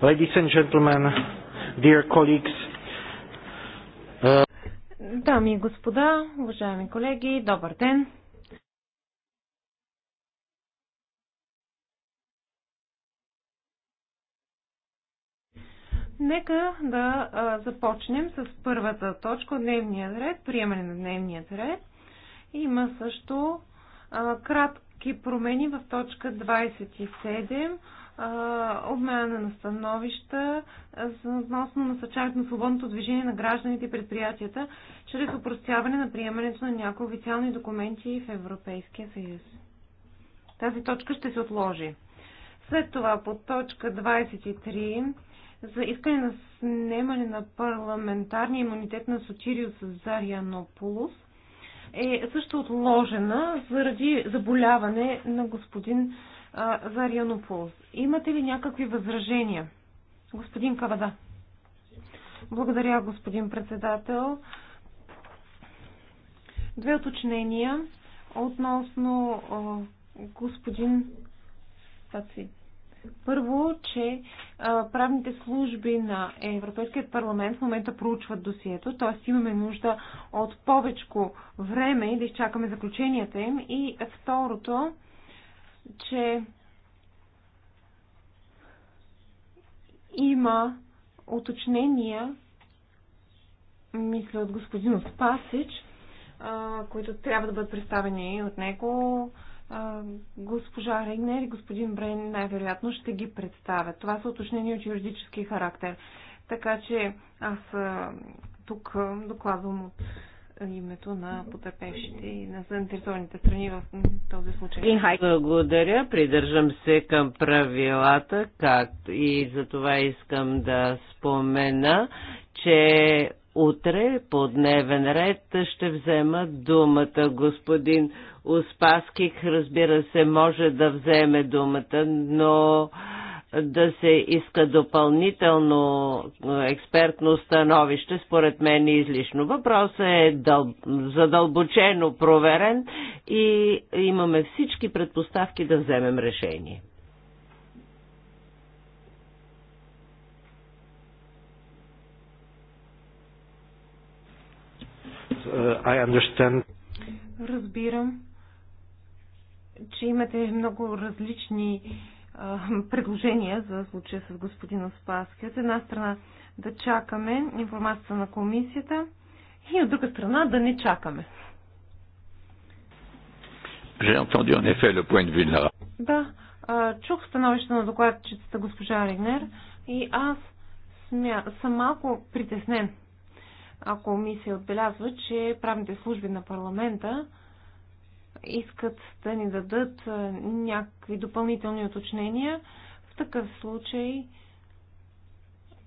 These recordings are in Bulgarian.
Ladies and gentlemen, dear colleagues. Uh, Дами и господа, уважаеми колеги, добър ден! Нека да а, започнем с първата точка от дневния ред, приемане на дневния ред. Има също а, кратки промени в точка 27 обмяна на становища относно насъчаването на свободното движение на гражданите и предприятията чрез упростяване на приемането на някои официални документи в Европейския съюз. Тази точка ще се отложи. След това по точка 23 за искане на снемане на парламентарния имунитет на Сотириус Зарианополус е също отложена заради заболяване на господин а, за Арианополос. Имате ли някакви възражения? Господин Кавада. Благодаря, господин председател. Две уточнения относно а, господин Паци. Първо, че а, правните служби на Европейският парламент в момента проучват досието, т.е. имаме нужда от повечко време да изчакаме заключенията им. И второто, че има уточнения, мисля от господин Спасич, които трябва да бъдат представени от него. Госпожа Регнер и господин Брен най-вероятно ще ги представят. Това са уточнения от юридически характер. Така че аз тук докладвам от името на потърпевшите и на заинтересованите страни в този случай. Благодаря, придържам се към правилата, както и за това искам да спомена, че утре по дневен ред ще взема думата господин Успаских. Разбира се, може да вземе думата, но да се иска допълнително е, експертно становище, според мен е излишно. Въпросът е дъл... задълбочено проверен и имаме всички предпоставки да вземем решение. I understand. Разбирам, че имате много различни предложения за случая с господин Спаски. От една страна да чакаме информацията на комисията и от друга страна да не чакаме. Да, чух становище на докладчицата госпожа Ригнер и аз смя... съм малко притеснен, ако ми се отбелязва, че правните служби на парламента искат да ни дадат някакви допълнителни уточнения, в такъв случай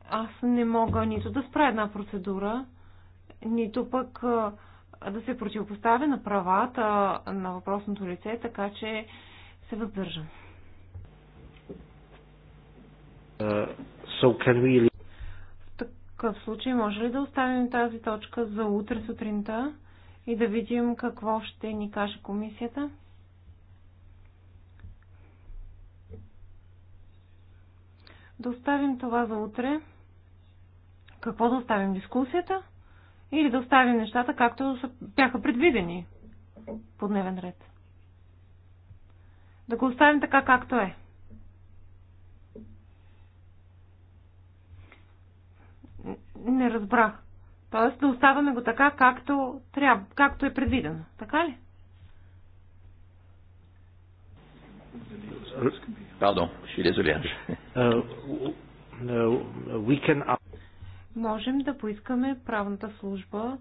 аз не мога нито да спра една процедура, нито пък да се противопоставя на правата на въпросното лице, така че се въздържам. Uh, so we... В такъв случай може ли да оставим тази точка за утре сутринта? и да видим какво ще ни каже комисията. Да оставим това за утре. Какво да оставим? Дискусията? Или да оставим нещата както бяха предвидени по дневен ред? Да го оставим така както е. Не разбрах. Тоест да оставаме го така, както, трябва, както е предвидено. Така ли? Pardon, je suis désolé. Uh, uh, uh, can... Можем да поискаме правната служба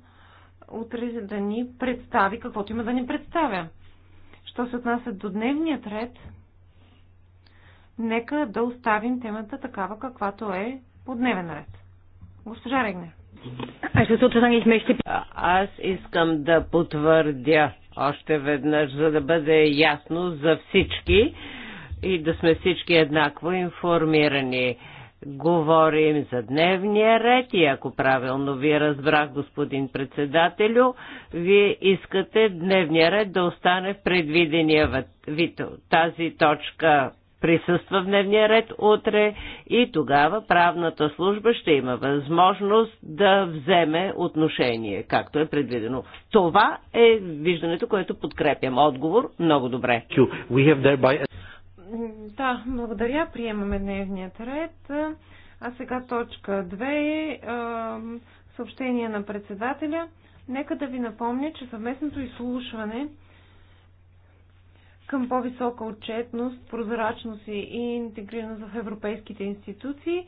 утре да ни представи каквото има да ни представя. Що се отнася до дневният ред, нека да оставим темата такава каквато е по дневен ред. Госпожа Регнер. Аз искам да потвърдя още веднъж, за да бъде ясно за всички и да сме всички еднакво информирани. Говорим за дневния ред и ако правилно ви разбрах, господин председателю, вие искате дневния ред да остане в предвидения вид. Тази точка присъства в дневния ред утре и тогава правната служба ще има възможност да вземе отношение, както е предвидено. Това е виждането, което подкрепям. Отговор много добре. Да, благодаря. Приемаме дневният ред. А сега точка 2. Е, съобщение на председателя. Нека да ви напомня, че съвместното изслушване към по-висока отчетност, прозрачност и интегрираност в европейските институции.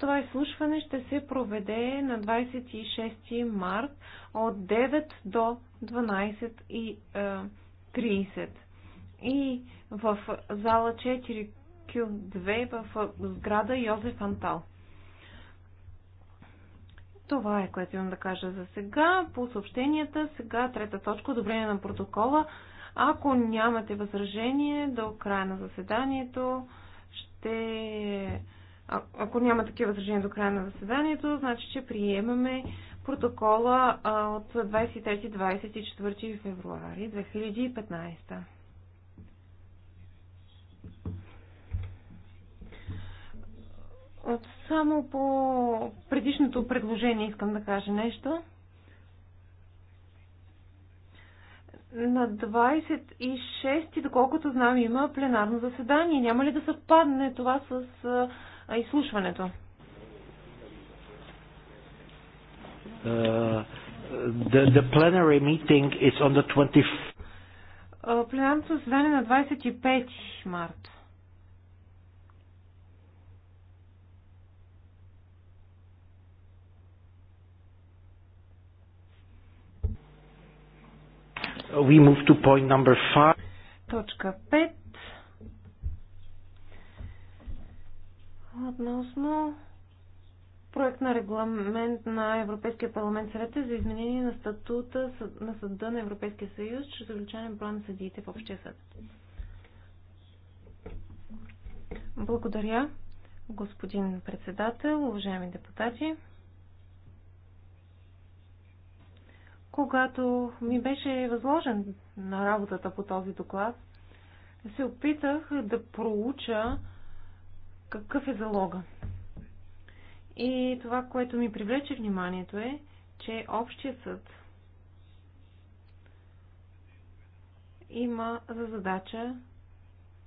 Това изслушване ще се проведе на 26 март от 9 до 12.30. И в зала 4Q2 в сграда Йозеф Антал. Това е което имам да кажа за сега. По съобщенията, сега трета точка, одобрение на протокола. Ако нямате възражение до края на заседанието, ще... А, ако няма такива възражения до края на заседанието, значи, че приемаме протокола а, от 23-24 февруари 2015. Само по предишното предложение искам да кажа нещо. На 26, доколкото знам, има пленарно заседание. Няма ли да съвпадне това с изслушването? Uh, the, the plenary meeting is on the 20... Uh, пленарното заседание е на 25 марта. we move to point number five. Точка 5. Относно проект на регламент на Европейския парламент съвета за изменение на статута на съда на Европейския съюз чрез увеличаване броя на съдиите в общия съд. Благодаря, господин председател, уважаеми депутати. когато ми беше възложен на работата по този доклад, се опитах да проуча какъв е залога. И това, което ми привлече вниманието е, че Общия съд има за задача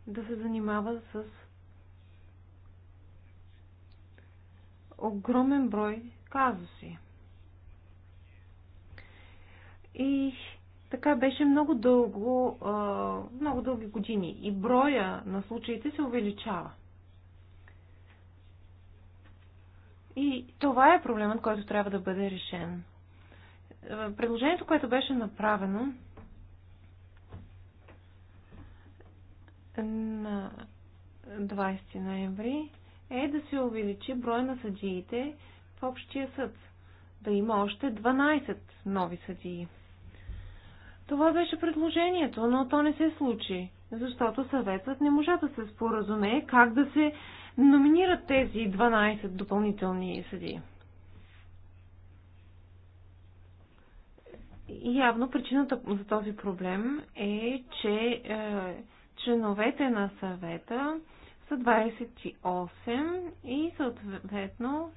да се занимава с огромен брой казуси. И така беше много дълго, много дълги години. И броя на случаите се увеличава. И това е проблемът, който трябва да бъде решен. Предложението, което беше направено на 20 ноември, е да се увеличи брой на съдиите в общия съд. Да има още 12 нови съдии. Това беше предложението, но то не се случи, защото съветът не можа да се споразуме как да се номинират тези 12 допълнителни съдии. Явно причината за този проблем е, че е, членовете на съвета са 28 и съответно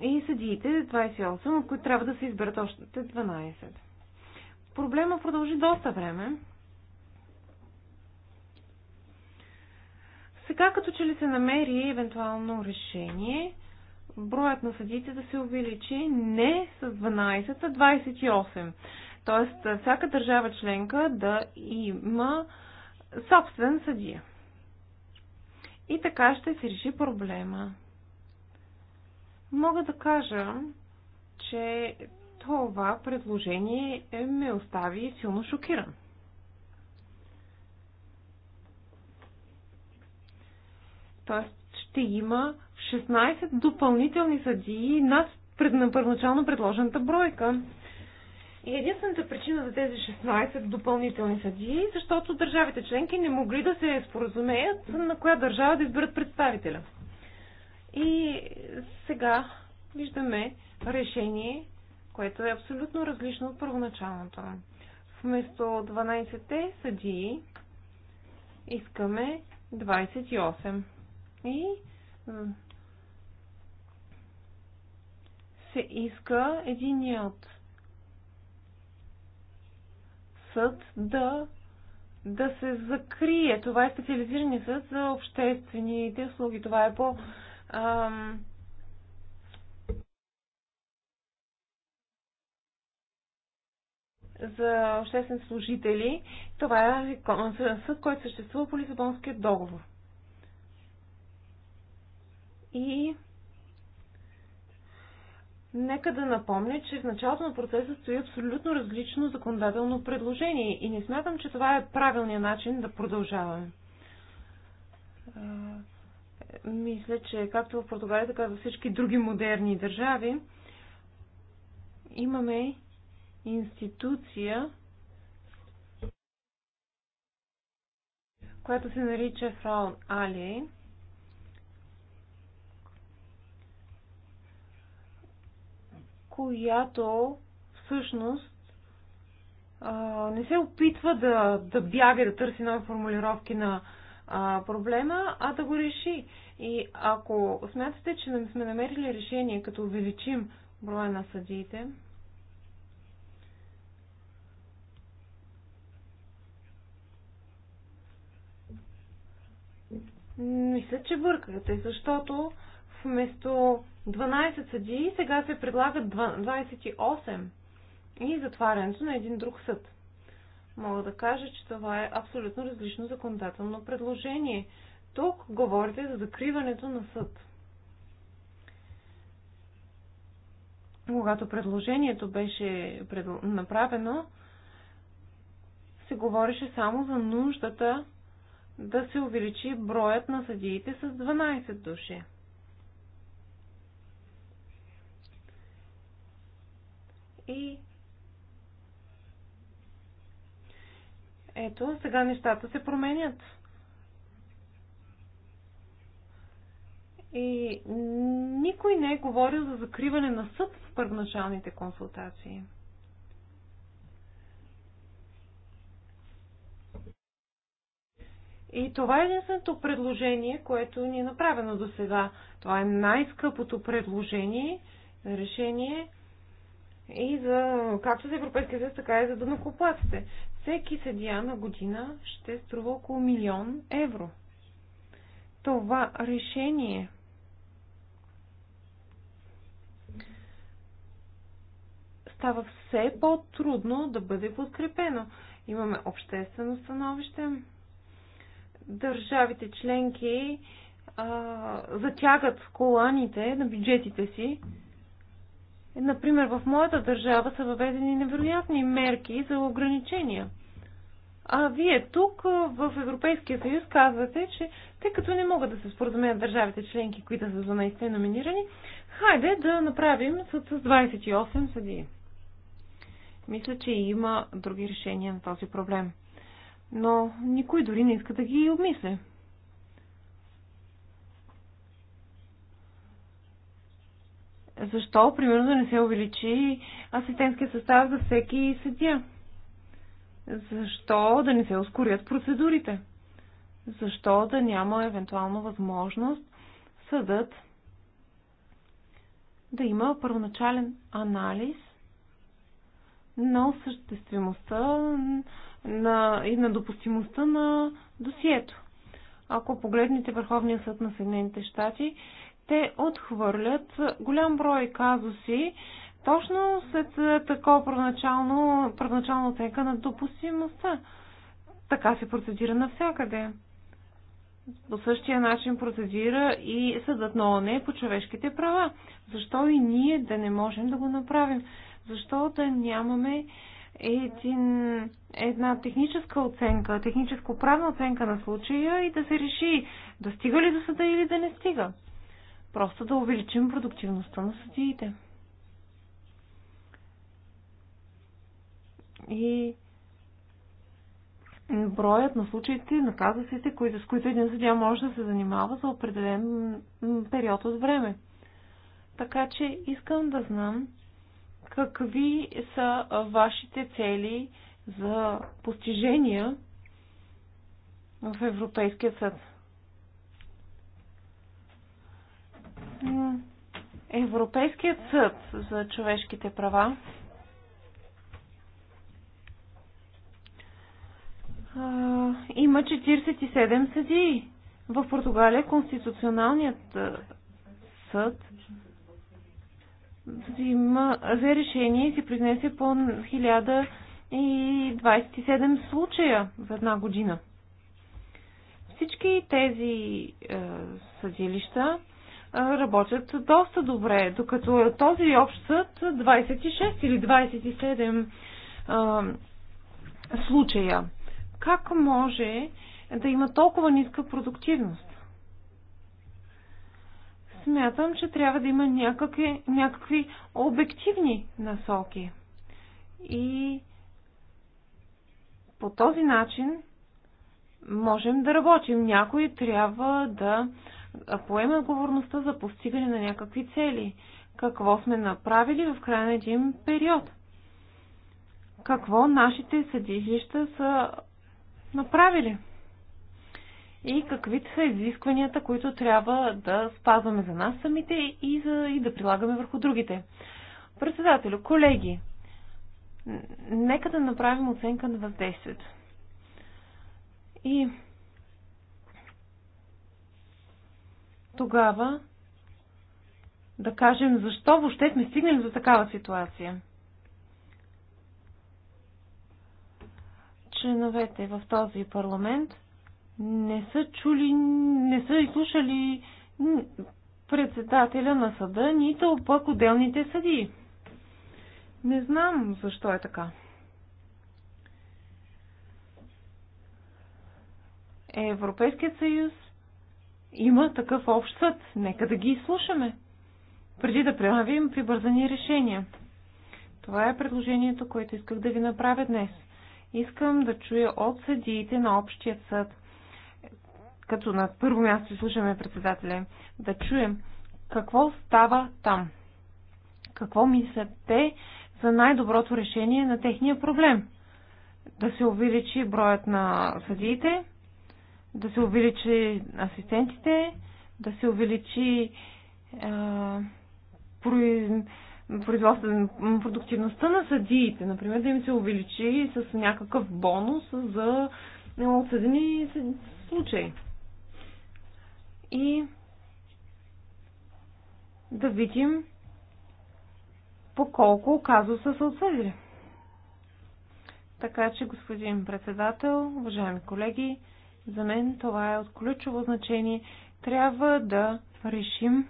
и съдиите 28, от които трябва да се изберат още 12. Проблема продължи доста време. Сега като че ли се намери евентуално решение, броят на съдите да се увеличи не с 12, а 28. Тоест всяка държава членка да има собствен съдия. И така ще се реши проблема. Мога да кажа, че това предложение ме остави силно шокиран. Тоест ще има 16 допълнителни съдии над пред, първоначално предложената бройка. И единствената причина за тези 16 допълнителни съдии, защото държавите членки не могли да се споразумеят на коя държава да изберат представителя. И сега виждаме решение, което е абсолютно различно от първоначалното. Вместо 12-те съдии искаме 28. И се иска единият съд да, да се закрие. Това е специализирания съд за обществените услуги. Това е по ам, за обществени служители. Това е съд, който съществува по Лисабонския договор. И нека да напомня, че в началото на процеса стои абсолютно различно законодателно предложение и не смятам, че това е правилният начин да продължаваме. Мисля, че както в Португалия, така и във всички други модерни държави, имаме институция, която се нарича Фраун Али. която всъщност а, не се опитва да, да бяга да търси нови формулировки на а, проблема, а да го реши. И ако смятате, че не сме намерили решение, като увеличим броя на съдиите, Мисля, че бъркате, защото вместо 12 съдии сега се предлагат 28 и затварянето на един друг съд. Мога да кажа, че това е абсолютно различно законодателно предложение. Тук говорите за закриването на съд. Когато предложението беше направено, се говореше само за нуждата да се увеличи броят на съдиите с 12 души. И ето, сега нещата се променят. И никой не е говорил за закриване на съд в първоначалните консултации. И това е единственото предложение, което ни е направено до сега. Това е най-скъпото предложение за решение и за, както за Европейския съюз, така и за дънокоплаците. Всеки съдия на година ще струва около милион евро. Това решение става все по-трудно да бъде подкрепено. Имаме обществено становище, държавите членки а, затягат коланите на бюджетите си. Например, в моята държава са въведени невероятни мерки за ограничения. А вие тук в Европейския съюз казвате, че тъй като не могат да се споразумеят държавите членки, които са за наистина номинирани, хайде да направим съд с 28 съдии. Мисля, че има други решения на този проблем но никой дори не иска да ги обмисля. Защо, примерно, да не се увеличи асистентския състав за всеки съдия? Защо да не се ускорят процедурите? Защо да няма евентуално възможност съдът да има първоначален анализ на осъществимостта на, и на допустимостта на досието. Ако погледнете Върховния съд на Съединените щати, те отхвърлят голям брой казуси точно след е, такова първоначално, първоначално оценка на допустимостта. Така се процедира навсякъде. По същия начин процедира и съдът на ОНЕ по човешките права. Защо и ние да не можем да го направим? Защо да нямаме един, една техническа оценка, техническо-правна оценка на случая и да се реши да стига ли до съда или да не стига. Просто да увеличим продуктивността на съдиите. И броят на случаите, на казусите, с които един съдия може да се занимава за определен период от време. Така че искам да знам какви са вашите цели за постижения в Европейския съд? Европейският съд за човешките права има 47 съди. В Португалия Конституционалният съд взима, за решение и се произнесе по 1027 случая за една година. Всички тези е, съдилища е, работят доста добре, докато този общ съд 26 или 27 е, случая. Как може да има толкова ниска продуктивност? смятам, че трябва да има някакви, някакви обективни насоки. И по този начин можем да работим. Някой трябва да поеме отговорността за постигане на някакви цели. Какво сме направили в края на един период? Какво нашите съдилища са направили? и какви са изискванията, които трябва да спазваме за нас самите и, за, и да прилагаме върху другите. Председателю, колеги, нека да направим оценка на въздействието. И тогава да кажем защо въобще сме стигнали до такава ситуация. Членовете в този парламент – не са чули, не са изслушали председателя на съда, нито пък отделните съдии. Не знам защо е така. Европейският съюз има такъв общ съд. Нека да ги изслушаме, преди да правим прибързани решения. Това е предложението, което исках да ви направя днес. Искам да чуя от съдиите на общия съд – като на първо място слушаме председателя, да чуем какво става там. Какво мислят те за най-доброто решение на техния проблем? Да се увеличи броят на съдиите, да се увеличи асистентите, да се увеличи е, продуктивността на съдиите, например, да им се увеличи с някакъв бонус за отсъдени случаи и да видим по колко казуса са отсъдили. Така че, господин председател, уважаеми колеги, за мен това е от ключово значение. Трябва да решим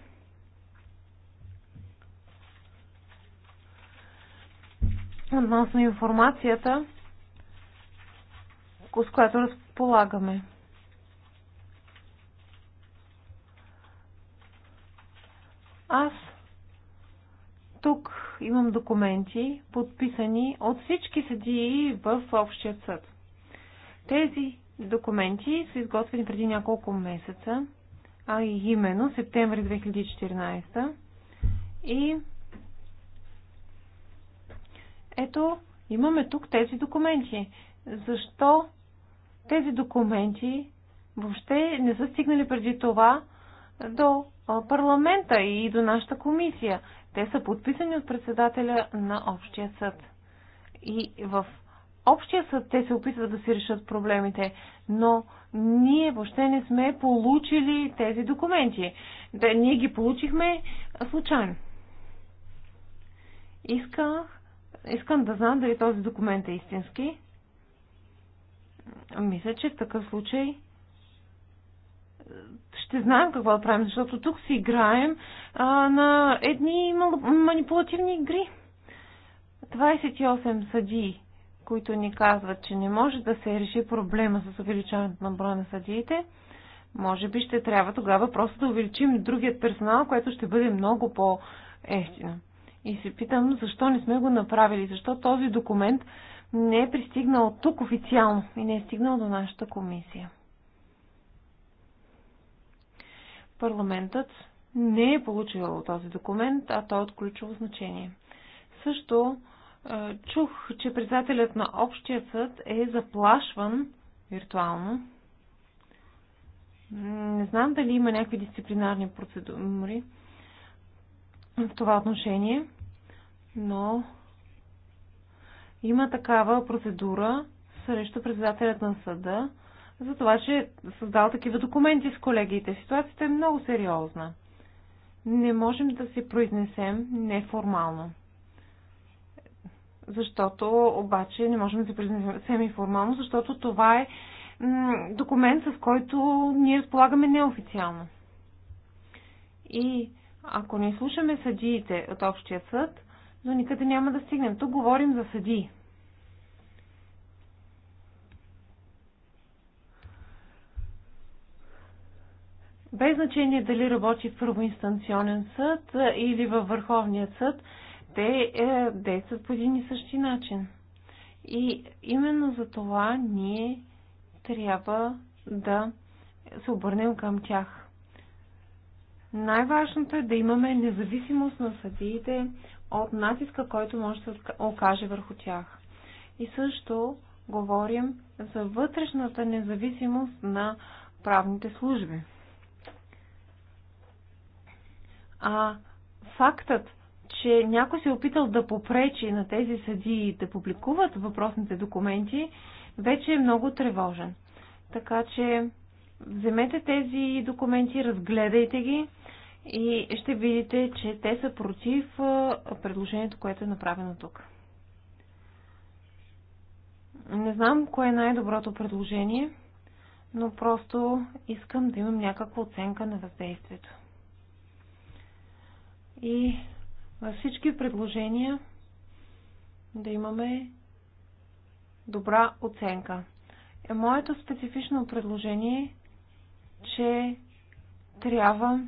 относно информацията, с която разполагаме. Аз тук имам документи, подписани от всички съдии в Общия съд. Тези документи са изготвени преди няколко месеца, а именно септември 2014. И ето, имаме тук тези документи. Защо тези документи въобще не са стигнали преди това до парламента и до нашата комисия. Те са подписани от председателя на Общия съд. И в Общия съд те се опитват да си решат проблемите, но ние въобще не сме получили тези документи. Да, ние ги получихме случайно. Исках, искам да знам дали този документ е истински. Мисля, че в такъв случай ще знаем какво да правим, защото тук си играем а, на едни манипулативни игри. 28 съдии, които ни казват, че не може да се реши проблема с увеличаването на броя на съдиите, може би ще трябва тогава просто да увеличим другият персонал, което ще бъде много по-ефтино. И се питам, защо не сме го направили, защо този документ не е пристигнал тук официално и не е стигнал до нашата комисия. парламентът не е получил този документ, а той е от ключово значение. Също е, чух, че председателят на Общия съд е заплашван виртуално. Не знам дали има някакви дисциплинарни процедури в това отношение, но има такава процедура срещу председателят на съда, за това, че е създал такива документи с колегите. Ситуацията е много сериозна. Не можем да се произнесем неформално. Защото обаче не можем да се произнесем и формално, защото това е документ, с който ние разполагаме неофициално. И ако не слушаме съдиите от общия съд, до никъде няма да стигнем. Тук говорим за съдии. Без значение дали работи в първоинстанционен съд или във Върховния съд, те е, действат по един и същи начин. И именно за това ние трябва да се обърнем към тях. Най-важното е да имаме независимост на съдиите от натиска, който може да се окаже върху тях. И също говорим за вътрешната независимост на правните служби. А фактът, че някой се е опитал да попречи на тези съдии да публикуват въпросните документи, вече е много тревожен. Така че вземете тези документи, разгледайте ги и ще видите, че те са против предложението, което е направено тук. Не знам кое е най-доброто предложение, но просто искам да имам някаква оценка на въздействието и във всички предложения да имаме добра оценка. Е моето специфично предложение, е, че трябва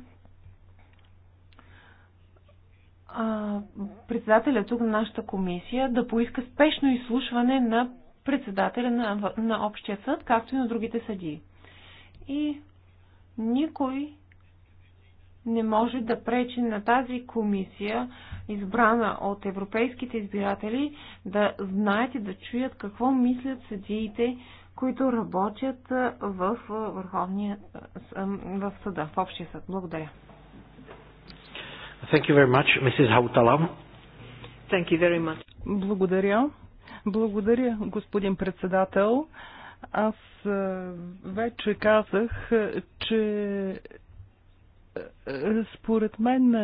а, председателя тук на нашата комисия да поиска спешно изслушване на председателя на, на общия съд, както и на другите съдии. И никой не може да пречи на тази комисия, избрана от европейските избиратели, да знаят и да чуят какво мислят съдиите, които работят в Върховния в съда, в общия съд. Благодаря. Thank you very much, Mrs. Thank you very much. Благодаря. Благодаря, господин председател. Аз вече казах, че според мен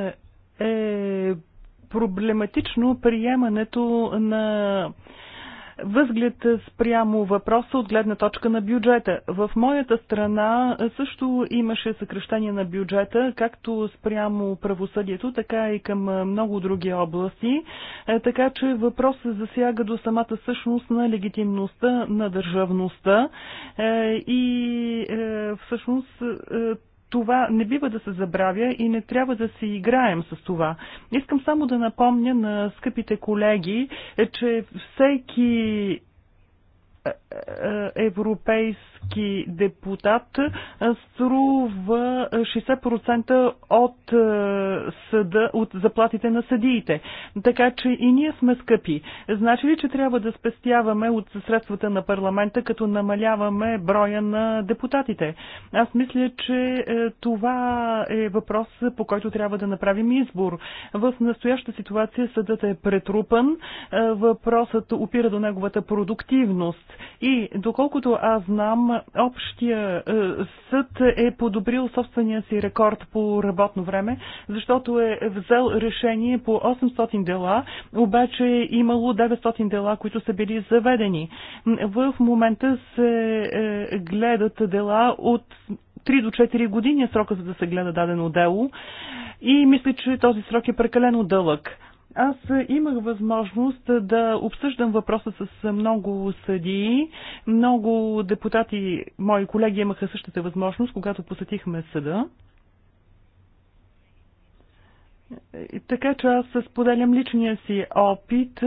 е проблематично приемането на възглед спрямо въпроса от гледна точка на бюджета. В моята страна също имаше съкрещение на бюджета, както спрямо правосъдието, така и към много други области. Е, така че въпросът засяга до самата същност на легитимността на държавността е, и е, всъщност това не бива да се забравя и не трябва да се играем с това. Искам само да напомня на скъпите колеги, е, че всеки е, е, европейски български депутат струва 60% от, съда, от заплатите на съдиите. Така че и ние сме скъпи. Значи ли, че трябва да спестяваме от средствата на парламента, като намаляваме броя на депутатите? Аз мисля, че това е въпрос, по който трябва да направим избор. В настояща ситуация съдът е претрупан. Въпросът опира до неговата продуктивност. И доколкото аз знам, общия е, съд е подобрил собствения си рекорд по работно време, защото е взел решение по 800 дела, обаче е имало 900 дела, които са били заведени. В момента се е, гледат дела от 3 до 4 години е срока, за да се гледа дадено дело. И мисля, че този срок е прекалено дълъг. Аз имах възможност да обсъждам въпроса с много съдии. Много депутати, мои колеги имаха същата възможност, когато посетихме съда. Така че аз споделям личния си опит.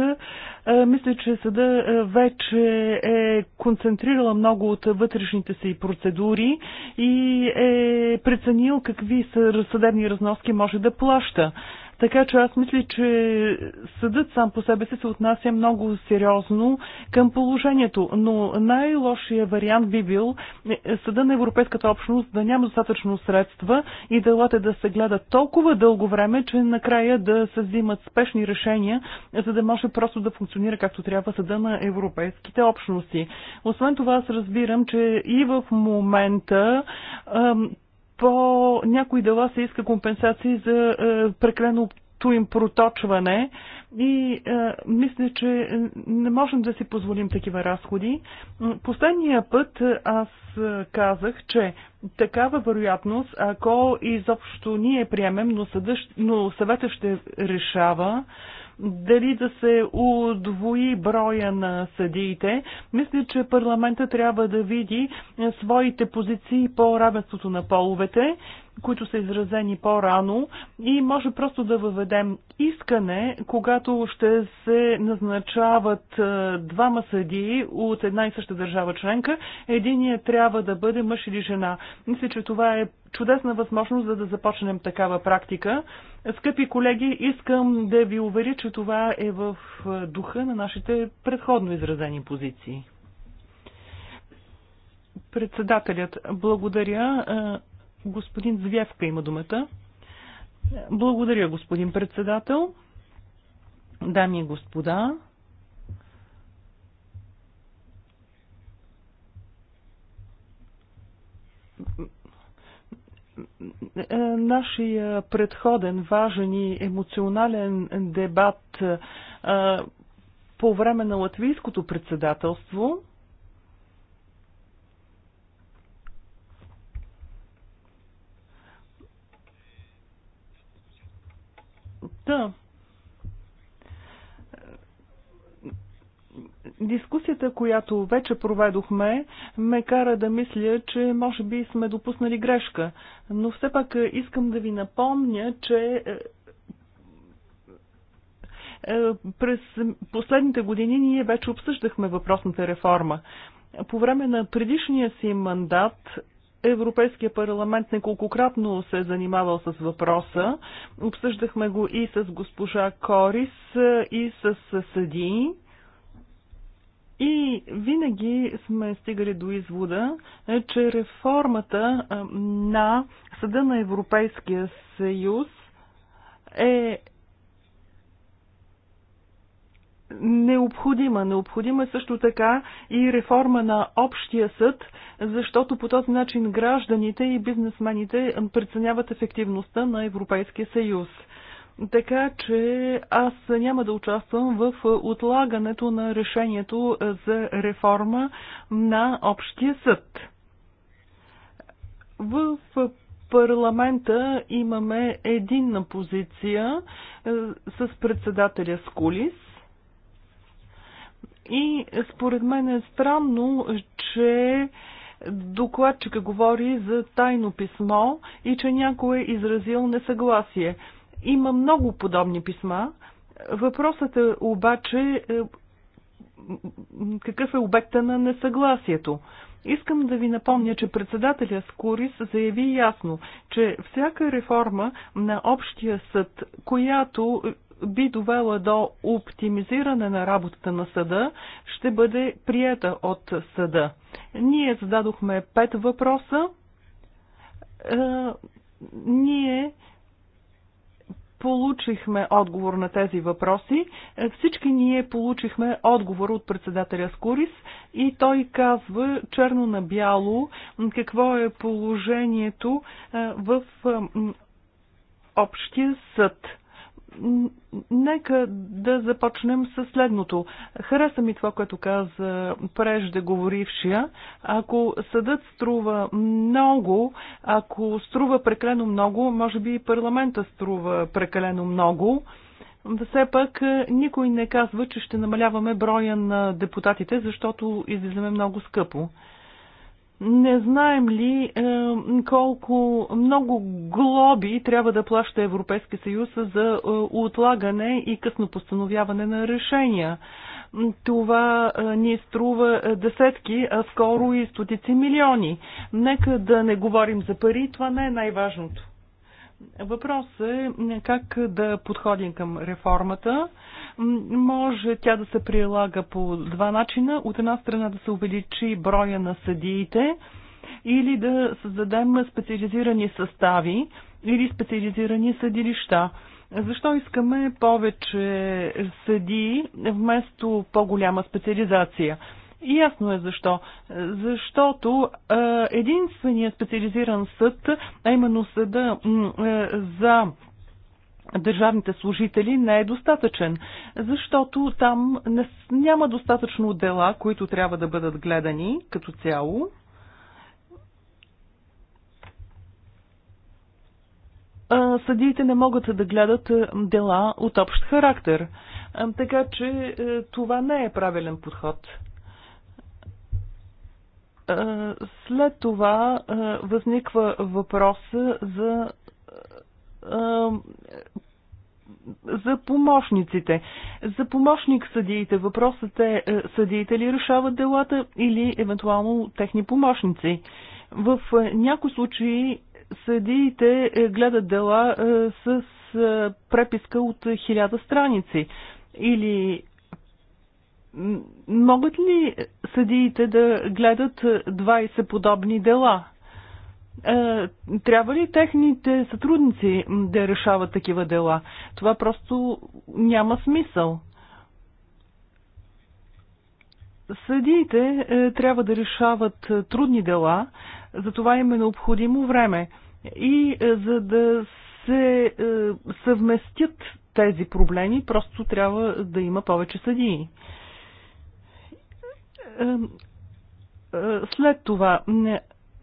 Е, мисля, че съда е, вече е концентрирала много от вътрешните си процедури и е преценил какви съдебни разноски може да плаща. Така че аз мисля, че съдът сам по себе си се отнася много сериозно към положението. Но най-лошия вариант би бил съда на Европейската общност да няма достатъчно средства и делата да се гледат толкова дълго време, че накрая да се взимат спешни решения, за да може просто да функционира както трябва съда на европейските общности. Освен това, аз разбирам, че и в момента по някои дела се иска компенсации за е, прекалено то им проточване и е, мисля, че не можем да си позволим такива разходи. Последния път е, аз е, казах, че такава вероятност, ако изобщо ние приемем, но, съдъщ, но съвета ще решава, е, дали да се удвои броя на съдиите. Мисля, че парламента трябва да види своите позиции по равенството на половете които са изразени по-рано и може просто да въведем искане, когато ще се назначават е, двама съдии от една и съща държава членка. Единият трябва да бъде мъж или жена. Мисля, че това е чудесна възможност, за да започнем такава практика. Скъпи колеги, искам да ви уверя, че това е в е, духа на нашите предходно изразени позиции. Председателят, благодаря. Е, Господин Звявка има думата. Благодаря, господин председател. Дами и господа, нашия предходен важен и емоционален дебат по време на латвийското председателство Та. Дискусията, която вече проведохме, ме кара да мисля, че може би сме допуснали грешка. Но все пак е, искам да ви напомня, че е, е, през последните години ние вече обсъждахме въпросната реформа. По време на предишния си мандат Европейския парламент неколкократно се е занимавал с въпроса. Обсъждахме го и с госпожа Корис, е, и с Съди. И винаги сме стигали до извода, е, че реформата е, на Съда на Европейския съюз е необходима. Необходима е също така и реформа на общия съд, защото по този начин гражданите и бизнесмените преценяват ефективността на Европейския съюз. Така че аз няма да участвам в отлагането на решението за реформа на Общия съд. В парламента имаме единна позиция е, с председателя Скулис и според мен е странно, че докладчика говори за тайно писмо и че някой е изразил несъгласие. Има много подобни писма. Въпросът е обаче е, какъв е обекта на несъгласието. Искам да ви напомня, че председателя Скорис заяви ясно, че всяка реформа на общия съд, която би довела до оптимизиране на работата на съда, ще бъде приета от съда. Ние зададохме пет въпроса. Е, ние получихме отговор на тези въпроси. Е, всички ние получихме отговор от председателя Скорис и той казва черно на бяло какво е положението е, в общия съд. Нека да започнем с следното. Хареса ми това, което каза преждеговорившия. Ако съдът струва много, ако струва прекалено много, може би и парламента струва прекалено много. Все пак е, никой не казва, че ще намаляваме броя на депутатите, защото излизаме много скъпо. Не знаем ли е, колко много глоби трябва да плаща Европейския съюз за е, отлагане и късно постановяване на решения? Това е, ни струва десетки, а скоро и стотици милиони. Нека да не говорим за пари, това не е най-важното. Въпрос е, е как да подходим към реформата. Може тя да се прилага по два начина. От една страна да се увеличи броя на съдиите или да създадем специализирани състави или специализирани съдилища. Защо искаме повече съдии вместо по-голяма специализация? И ясно е защо. Защото е, единственият специализиран съд, а именно съда е, за държавните служители не е достатъчен, защото там не, няма достатъчно дела, които трябва да бъдат гледани като цяло. Съдиите не могат да гледат дела от общ характер, така че това не е правилен подход. След това възниква въпрос за за помощниците. За помощник съдиите въпросът е, е съдиите ли решават делата или евентуално техни помощници. В е, някои случаи съдиите е, гледат дела с преписка от хиляда страници или могат ли съдиите да гледат 20 подобни дела? Е, трябва ли техните сътрудници да решават такива дела? Това просто няма смисъл. Съдиите е, трябва да решават е, трудни дела, за това им е необходимо време. И за да се съвместят тези проблеми, просто трябва да има повече съдии. След това,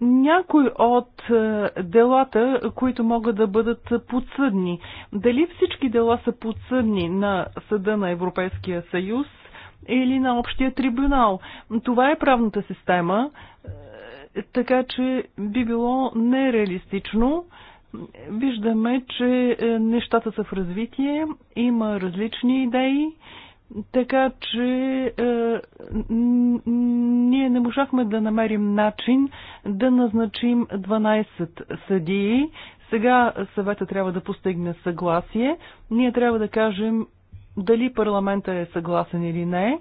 някои от е, делата, които могат да бъдат подсъдни. Дали всички дела са подсъдни на Съда на Европейския съюз или на Общия трибунал? Това е правната система, е, така че би било нереалистично. Виждаме, че е, нещата са в развитие, има различни идеи така че е, ние не можахме да намерим начин да назначим 12 съдии. Сега съвета трябва да постигне съгласие. Ние трябва да кажем дали парламента е съгласен или не,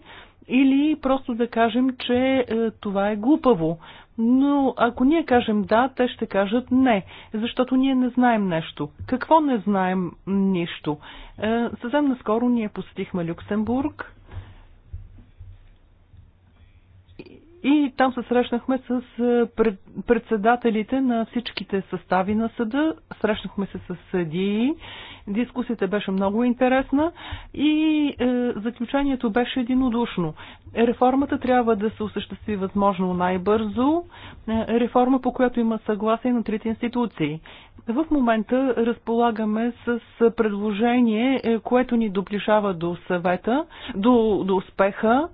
или просто да кажем, че е, това е глупаво. Но ако ние кажем да, те ще кажат не, защото ние не знаем нещо. Какво не знаем нищо? Е, съвсем наскоро ние посетихме Люксембург И там се срещнахме с е, председателите на всичките състави на съда, срещнахме се с съдии, дискусията беше много интересна и е, заключението беше единодушно. Реформата трябва да се осъществи възможно най-бързо, е, реформа по която има съгласие на трите институции. В момента разполагаме с предложение, е, което ни доближава до съвета, до, до успеха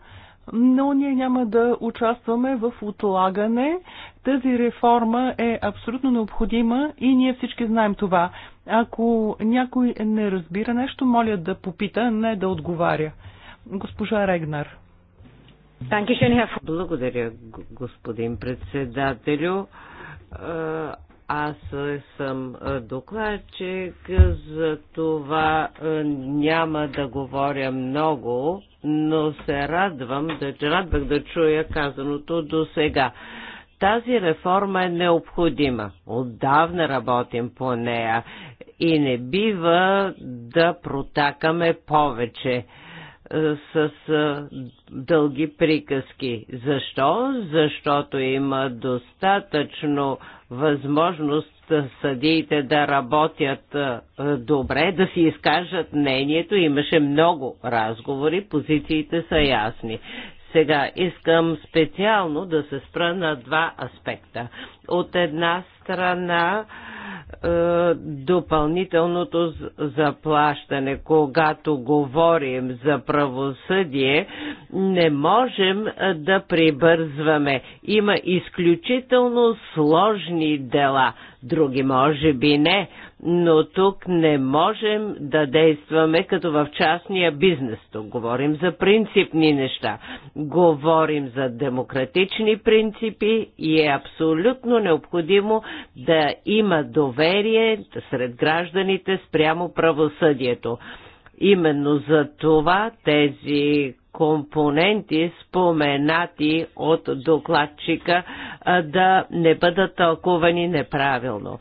но ние няма да участваме в отлагане. Тази реформа е абсолютно необходима и ние всички знаем това. Ако някой не разбира нещо, моля да попита, не да отговаря. Госпожа Регнар. Благодаря, господин председателю. Аз съм докладчик, за това няма да говоря много, но се радвам, да, радвах да чуя казаното до сега. Тази реформа е необходима. Отдавна работим по нея и не бива да протакаме повече с дълги приказки. Защо? Защото има достатъчно възможност съдиите да работят добре, да си изкажат мнението. Имаше много разговори, позициите са ясни. Сега искам специално да се спра на два аспекта. От една страна, е, допълнителното заплащане. Когато говорим за правосъдие, не можем е, да прибързваме. Има изключително сложни дела други може би не, но тук не можем да действаме като в частния бизнес. Тук говорим за принципни неща, говорим за демократични принципи и е абсолютно необходимо да има доверие сред гражданите спрямо правосъдието. Именно за това тези компоненти, споменати от докладчика, да не бъдат тълкувани неправилно.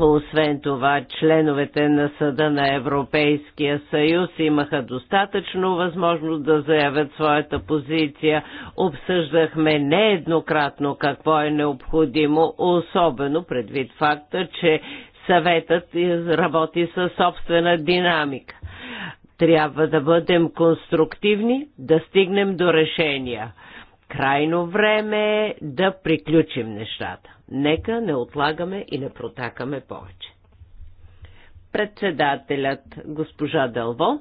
Освен това, членовете на Съда на Европейския съюз имаха достатъчно възможност да заявят своята позиция. Обсъждахме нееднократно какво е необходимо, особено предвид факта, че съветът работи със собствена динамика. Трябва да бъдем конструктивни, да стигнем до решения. Крайно време е да приключим нещата. Нека не отлагаме и не протакаме повече. Председателят госпожа Дълво.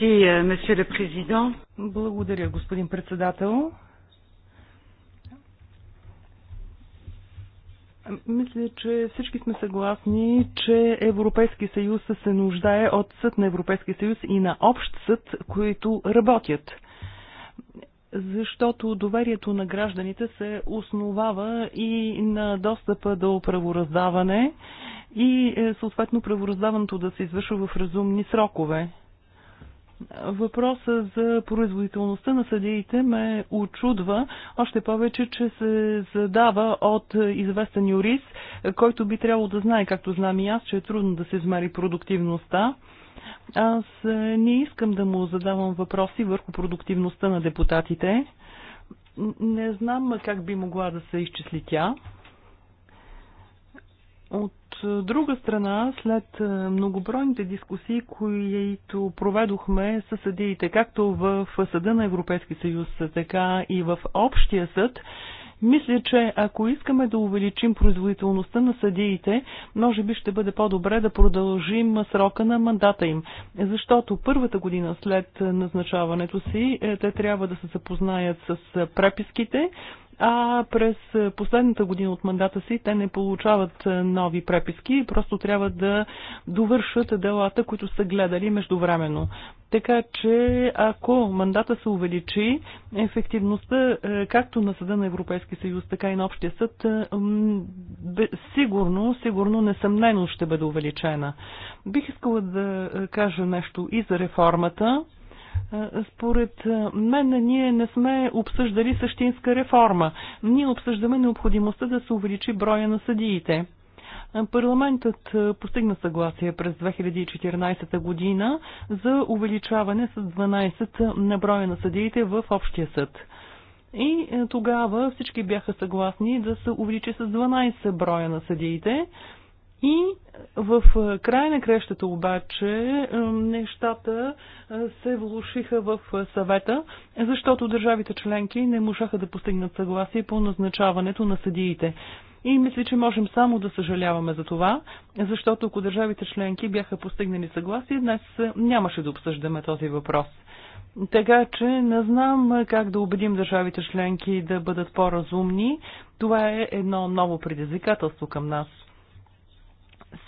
Euh, Благодаря, господин председател. Мисля, че всички сме съгласни, че Европейски съюз се нуждае от съд на Европейския съюз и на общ съд, които работят. Защото доверието на гражданите се основава и на достъпа до правораздаване и е, съответно правораздаването да се извършва в разумни срокове. Въпроса за производителността на съдиите ме очудва, още повече, че се задава от известен юрист, който би трябвало да знае, както знам и аз, че е трудно да се измери продуктивността. Аз не искам да му задавам въпроси върху продуктивността на депутатите. Не знам как би могла да се изчисли тя. От е, друга страна, след е, многобройните дискусии, които проведохме с съдиите, както в Съда на Европейски съюз, така и в Общия съд, мисля, че ако искаме да увеличим производителността на съдиите, може би ще бъде по-добре да продължим срока на мандата им. Защото първата година след назначаването си е, те трябва да се запознаят с преписките, а през последната година от мандата си те не получават нови преписки, просто трябва да довършат делата, които са гледали междувременно. Така че, ако мандата се увеличи, ефективността както на Съда на Европейски съюз, така и на Общия съд, сигурно, сигурно, несъмнено ще бъде увеличена. Бих искала да кажа нещо и за реформата. Е, според е, мен ние не сме обсъждали същинска реформа. Ние обсъждаме необходимостта да се увеличи броя на съдиите. Е, парламентът постигна съгласие през 2014 година за увеличаване с 12 на броя на съдиите в Общия съд. И тогава всички бяха съгласни да се увеличи с 12 броя на съдиите. И в края на крещата обаче нещата се влушиха в съвета, защото държавите членки не можаха да постигнат съгласие по назначаването на съдиите. И мисля, че можем само да съжаляваме за това, защото ако държавите членки бяха постигнали съгласие, днес нямаше да обсъждаме този въпрос. Така че не знам как да убедим държавите членки да бъдат по-разумни. Това е едно ново предизвикателство към нас.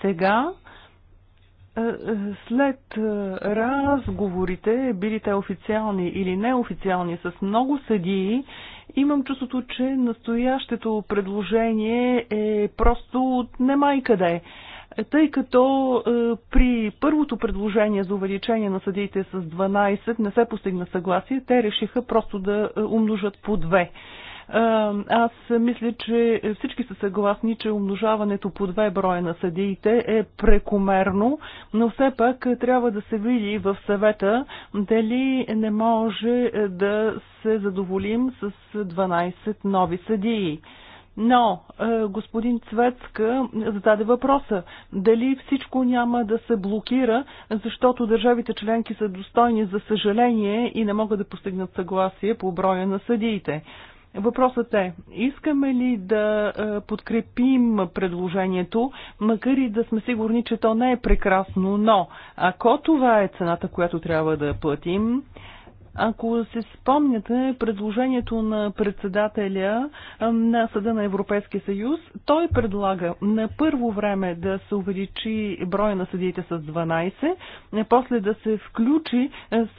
Сега, е, е, след е, разговорите, били те официални или неофициални, с много съдии, имам чувството, че настоящето предложение е просто нема и къде тъй като е, при първото предложение за увеличение на съдиите с 12 не се постигна съгласие, те решиха просто да умножат по 2. Аз мисля, че всички са съгласни, че умножаването по две броя на съдиите е прекомерно, но все пак трябва да се види в съвета дали не може да се задоволим с 12 нови съдии. Но е, господин Цветска зададе въпроса дали всичко няма да се блокира, защото държавите членки са достойни за съжаление и не могат да постигнат съгласие по броя на съдиите. Въпросът е, искаме ли да е, подкрепим предложението, макар и да сме сигурни, че то не е прекрасно, но ако това е цената, която трябва да платим, ако се спомняте предложението на председателя на Съда на Европейския съюз, той предлага на първо време да се увеличи броя на съдиите с 12, после да се включи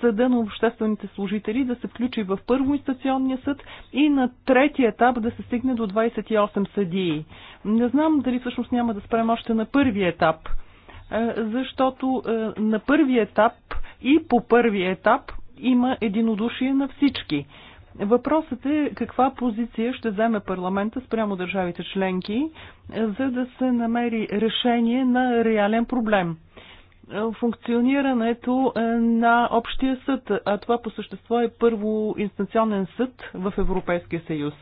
Съда на обществените служители, да се включи в първоинстационния съд и на третия етап да се стигне до 28 съдии. Не знам дали всъщност няма да спрем още на първия етап, защото на първия етап и по първия етап има единодушие на всички. Въпросът е каква позиция ще вземе парламента спрямо държавите членки, е, за да се намери решение на реален проблем. Е, функционирането е, на общия съд, а това по същество е първоинстанционен съд в Европейския съюз.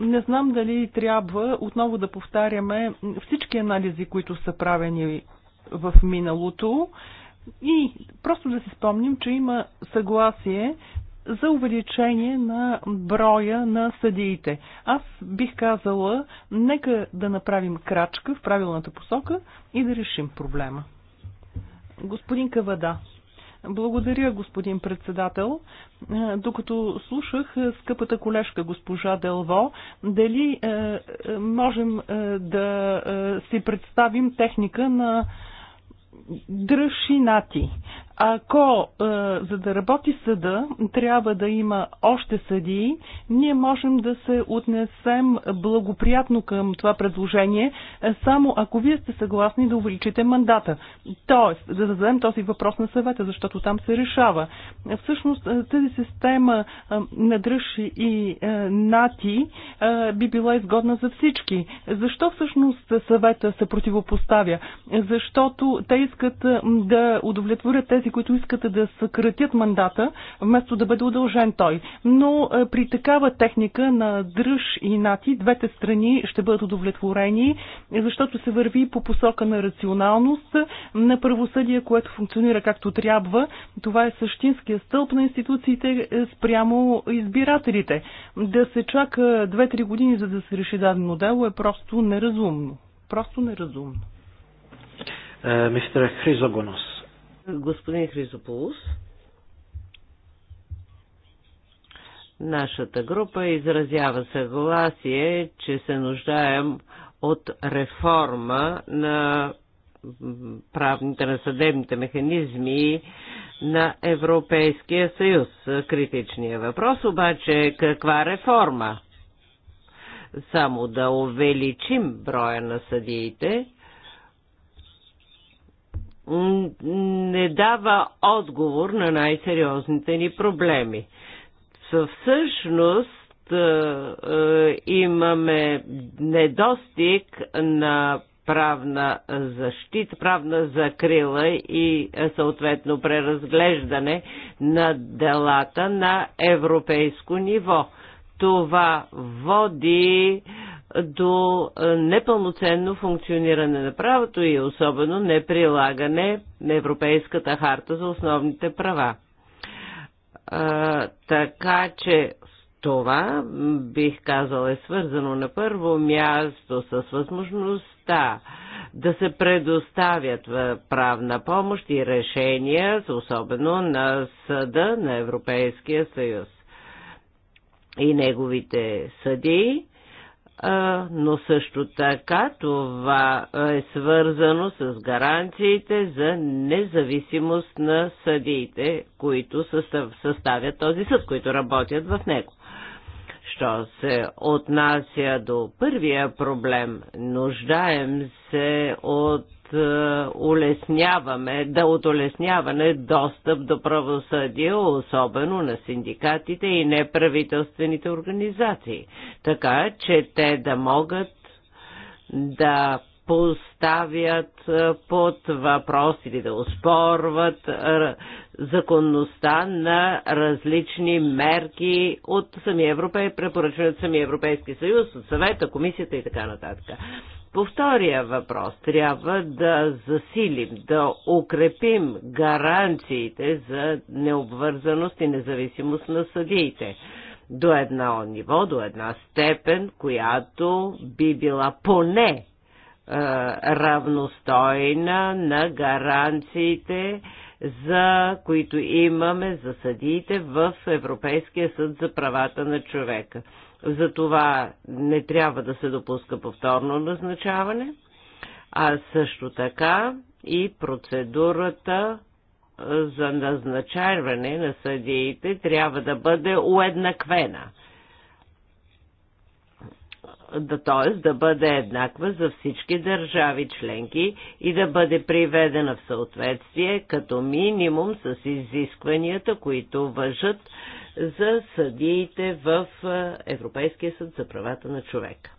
Не знам дали трябва отново да повтаряме всички анализи, които са правени в миналото. И просто да си спомним, че има съгласие за увеличение на броя на съдиите. Аз бих казала, нека да направим крачка в правилната посока и да решим проблема. Господин Кавада. Благодаря, господин председател. Докато слушах скъпата колежка госпожа Делво, дали е, е, можем е, да си представим техника на гръшинати. Ако е, за да работи съда трябва да има още съдии, ние можем да се отнесем благоприятно към това предложение, е, само ако вие сте съгласни да увеличите мандата. Тоест, да зададем този въпрос на съвета, защото там се решава. Е, всъщност е, тази система на дръж и нати би била изгодна за всички. Защо всъщност съвета се противопоставя? Защото те искат да удовлетворят тези, които искат да съкратят мандата, вместо да бъде удължен той. Но е, при такава техника на дръж и нати, двете страни ще бъдат удовлетворени, защото се върви по посока на рационалност, на правосъдие, което функционира както трябва. Това е същинския стълб на институциите е, спрямо избирателите. Да се чака 2-3 години, за да се реши дадено дело, е просто неразумно. Просто неразумно. Е, мистер Хризогонос. Господин Хризополус, нашата група изразява съгласие, че се нуждаем от реформа на правните на съдебните механизми на Европейския съюз. Критичният въпрос обаче е каква реформа? Само да увеличим броя на съдиите, не дава отговор на най-сериозните ни проблеми. Всъщност, е, е, имаме недостиг на правна защита, правна закрила и е, съответно преразглеждане на делата на европейско ниво. Това води до е, непълноценно функциониране на правото и особено неприлагане на Европейската харта за основните права. А, така че това, бих казал, е свързано на първо място с възможността да се предоставят е, правна помощ и решения, особено на Съда на Европейския съюз и неговите съдии но също така това е свързано с гаранциите за независимост на съдиите, които съставят този съд, които работят в него. Що се отнася до първия проблем, нуждаем се от е, улесняваме, да от улесняване достъп до правосъдие, особено на синдикатите и неправителствените организации, така е, че те да могат да поставят е, под въпрос или да успорват законността на различни мерки от самия Европей, препоръчени от самия Европейски съюз, от съвета, комисията и така нататък. По втория въпрос трябва да засилим, да укрепим гаранциите за необвързаност и независимост на съдиите до едно ниво, до една степен, която би била поне е, равностойна на гаранциите, за които имаме за съдиите в Европейския съд за правата на човека затова не трябва да се допуска повторно назначаване, а също така и процедурата за назначаване на съдиите трябва да бъде уеднаквена – да, т.е. да бъде еднаква за всички държави членки и да бъде приведена в съответствие като минимум с изискванията, които въжат за съдиите в Европейския съд за правата на човека.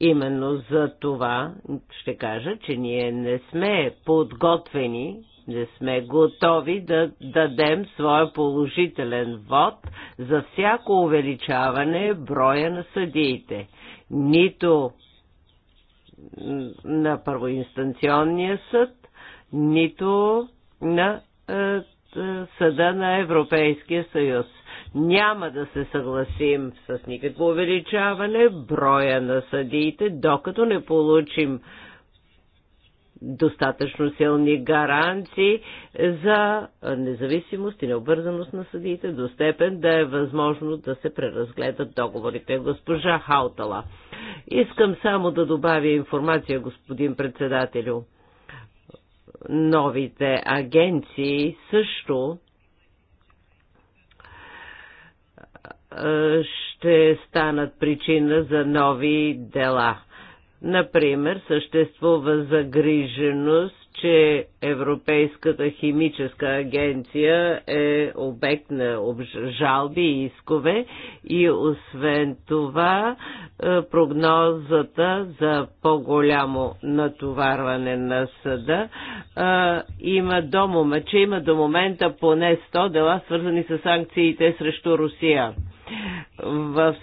Именно за това ще кажа, че ние не сме подготвени не сме готови да дадем своя положителен вод за всяко увеличаване броя на съдиите. Нито на първоинстанционния съд, нито на е, е, съда на Европейския съюз. Няма да се съгласим с никакво увеличаване броя на съдиите, докато не получим достатъчно силни гаранции за независимост и необвързаност на съдиите до степен да е възможно да се преразгледат договорите. Госпожа Хаутала, искам само да добавя информация, господин председателю. Новите агенции също ще станат причина за нови дела Например, съществува загриженост, че Европейската химическа агенция е обект на жалби и искове и освен това е, прогнозата за по-голямо натоварване на съда е, има до момента, че има до момента поне 100 дела свързани с санкциите срещу Русия. В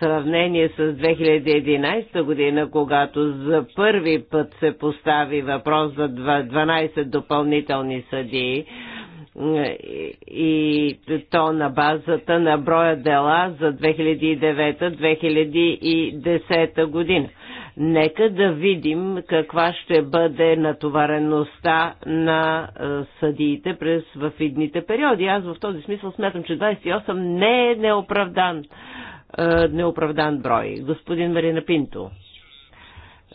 сравнение с 2011 година, когато за първи път се постави въпрос за 12 допълнителни съдии, и то на базата на броя дела за 2009-2010 година. Нека да видим каква ще бъде натовареността на е, съдиите през в идните периоди. Аз в този смисъл смятам, че 28 не е неоправдан, е, неоправдан брой. Господин Марина Пинто.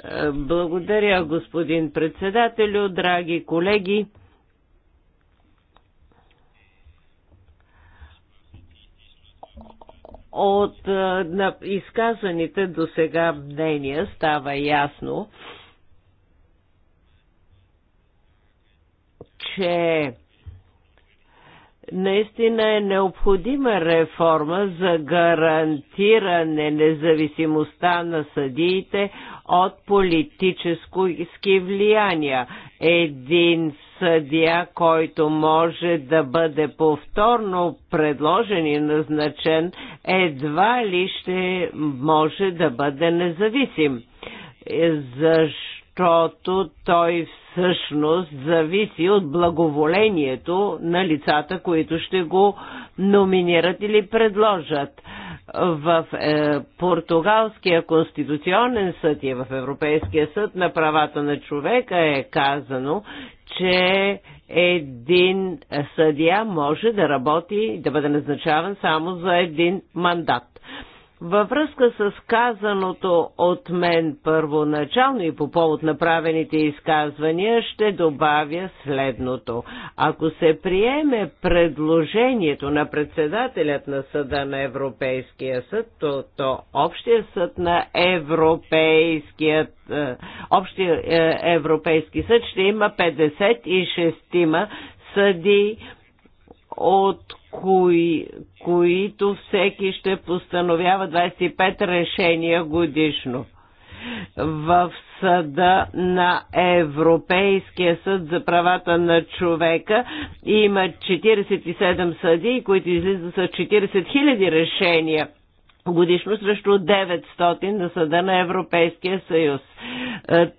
Е, благодаря, господин председателю, драги колеги. от на изказаните до сега мнения става ясно, че наистина е необходима реформа за гарантиране независимостта на съдиите от политически влияния. Един съдия, който може да бъде повторно предложен и назначен, едва ли ще може да бъде независим. Защото той всъщност зависи от благоволението на лицата, които ще го номинират или предложат в е, Португалския конституционен съд и в Европейския съд на правата на човека е казано, че един съдия може да работи, да бъде назначаван само за един мандат. Във връзка с казаното от мен първоначално и по повод направените изказвания ще добавя следното. Ако се приеме предложението на председателят на Съда на Европейския съд, то, то Общия съд на Европейският е, Общия е, Европейски съд ще има 56 съди от кои, които всеки ще постановява 25 решения годишно. В съда на Европейския съд за правата на човека има 47 съди, които излизат с 40 000 решения годишно срещу 900 на съда на Европейския съюз. Е,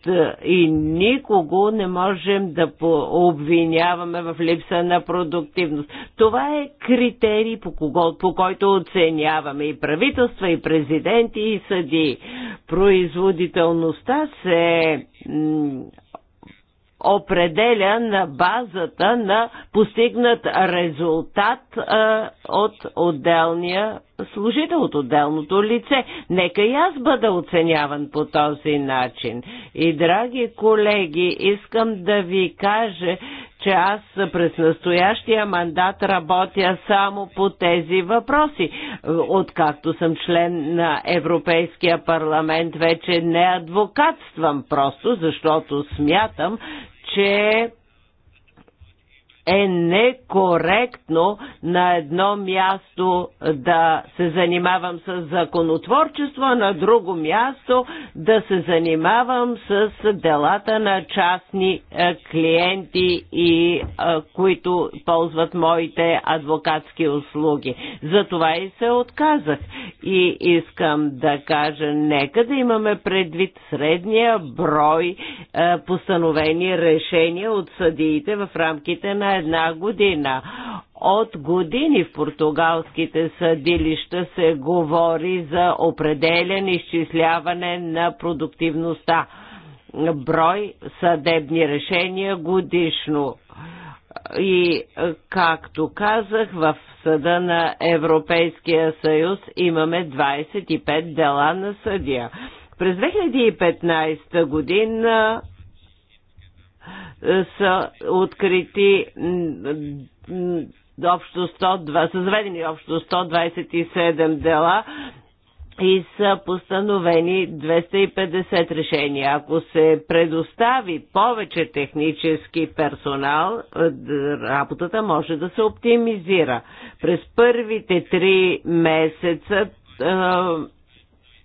и никого не можем да обвиняваме в липса на продуктивност. Това е критерий, по, кого, по който оценяваме и правителства, и президенти, и съди. Производителността се определя на базата на постигнат резултат а, от отделния служител, от отделното лице. Нека и аз бъда оценяван по този начин. И, драги колеги, искам да ви кажа, че аз през настоящия мандат работя само по тези въпроси. Откакто съм член на Европейския парламент, вече не адвокатствам просто, защото смятам, че е некоректно на едно място да се занимавам с законотворчество, а на друго място да се занимавам с делата на частни е, клиенти и е, които ползват моите адвокатски услуги. Затова и се отказах. И искам да кажа, нека да имаме предвид средния брой е, постановени решения от съдиите в рамките на една година. От години в португалските съдилища се говори за определен изчисляване на продуктивността. Брой съдебни решения годишно. И, както казах, в съда на Европейския съюз имаме 25 дела на съдия. През 2015 година са открити общо 100, са заведени общо 127 дела и са постановени 250 решения. Ако се предостави повече технически персонал, е, работата може да се оптимизира. През първите три месеца е,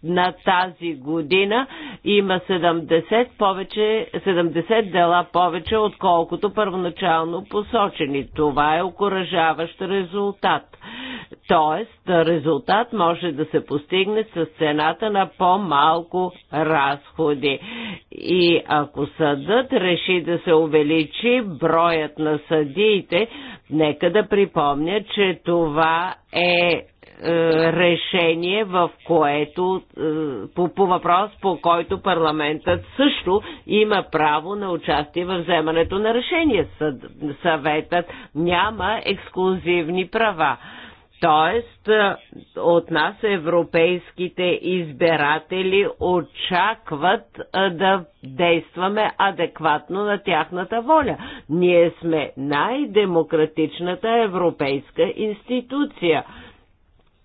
на тази година има 70, повече, 70 дела повече, отколкото първоначално посочени. Това е окоръжаващ резултат. Тоест, резултат може да се постигне с цената на по-малко разходи. И ако съдът реши да се увеличи броят на съдиите, нека да припомня, че това е е, решение, в което е, по, по въпрос, по който парламентът също има право на участие в вземането на решение. Съд, съветът няма ексклюзивни права. Тоест, е, от нас европейските избиратели очакват да действаме адекватно на тяхната воля. Ние сме най-демократичната европейска институция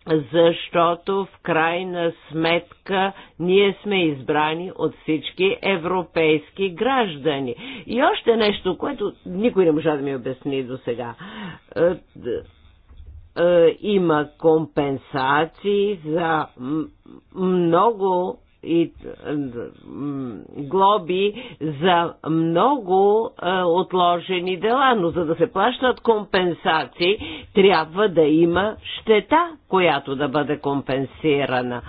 защото в крайна сметка ние сме избрани от всички европейски граждани. И още нещо, което никой не можа да ми обясни до сега. Е, е, има компенсации за много и глоби за много отложени дела, но за да се плащат компенсации, трябва да има щета, която да бъде компенсирана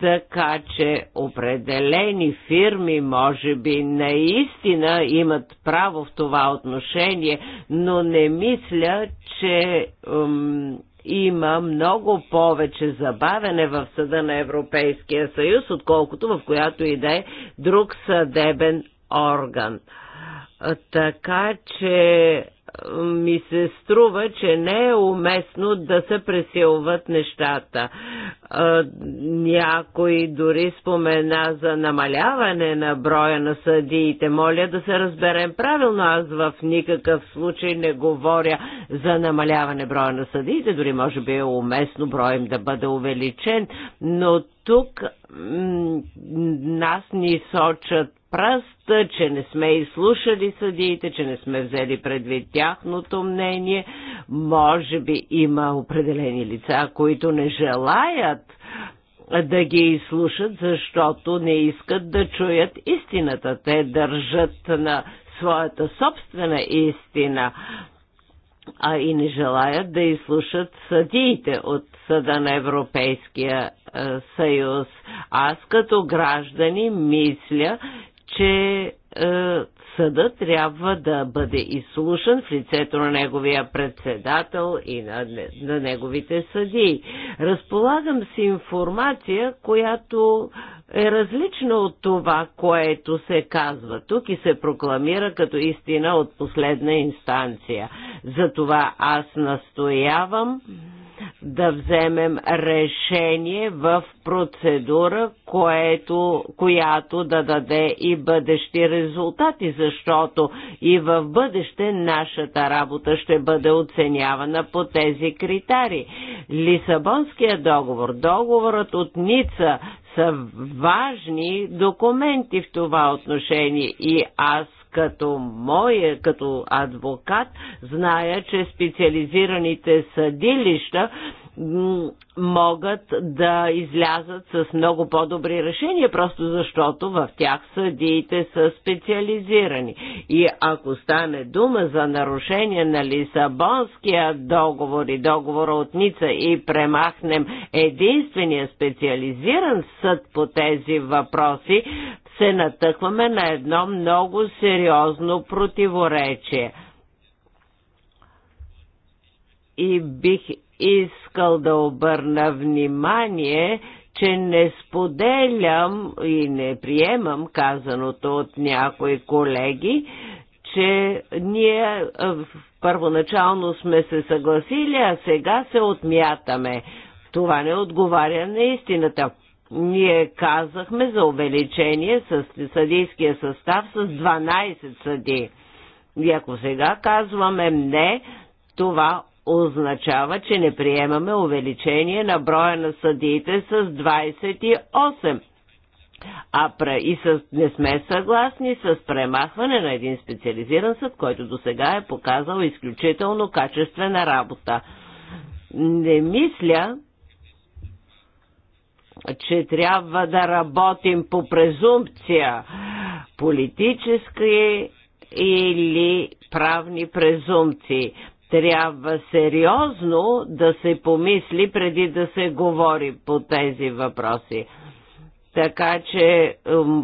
така че определени фирми може би наистина имат право в това отношение, но не мисля, че има много повече забавене в съда на Европейския съюз, отколкото в която и да е друг съдебен орган. Така че ми се струва, че не е уместно да се пресилват нещата. Някой дори спомена за намаляване на броя на съдиите. Моля да се разберем правилно. Аз в никакъв случай не говоря за намаляване броя на съдиите. Дори може би е уместно броем да бъде увеличен, но тук нас ни сочат пръст, че не сме изслушали съдиите, че не сме взели предвид тяхното мнение. Може би има определени лица, които не желаят да ги изслушат, защото не искат да чуят истината. Те държат на своята собствена истина, а и не желаят да изслушат съдиите от Съда на Европейския е, съюз. Аз като граждани мисля, че е, съда трябва да бъде изслушан в лицето на неговия председател и на, на неговите съдии. Разполагам с информация, която е различна от това, което се казва тук и се прокламира като истина от последна инстанция. Затова аз настоявам да вземем решение в процедура, което, която да даде и бъдещи резултати, защото и в бъдеще нашата работа ще бъде оценявана по тези критерии. Лисабонския договор, договорът от Ница са важни документи в това отношение и аз като моя, като адвокат, зная, че специализираните съдилища могат да излязат с много по-добри решения, просто защото в тях съдиите са специализирани. И ако стане дума за нарушение на Лисабонския договор и договора от Ница и премахнем единствения специализиран съд по тези въпроси, се натъкваме на едно много сериозно противоречие. И бих искал да обърна внимание, че не споделям и не приемам казаното от някои колеги, че ние е, първоначално сме се съгласили, а сега се отмятаме. Това не отговаря на истината. Ние казахме за увеличение с съдийския състав с 12 съди. И ако сега казваме не, това означава, че не приемаме увеличение на броя на съдиите с 28. А и с, не сме съгласни с премахване на един специализиран съд, който до сега е показал изключително качествена работа. Не мисля, че трябва да работим по презумпция политически или правни презумпции трябва сериозно да се помисли преди да се говори по тези въпроси. Така че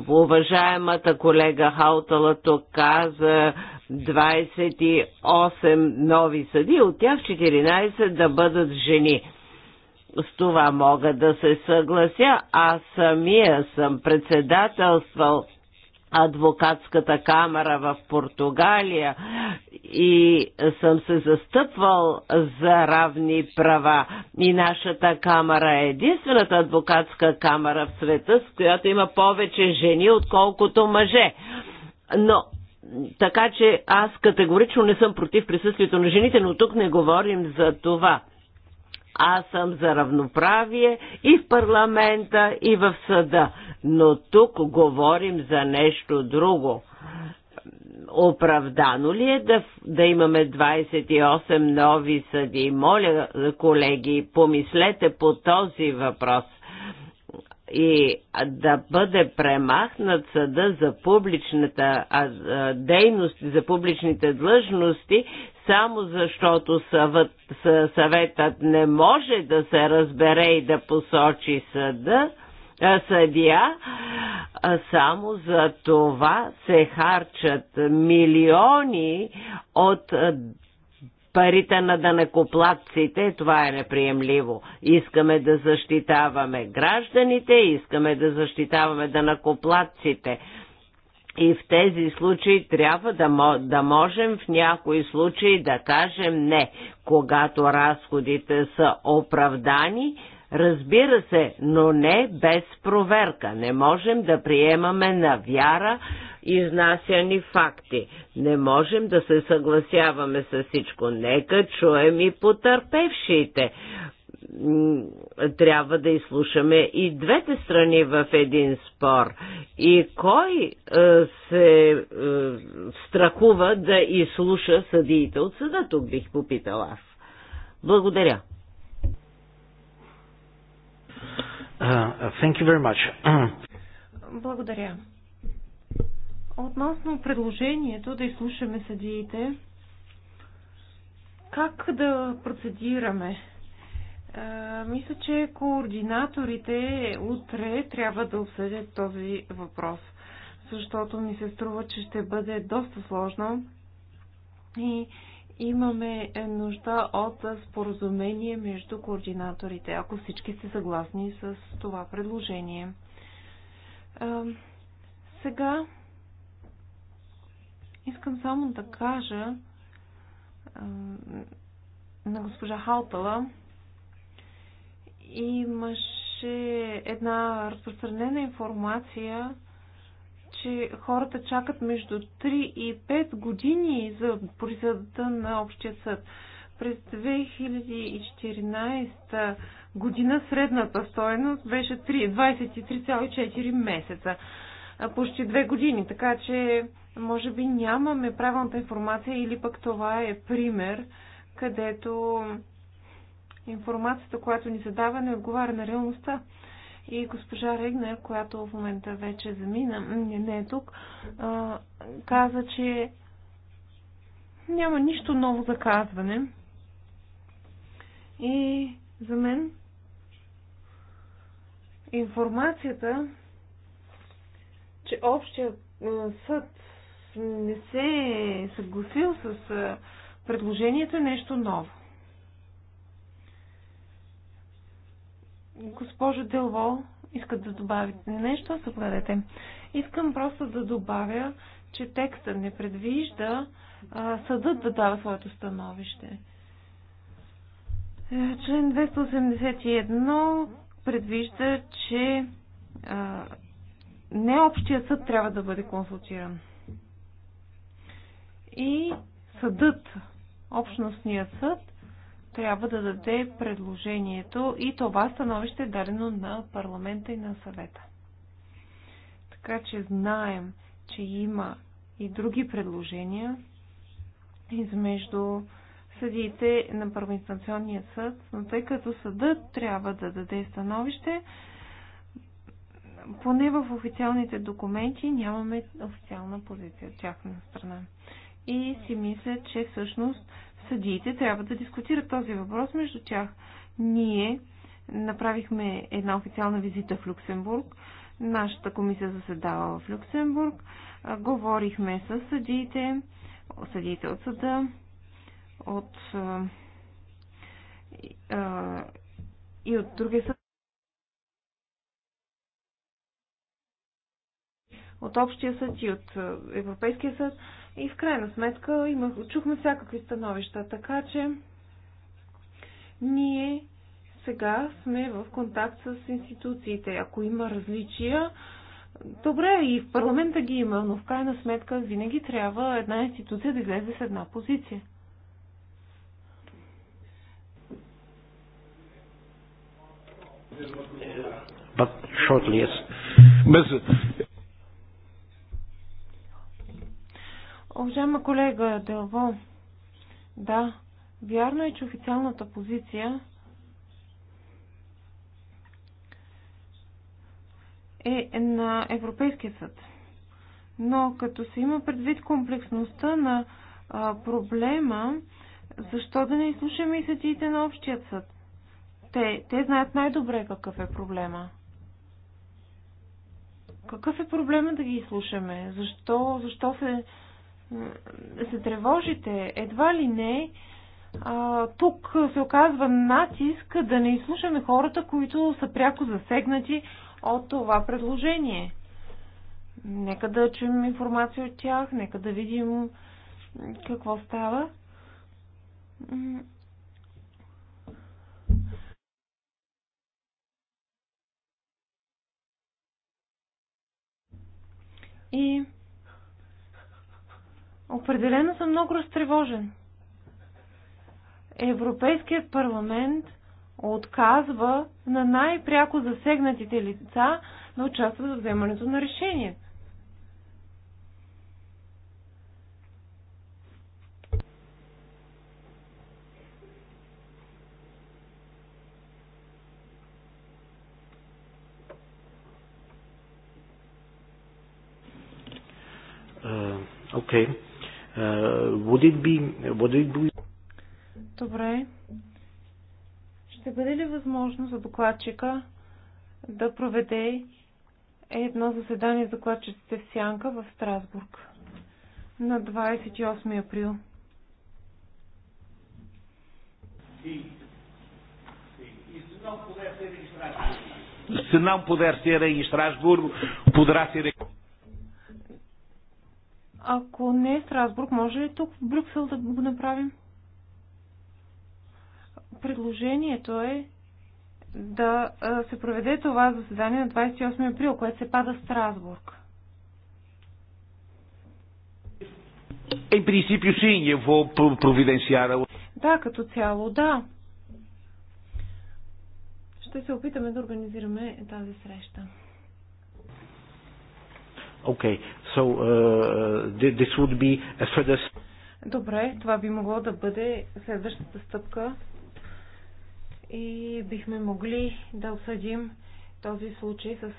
уважаемата колега Хаутала тук каза 28 нови съди, от тях 14 да бъдат жени. С това мога да се съглася. Аз самия съм председателствал адвокатската камера в Португалия и съм се застъпвал за равни права. И нашата камера е единствената адвокатска камера в света, с която има повече жени, отколкото мъже. Но така че аз категорично не съм против присъствието на жените, но тук не говорим за това. Аз съм за равноправие и в парламента, и в съда. Но тук говорим за нещо друго оправдано ли е да, да имаме 28 нови съди? Моля, колеги, помислете по този въпрос и да бъде премахнат съда за публичната дейност, за публичните длъжности, само защото съвет, съветът не може да се разбере и да посочи съда, съдия. Само за това се харчат милиони от парите на данекоплатците, това е неприемливо. Искаме да защитаваме гражданите, искаме да защитаваме данекоплатците. И в тези случаи трябва да, да можем в някои случаи да кажем не, когато разходите са оправдани Разбира се, но не без проверка. Не можем да приемаме на вяра изнасяни факти. Не можем да се съгласяваме с всичко. Нека чуем и потърпевшите трябва да изслушаме и двете страни в един спор. И кой е, се е, страхува да изслуша съдиите от съда, тук бих попитал аз. Благодаря. Uh, thank you very much. Благодаря. Относно предложението да изслушаме съдиите, как да процедираме? Е, мисля, че координаторите утре трябва да обсъдят този въпрос, защото ми се струва, че ще бъде доста сложно и имаме е, нужда от споразумение между координаторите, ако всички сте съгласни с това предложение. Сега искам само да кажа на госпожа Халтала имаше една разпространена информация че хората чакат между 3 и 5 години за присъдата на Общия съд. През 2014 година средната стоеност беше 23,4 месеца. Почти две години, така че може би нямаме правилната информация или пък това е пример, където информацията, която ни се дава, не отговаря на реалността и госпожа Регнер, която в момента вече замина, не е тук, каза, че няма нищо ново за казване. И за мен информацията, че общия съд не се е съгласил с предложението е нещо ново. Госпожо Делво, искат да добавите нещо? Заповядайте. Искам просто да добавя, че текста не предвижда а, съдът да дава своето становище. Е, член 281 предвижда, че а, не общия съд трябва да бъде консултиран. И съдът, общностният съд, трябва да даде предложението и това становище е дадено на парламента и на съвета. Така че знаем, че има и други предложения измежду съдиите на първоинстанционния съд, но тъй като съдът трябва да даде становище, поне в официалните документи нямаме официална позиция от тяхна страна. И си мисля, че всъщност съдиите трябва да дискутират този въпрос между тях. Ние направихме една официална визита в Люксембург. Нашата комисия заседава в Люксембург. Говорихме с съдиите, съдиите от съда, от и от други съд. От общия съд и от Европейския съд. И в крайна сметка имах, чухме всякакви становища, така че ние сега сме в контакт с институциите. Ако има различия, добре, и в парламента ги има, но в крайна сметка винаги трябва една институция да излезе с една позиция. But shortly, yes. Уважаема колега Делво, да, вярно е, че официалната позиция е на Европейския съд. Но като се има предвид комплексността на а, проблема, защо да не изслушаме и съдиите на общият съд? Те, те знаят най-добре какъв е проблема. Какъв е проблема да ги изслушаме? Защо, защо се се тревожите. Едва ли не, а, тук се оказва натиск да не изслушаме хората, които са пряко засегнати от това предложение. Нека да чуем информация от тях, нека да видим какво става. И Определено съм много разтревожен. Европейският парламент отказва на най-пряко засегнатите лица да участват в вземането на решение. Окей. okay. Е, would it be, would it be... Добре. Ще бъде ли възможно за докладчика да проведе едно заседание за докладчиците в Сянка в Страсбург на 28 април? Se não puder ser em Estrasburgo, poderá ser aqui. Ако не е Страсбург, може ли тук в Брюксел да го направим? Предложението е да се проведе това заседание на 28 април, което се пада Страсбург. Em princípio, си eu vou Да, като цяло, да. Ще се опитаме да организираме тази среща. Okay. So, uh, this would be a further... Добре, това би могло да бъде следващата стъпка и бихме могли да обсъдим този случай с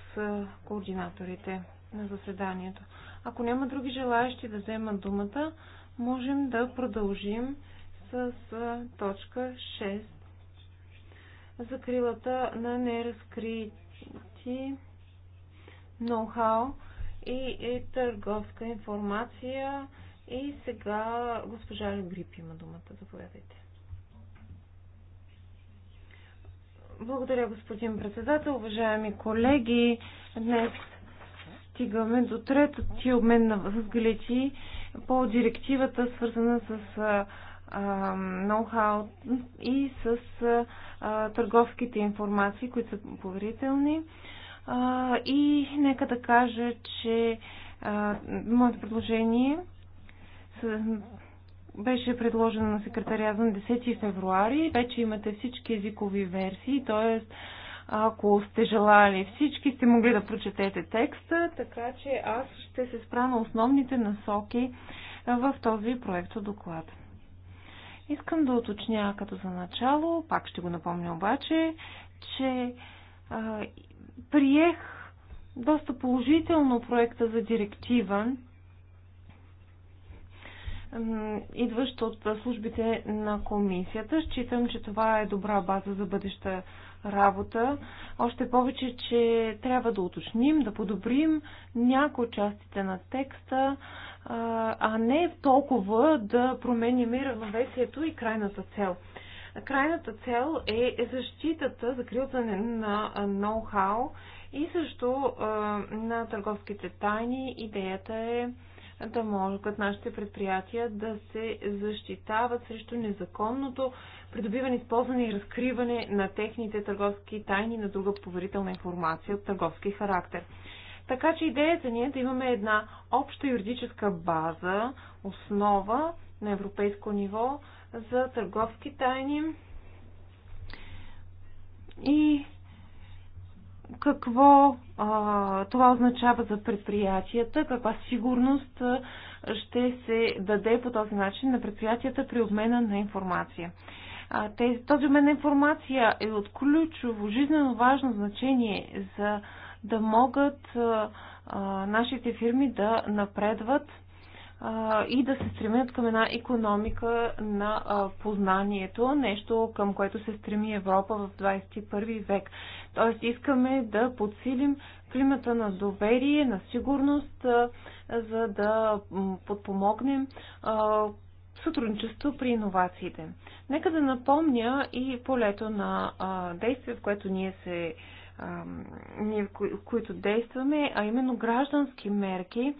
координаторите на заседанието. Ако няма други желаящи да вземат думата, можем да продължим с точка 6. Закрилата на неразкрити ноу-хау и, и търговска информация. И сега госпожа Грип има думата. Заповядайте. Благодаря, господин председател. Уважаеми колеги, днес стигаме до третата ти обмен на възгледи по директивата, свързана с ноу-хау и с а, търговските информации, които са поверителни. А, и нека да кажа, че а, моето предложение беше предложено на секретаря на 10 февруари. Вече имате всички езикови версии, т.е. ако сте желали всички, сте могли да прочетете текста, така че аз ще се спра на основните насоки в този проекто доклад. Искам да уточня като за начало, пак ще го напомня обаче, че приех доста положително проекта за директива, идващ от службите на комисията. Считам, че това е добра база за бъдеща работа. Още повече, че трябва да уточним, да подобрим някои частите на текста, а не толкова да променим равновесието и крайната цел. Крайната цел е защитата, закрилата на ноу-хау и също на търговските тайни. Идеята е да могат нашите предприятия да се защитават срещу незаконното придобиване, използване и разкриване на техните търговски тайни на друга поверителна информация от търговски характер. Така че идеята ни е да имаме една обща юридическа база, основа на европейско ниво, за търговски тайни и какво а, това означава за предприятията, каква сигурност ще се даде по този начин на предприятията при обмена на информация. А, тези, този обмен на информация е от ключово, жизненно важно значение за да могат а, а, нашите фирми да напредват и да се стремят към една економика на познанието, нещо към което се стреми Европа в 21 век. Тоест искаме да подсилим климата на доверие, на сигурност, за да подпомогнем сътрудничество при иновациите. Нека да напомня и полето на действие, в което ние се ние, които действаме, а именно граждански мерки,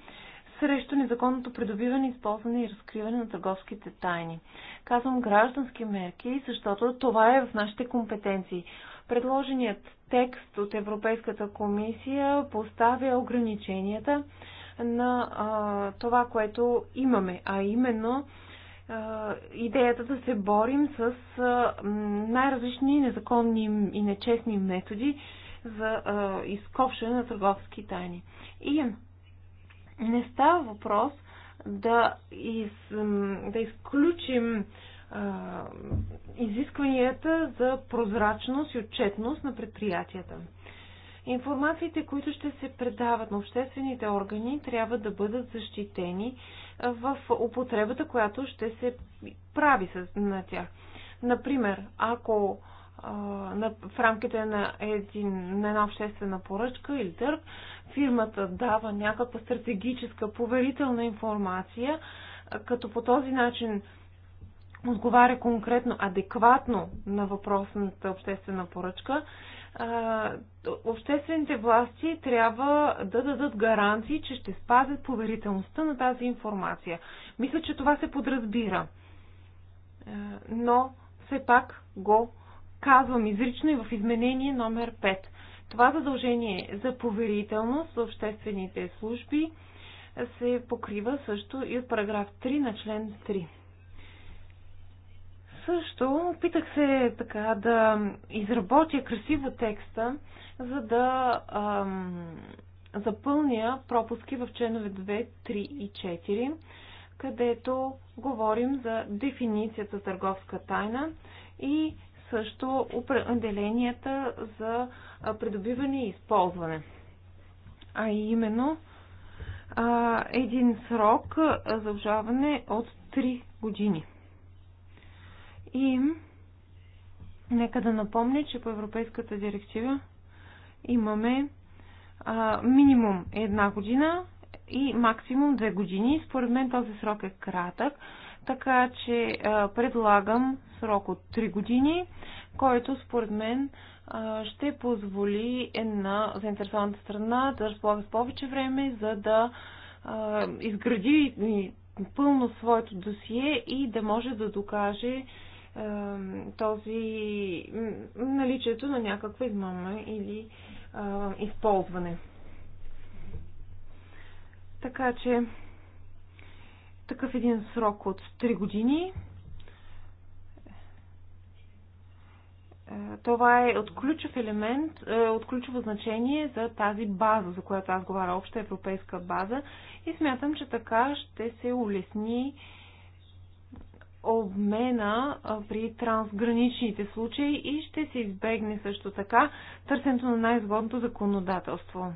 срещу незаконното придобиване, използване и разкриване на търговските тайни. Казвам граждански мерки, защото това е в нашите компетенции. Предложеният текст от Европейската комисия поставя ограниченията на а, това, което имаме, а именно а, идеята да се борим с най-различни незаконни и нечестни методи за а, изкопшене на търговски тайни. И не става въпрос да, из, да изключим а, изискванията за прозрачност и отчетност на предприятията. Информациите, които ще се предават на обществените органи, трябва да бъдат защитени в употребата, която ще се прави с, на тях. Например, ако в рамките на, един, на една обществена поръчка или търг, фирмата дава някаква стратегическа поверителна информация, като по този начин отговаря конкретно, адекватно на въпросната обществена поръчка, обществените власти трябва да дадат гаранции, че ще спазят поверителността на тази информация. Мисля, че това се подразбира. Но все пак го казвам изрично и в изменение номер 5. Това задължение за поверителност в обществените служби се покрива също и от параграф 3 на член 3. Също опитах се така да изработя красиво текста, за да ам, запълня пропуски в членове 2, 3 и 4, където говорим за дефиницията за търговска тайна и също определенията за придобиване и използване. А именно а, един срок за обжаване от 3 години. И нека да напомня, че по Европейската директива имаме а, минимум една година и максимум две години. Според мен този срок е кратък, така че а, предлагам срок от 3 години, който според мен ще позволи една заинтересованата страна да разполага с повече време, за да изгради пълно своето досие и да може да докаже този наличието на някаква измама или използване. Така че такъв един срок от 3 години това е от ключов елемент, е, от ключово значение за тази база, за която аз говоря, обща европейска база и смятам, че така ще се улесни обмена при трансграничните случаи и ще се избегне също така търсенето на най-изгодното законодателство.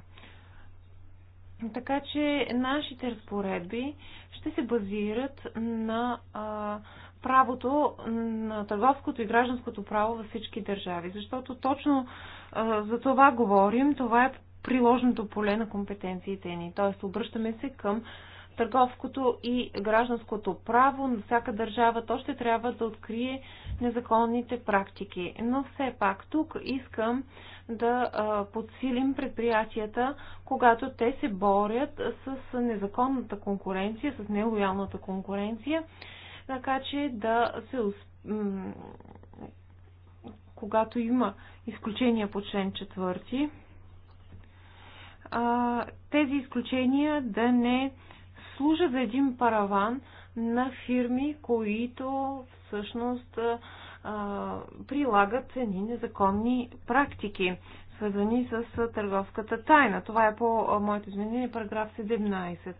Така че нашите разпоредби ще се базират на а, правото на търговското и гражданското право във всички държави, защото точно за това говорим, това е приложното поле на компетенциите ни. Тоест, обръщаме се към търговското и гражданското право на всяка държава, то ще трябва да открие незаконните практики. Но все пак тук искам да подсилим предприятията, когато те се борят с незаконната конкуренция, с нелоялната конкуренция така че да се. Когато има изключения по член 4, тези изключения да не служат за един параван на фирми, които всъщност прилагат едни незаконни практики, свързани с търговската тайна. Това е по моето изменение, параграф 17.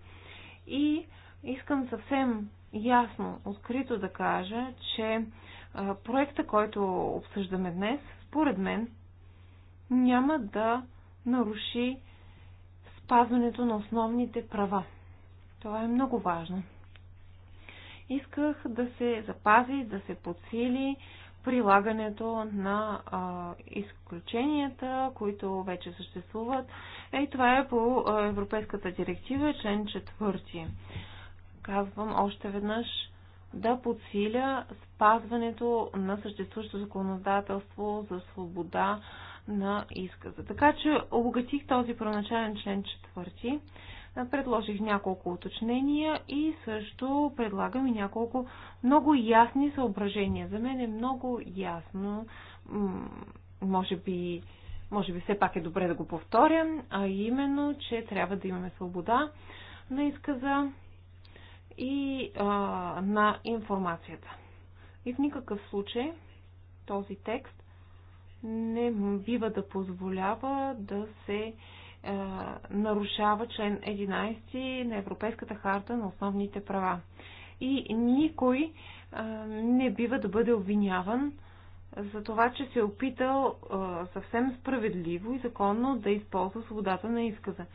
И искам съвсем ясно, открито да кажа, че проекта, който обсъждаме днес, според мен, няма да наруши спазването на основните права. Това е много важно. Исках да се запази, да се подсили прилагането на а, изключенията, които вече съществуват. Е, това е по Европейската директива, член 4 казвам още веднъж, да подсиля спазването на съществуващото законодателство за свобода на изказа. Така че обогатих този първоначален член четвърти, предложих няколко уточнения и също предлагам и няколко много ясни съображения. За мен е много ясно, може би, може би все пак е добре да го повторя, а именно, че трябва да имаме свобода на изказа, и а, на информацията. И в никакъв случай този текст не бива да позволява да се а, нарушава член 11 на Европейската харта на основните права. И никой а, не бива да бъде обвиняван за това, че се е опитал а, съвсем справедливо и законно да използва свободата на изказа.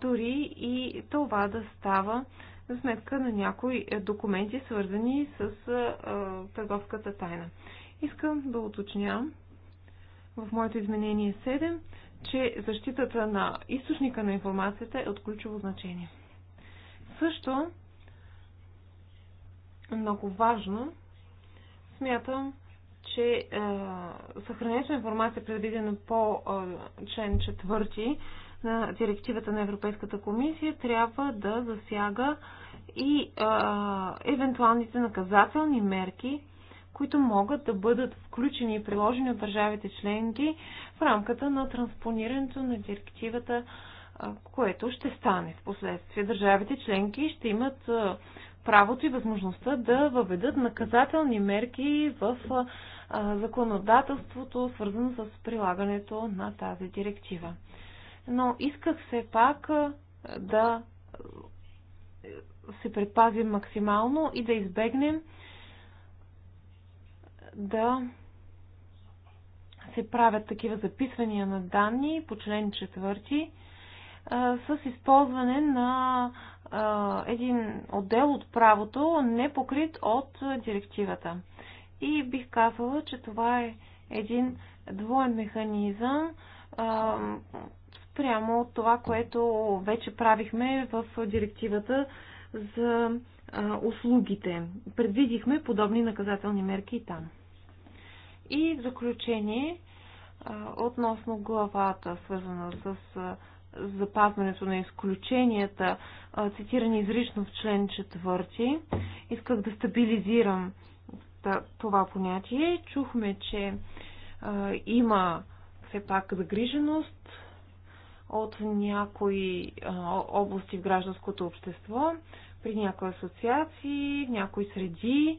Дори и това да става за сметка на някои е, документи, свързани с е, е, търговската тайна. Искам да уточня в моето изменение 7, че защитата на източника на информацията е от ключово значение. Също много важно, смятам, че е, съхранението на информация, предвидено по е, член 4, на директивата на Европейската комисия трябва да засяга и а, евентуалните наказателни мерки, които могат да бъдат включени и приложени от държавите членки в рамката на транспонирането на директивата, а, което ще стане в последствие. Държавите членки ще имат а, правото и възможността да въведат наказателни мерки в а, законодателството, свързано с прилагането на тази директива но исках все пак да се предпазим максимално и да избегнем да се правят такива записвания на данни по член 4 с използване на един отдел от правото, не покрит от директивата. И бих казала, че това е един двоен механизъм, спрямо от това, което вече правихме в директивата за услугите. Предвидихме подобни наказателни мерки и там. И в заключение, относно главата, свързана с запазването на изключенията, цитирани изрично в член 4, исках да стабилизирам това понятие. Чухме, че има все пак загриженост от някои области в гражданското общество, при някои асоциации, в някои среди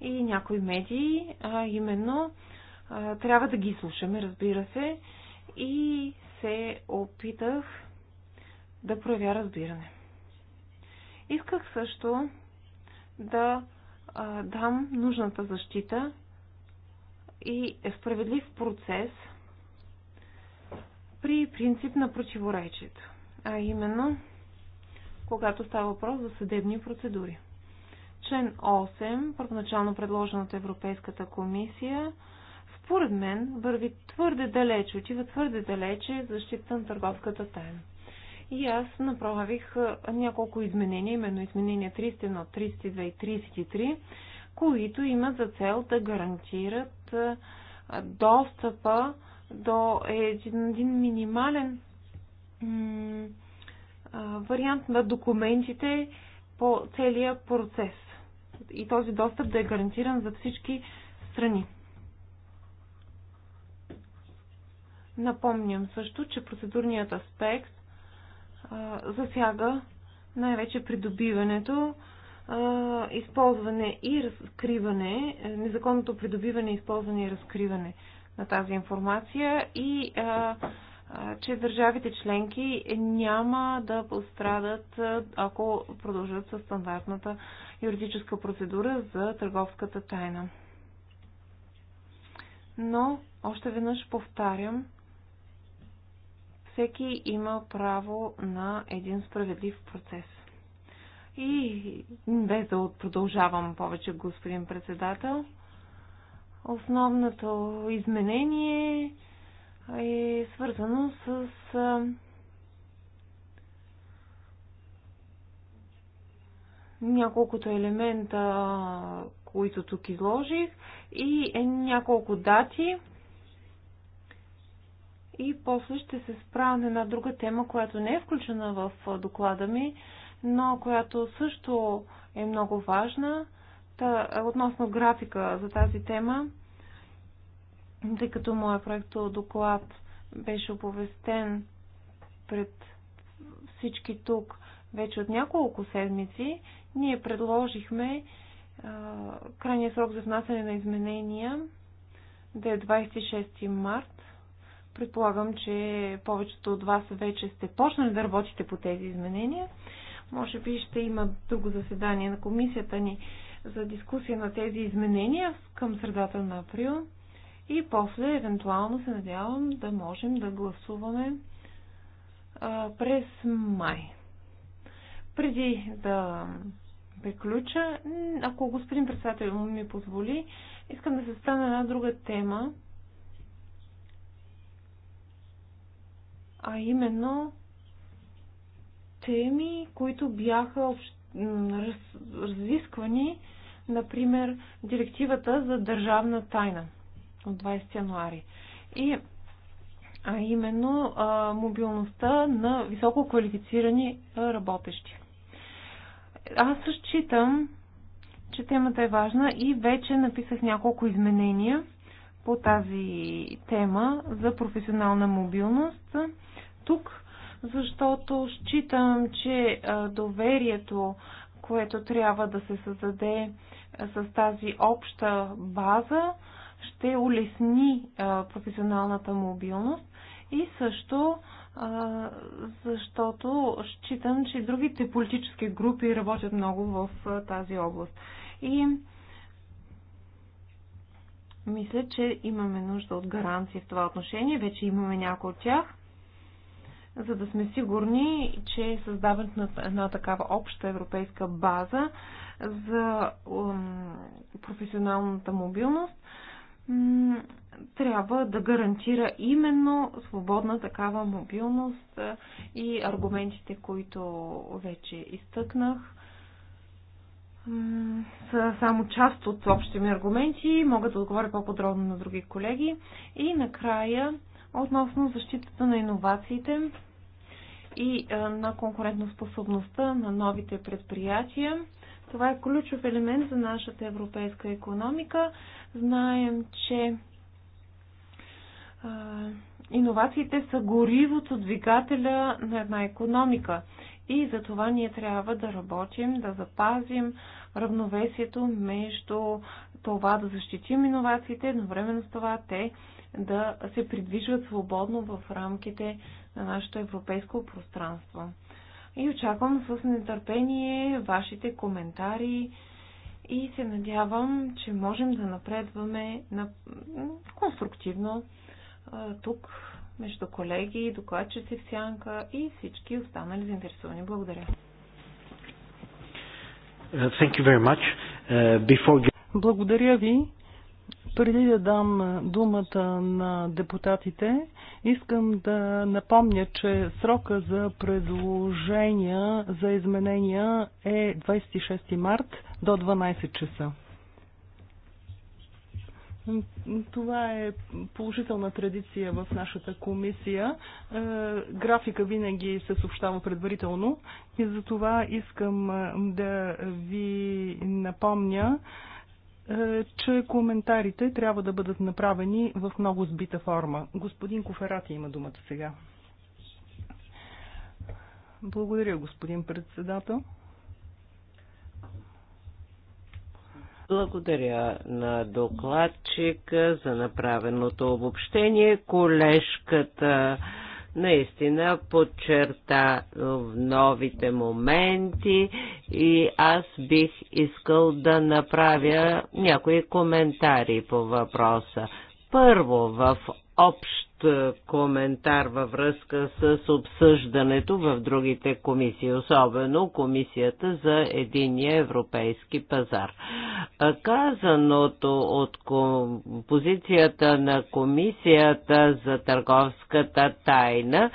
и някои медии, а именно трябва да ги слушаме, разбира се, и се опитах да проявя разбиране. Исках също да дам нужната защита и е справедлив процес – при принцип на противоречието, а именно когато става въпрос за съдебни процедури. Член 8, първоначално предложен от Европейската комисия, според мен върви твърде далеч, отива твърде далече защита на търговската тайна. И аз направих няколко изменения, именно изменения 31, 32 и 33, които имат за цел да гарантират достъпа до един, един минимален вариант на документите по целия процес. И този достъп да е гарантиран за всички страни. Напомням също, че процедурният аспект а, засяга най-вече придобиването, а, използване и разкриване, незаконното придобиване, използване и разкриване на тази информация и а, а, че държавите членки няма да пострадат, ако продължат със стандартната юридическа процедура за търговската тайна. Но, още веднъж повтарям, всеки има право на един справедлив процес. И без да продължавам повече, господин председател, Основното изменение е свързано с няколкото елемента, които тук изложих и е няколко дати. И после ще се справя на една друга тема, която не е включена в доклада ми, но която също е много важна Та, относно графика за тази тема, тъй като моят проект доклад беше оповестен пред всички тук вече от няколко седмици, ние предложихме а, крайния срок за внасяне на изменения да е 26 март. Предполагам, че повечето от вас вече сте почнали да работите по тези изменения. Може би ще има друго заседание на комисията ни за дискусия на тези изменения към средата на април и после, евентуално, се надявам да можем да гласуваме а, през май. Преди да приключа, ако господин председател ми позволи, искам да се стане една друга тема, а именно теми, които бяха общ... раз... разисквани например, директивата за държавна тайна от 20 януари. И а именно а, мобилността на високо квалифицирани работещи. Аз считам, че темата е важна и вече написах няколко изменения по тази тема за професионална мобилност тук, защото считам, че доверието, което трябва да се създаде с тази обща база ще улесни професионалната мобилност и също защото считам, че другите политически групи работят много в тази област. И мисля, че имаме нужда от гаранции в това отношение. Вече имаме някои от тях, за да сме сигурни, че създаването на една такава обща европейска база за професионалната мобилност трябва да гарантира именно свободна такава мобилност и аргументите, които вече изтъкнах, са само част от общите ми аргументи. Мога да отговоря по-подробно на други колеги. И накрая, относно защитата на иновациите и на конкурентоспособността на новите предприятия, това е ключов елемент за нашата европейска економика. Знаем, че иновациите са горивото, двигателя на една економика. И за това ние трябва да работим, да запазим равновесието между това да защитим иновациите, едновременно с това те да се придвижват свободно в рамките на нашето европейско пространство и очаквам с нетърпение вашите коментари и се надявам, че можем да напредваме на... конструктивно тук между колеги, докладчици в сянка и всички останали заинтересовани. Благодаря. Uh, thank you very much. Uh, before... Благодаря ви. Преди да дам думата на депутатите, искам да напомня, че срока за предложения за изменения е 26 март до 12 часа. Това е положителна традиция в нашата комисия. Е, графика винаги се съобщава предварително и за това искам да ви напомня, е, че коментарите трябва да бъдат направени в много сбита форма. Господин Коферати има думата сега. Благодаря, господин председател. Благодаря на докладчика за направеното обобщение. Колежката наистина подчерта е, новите моменти и аз бих искал да направя някои коментари по въпроса. Първо, в общ е, коментар във връзка с обсъждането в другите комисии, особено комисията за единия европейски пазар. Е, казаното от позицията на комисията за търговската тайна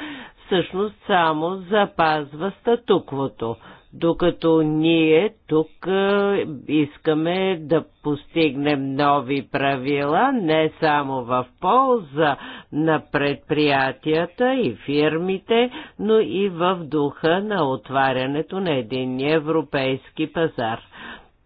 всъщност само запазва статуквото докато ние тук е, искаме да постигнем нови правила не само в полза на предприятията и фирмите, но и в духа на отварянето на един европейски пазар.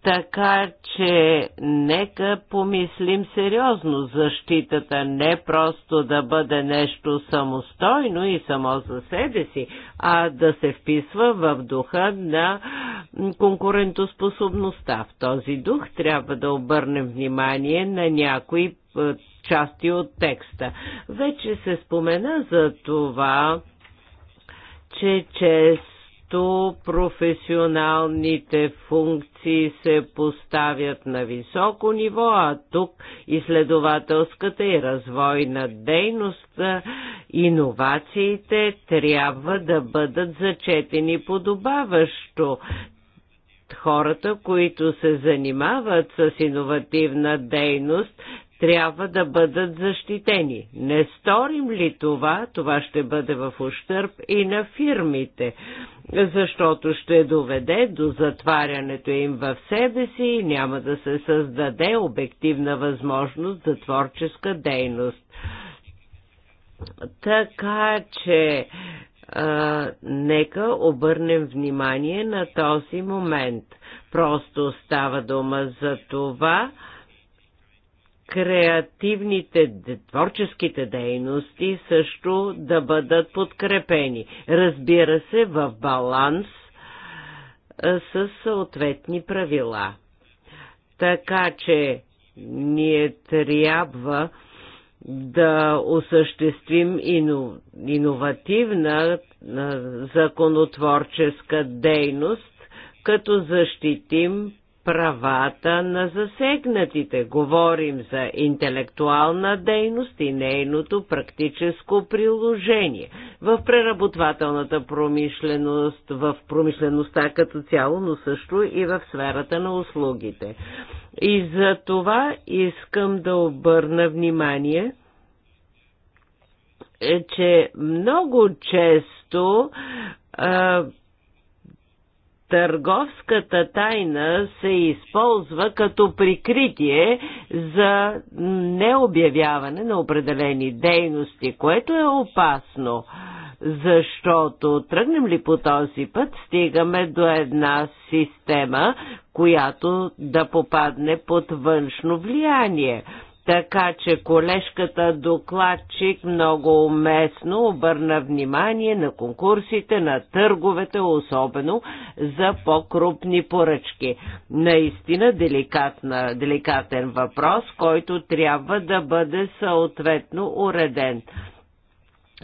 Така че нека помислим сериозно. Защитата не просто да бъде нещо самостойно и само за себе си, а да се вписва в духа на конкурентоспособността. В този дух трябва да обърнем внимание на някои е, части от текста. Вече се спомена за това, че чрез често професионалните функции се поставят на високо ниво, а тук изследователската и развойна дейност, иновациите трябва да бъдат зачетени подобаващо хората, които се занимават с иновативна дейност, трябва да бъдат защитени. Не сторим ли това, това ще бъде в ущърп и на фирмите, защото ще доведе до затварянето им в себе си и няма да се създаде обективна възможност за творческа дейност. Така че а, нека обърнем внимание на този момент. Просто става дума за това, креативните, творческите дейности също да бъдат подкрепени. Разбира се, в баланс с съответни правила. Така че ние трябва да осъществим ино, иновативна законотворческа дейност, като защитим правата на засегнатите. Говорим за интелектуална дейност и нейното практическо приложение в преработвателната промишленост, в промишлеността като цяло, но също и в сферата на услугите. И за това искам да обърна внимание, е, че много често търговската тайна се използва като прикритие за необявяване на определени дейности, което е опасно, защото тръгнем ли по този път, стигаме до една система, която да попадне под външно влияние. Така че колежката докладчик много уместно обърна внимание на конкурсите, на търговете, особено за по-крупни поръчки. Наистина деликатна, деликатен въпрос, който трябва да бъде съответно уреден.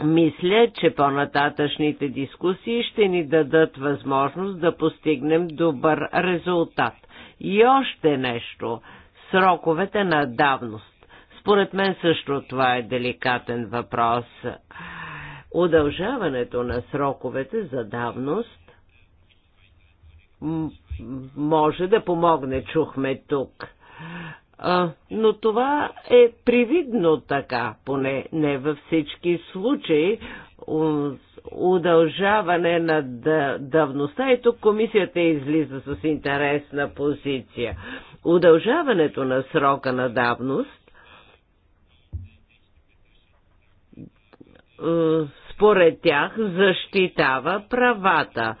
Мисля, че по-нататъчните дискусии ще ни дадат възможност да постигнем добър резултат. И още нещо сроковете на давност. Според мен също това е деликатен въпрос. Удължаването на сроковете за давност може да помогне, чухме тук. но това е привидно така, поне не във всички случаи. Удължаване на давността и тук комисията излиза с интересна позиция. Удължаването на срока на давност Е, според тях защитава правата,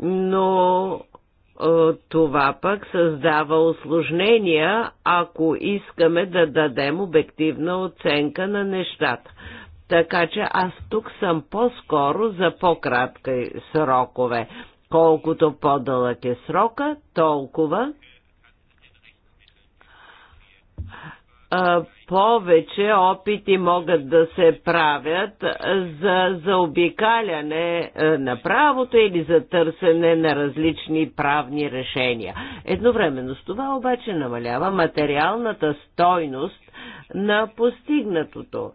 но е, това пък създава осложнения, ако искаме да дадем обективна оценка на нещата. Така че аз тук съм по-скоро за по-кратки срокове. Колкото по-дълъг е срока, толкова повече опити могат да се правят за заобикаляне на правото или за търсене на различни правни решения. Едновременно с това обаче намалява материалната стойност на постигнатото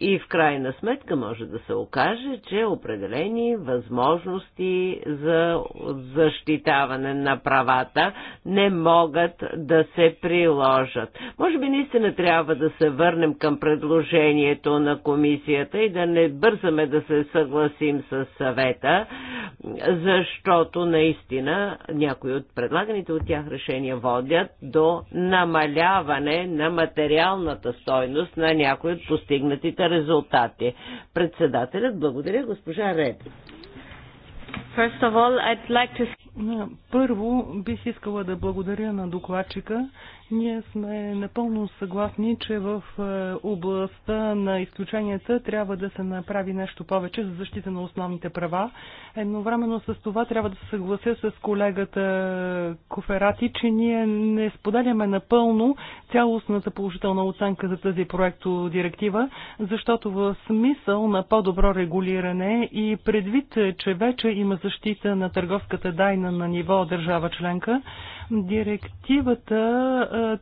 и в крайна сметка може да се окаже, че определени възможности за защитаване на правата не могат да се приложат. Може би наистина трябва да се върнем към предложението на комисията и да не бързаме да се съгласим с съвета, защото наистина някои от предлаганите от тях решения водят до намаляване на материалната стойност на някои от постигнатите резултати. Председателят, благодаря, госпожа Ред. First of all, I'd like to... Първо бих искала да благодаря на докладчика ние сме напълно съгласни, че в е, областта на изключенията трябва да се направи нещо повече за защита на основните права. Едновременно с това трябва да се съглася с колегата Коферати, че ние не споделяме напълно цялостната положителна оценка за тази проекто директива, защото в смисъл на по-добро регулиране и предвид, че вече има защита на търговската дайна на ниво държава членка, Директивата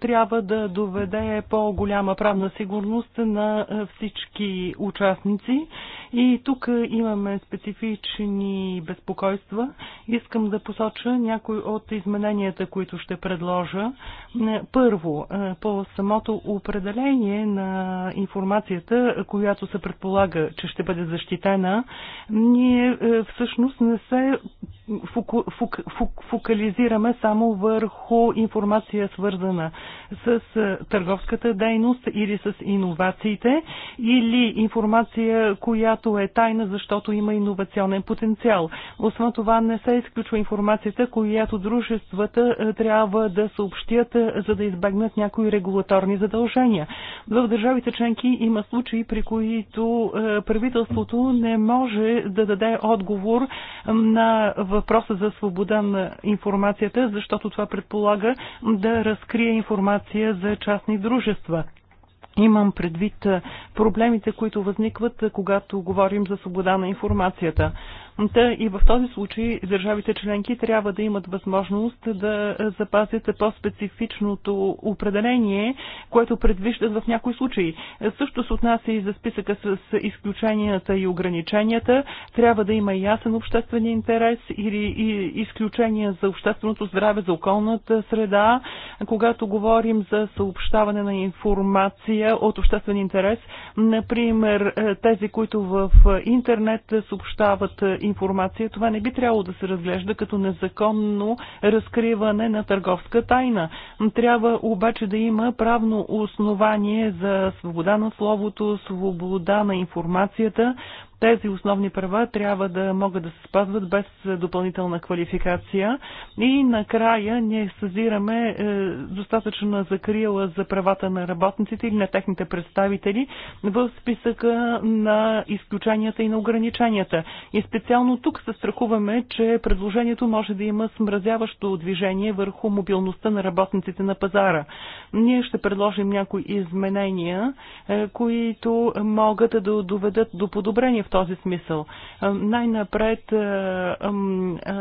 трябва да доведе по-голяма правна сигурност на всички участници и тук имаме специфични безпокойства. Искам да посоча някои от измененията, които ще предложа. Първо, по самото определение на информацията, която се предполага, че ще бъде защитена, ние всъщност не се фоку, фок, фок, фокализираме само върху информация свързана с е, търговската дейност или с иновациите, или информация, която е тайна, защото има иновационен потенциал. Освен това не се изключва информацията, която дружествата е, трябва да съобщят, е, за да избегнат някои регулаторни задължения. В държавите членки има случаи, при които правителството не може да даде отговор на въпроса въпроса за свобода на информацията, защото това предполага да разкрие информация за частни дружества. Имам предвид проблемите, които възникват, когато говорим за свобода на информацията. Та и в този случай държавите членки трябва да имат възможност да запазят по-специфичното определение, което предвиждат в някои случаи. Също се отнася и за списъка с изключенията и ограниченията. Трябва да има ясен обществен интерес или изключения за общественото здраве, за околната среда. Когато говорим за съобщаване на информация от обществен интерес, например, тези, които в интернет съобщават информация, информация, това не би трябвало да се разглежда като незаконно разкриване на търговска тайна. Трябва обаче да има правно основание за свобода на словото, свобода на информацията, тези основни права трябва да могат да се спазват без допълнителна квалификация. И накрая ние съзираме е, достатъчна закрила за правата на работниците или на техните представители в списъка на изключенията и на ограниченията. И специално тук се страхуваме, че предложението може да има смразяващо движение върху мобилността на работниците на пазара. Ние ще предложим някои изменения, е, които могат да доведат до подобрение в този смисъл. Е, най-напред е, е,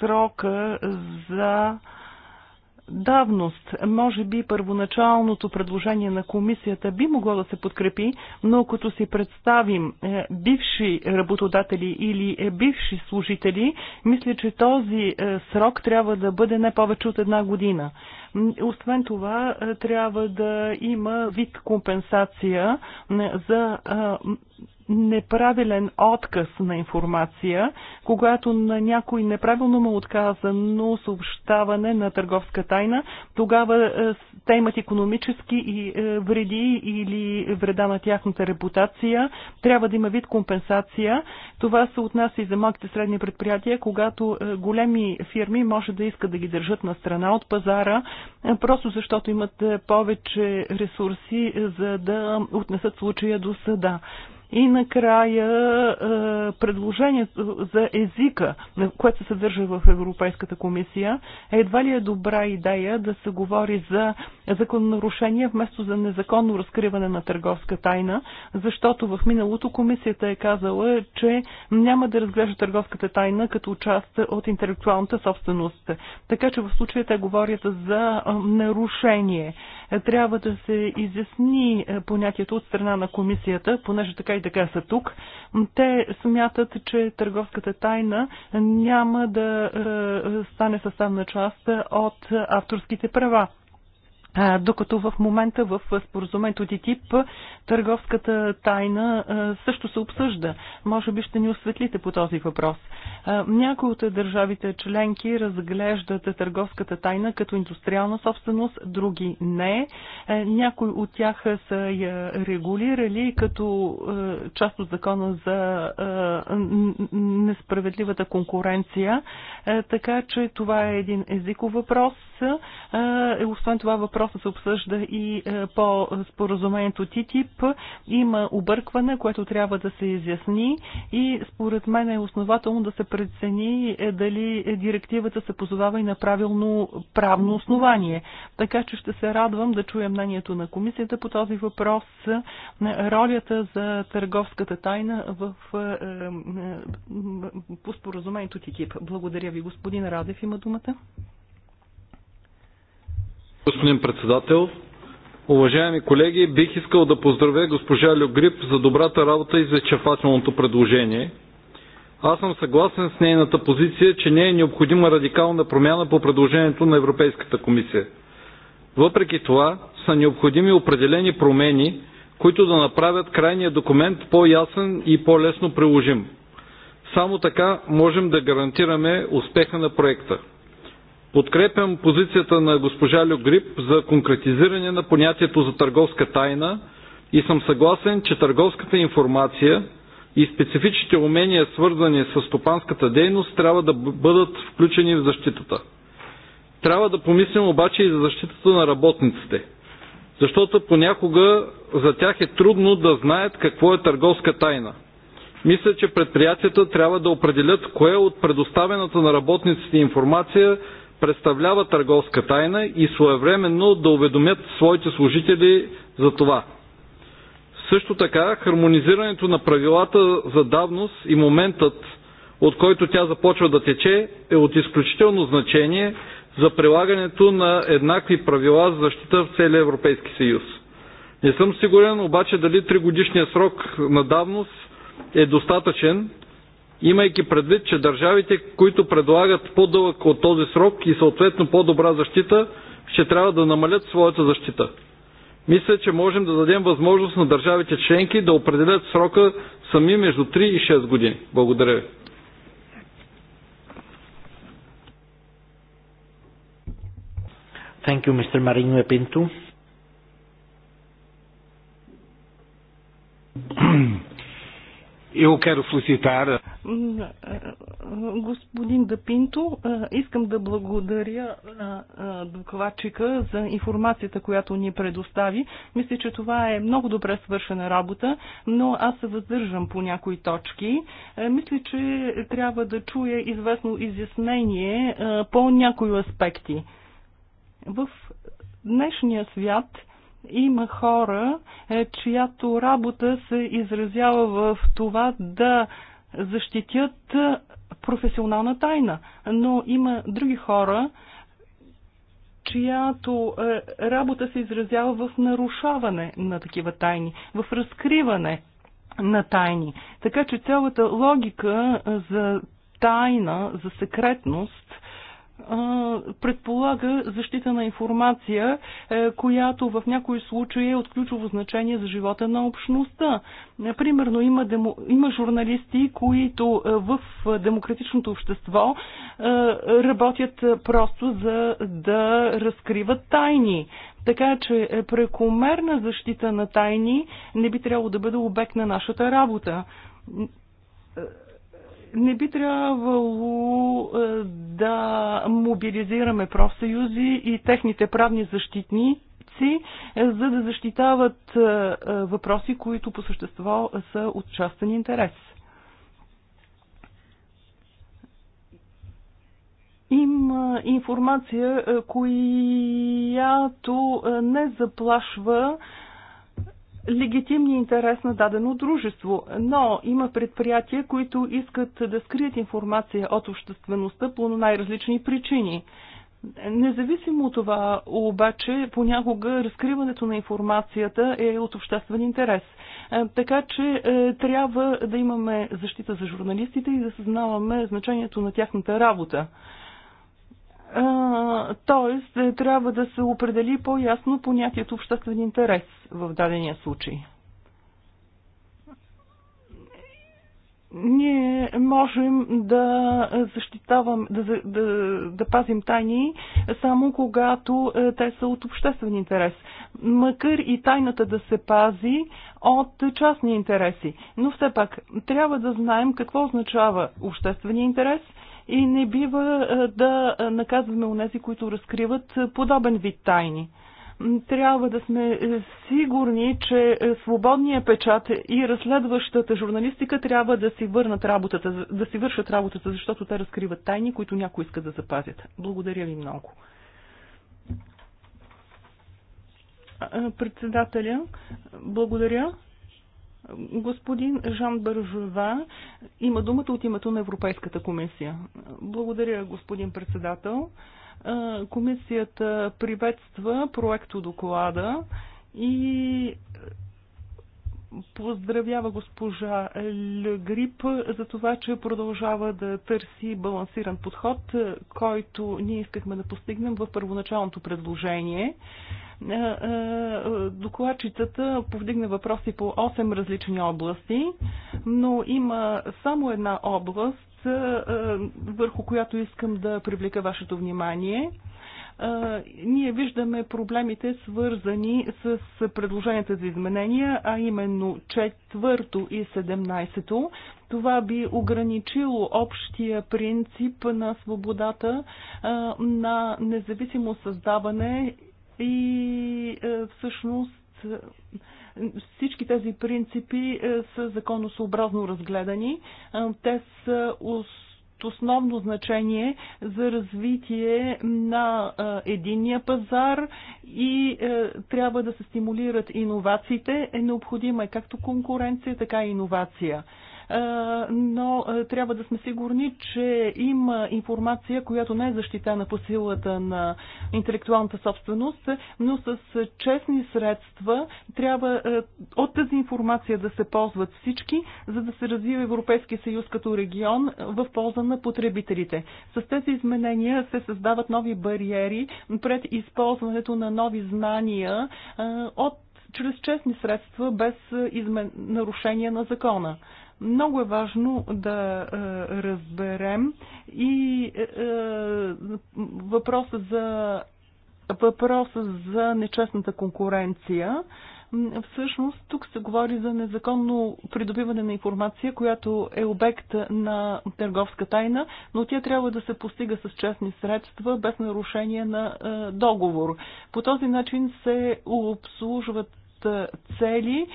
срока за давност. Може би първоначалното предложение на комисията би могло да се подкрепи, но като си представим е, бивши работодатели или е, бивши служители, мисля, че този е, срок трябва да бъде не повече от една година. Освен това, трябва да има вид компенсация за неправилен отказ на информация, когато на някой неправилно му е отказано съобщаване на търговска тайна, тогава е, те имат економически и е, вреди или вреда на тяхната репутация. Трябва да има вид компенсация. Това се отнася и за малките средни предприятия, когато големи фирми може да искат да ги държат на страна от пазара, просто защото имат повече ресурси, за да отнесат случая до съда. И накрая е, предложението за езика, което се съдържа в Европейската комисия, едва ли е добра идея да се говори за закононарушение вместо за незаконно разкриване на търговска тайна, защото в миналото комисията е казала, че няма да разглежда търговската тайна като част от интелектуалната собственост. Така че в случая те говорят за е, нарушение. Трябва да се изясни е, понятието от страна на комисията, понеже така и така са тук. Те смятат, че търговската тайна няма да е, стане съставна част от авторските права докато в момента в споразумението ТИТИП търговската тайна също се обсъжда. Може би ще ни осветлите по този въпрос. някои от държавите членки разглеждат търговската тайна като индустриална собственост, други не. някои от тях са я регулирали като част от закона за несправедливата конкуренция. така че това е един езиков въпрос. Е, освен това въпрос въпросът се обсъжда и е, по споразумението ТИТИП. Има объркване, което трябва да се изясни и според мен е основателно да се прецени е, дали директивата се позовава и на правилно правно основание. Така че ще се радвам да чуя мнението на комисията по този въпрос. Ролята за търговската тайна в, е, по споразумението ТИТИП. Благодаря ви, господин Радев има думата. Господин председател, уважаеми колеги, бих искал да поздравя госпожа Люгрип за добрата работа и за изчерпателното предложение. Аз съм съгласен с нейната позиция, че не е необходима радикална промяна по предложението на Европейската комисия. Въпреки това са необходими определени промени, които да направят крайния документ по-ясен и по-лесно приложим. Само така можем да гарантираме успеха на проекта. Подкрепям позицията на госпожа Гриб за конкретизиране на понятието за търговска тайна и съм съгласен, че търговската информация и специфичните умения, свързани с стопанската дейност, трябва да бъдат включени в защитата. Трябва да помислим обаче и за защитата на работниците, защото понякога за тях е трудно да знаят какво е търговска тайна. Мисля, че предприятията трябва да определят кое от предоставената на работниците информация представлява търговска тайна и своевременно да уведомят своите служители за това. Също така, хармонизирането на правилата за давност и моментът, от който тя започва да тече, е от изключително значение за прилагането на еднакви правила за защита в целия Европейски съюз. Не съм сигурен обаче дали тригодишният срок на давност е достатъчен, имайки предвид, че държавите, които предлагат по-дълъг от този срок и съответно по-добра защита, ще трябва да намалят своята защита. Мисля, че можем да дадем възможност на държавите членки да определят срока сами между 3 и 6 години. Благодаря ви. Thank you, Mr. Marino Epinto. Eu quero felicitar. Господин Дапинто, искам да благодаря на докладчика за информацията, която ни предостави. Мисля, че това е много добре свършена работа, но аз се въздържам по някои точки. Мисля, че трябва да чуя известно изяснение по някои аспекти. В днешния свят има хора, е, чиято работа се изразява в това да защитят е, професионална тайна, но има други хора, чиято е, работа се изразява в нарушаване на такива тайни, в разкриване на тайни. Така че цялата логика за тайна, за секретност предполага защита на информация, е, която в някои случаи е от ключово значение за живота на общността. Е, примерно има, демо, има журналисти, които е, в демократичното общество работят просто за да разкриват тайни. Така че прекомерна защита на тайни не би трябвало да бъде обект на нашата работа не би трябвало е, да мобилизираме профсъюзи и техните правни защитници, е, за да защитават е, въпроси, които по същество са от частен интерес. Има информация, която не заплашва легитимния интерес на дадено дружество, но има предприятия, които искат да скрият информация от обществеността по най-различни причини. Независимо от това, обаче, понякога разкриването на информацията е от обществен интерес. Е, така че е, трябва да имаме защита за журналистите и да съзнаваме значението на тяхната работа. Тоест, е, трябва да се определи по-ясно понятието обществен интерес в дадения случай. ние можем да защитавам, да, да, да пазим тайни само когато е, те са от обществен интерес. Макар и тайната да се пази от частни интереси. Но все пак трябва да знаем какво означава обществения интерес – и не бива да наказваме нези, които разкриват подобен вид тайни трябва да сме е, сигурни, че е, свободният печат и разследващата журналистика трябва да си върнат работата, да си вършат работата, защото те разкриват тайни, които някой иска да запазят. Благодаря ви много. Председателя, благодаря. Господин Жан Бържева има думата от името на Европейската комисия. Благодаря, господин председател. Комисията приветства проекто доклада и поздравява госпожа Легрип за това, че продължава да търси балансиран подход, който ние искахме да постигнем в първоначалното предложение. Е, е, докладчицата повдигна въпроси по 8 различни области, но има само една област, е, върху която искам да привлека вашето внимание ние виждаме проблемите свързани с предложенията за изменения, а именно четвърто и 17-то. Това би ограничило общия принцип на свободата на независимо създаване и е, всъщност всички тези принципи е, са законосъобразно разгледани. Е, те са основно значение за развитие на единия пазар и трябва да се стимулират иновациите. Е необходима е както конкуренция, така и иновация. Е, но е, трябва да сме сигурни, че има информация, която не е защитена по силата на интелектуалната собственост, но с честни средства трябва е, от тази информация да се ползват всички, за да се развива Европейския съюз като регион в полза на потребителите. С тези изменения се създават нови бариери пред използването на нови знания от чрез честни средства без измен... нарушение на закона. Много е важно да е, разберем и е, е, въпроса за, въпроса за нечестната конкуренция. Всъщност тук се говори за незаконно придобиване на информация, която е обект на търговска тайна, но тя трябва да се постига с честни средства, без нарушение на договор. По този начин се обслужват цели,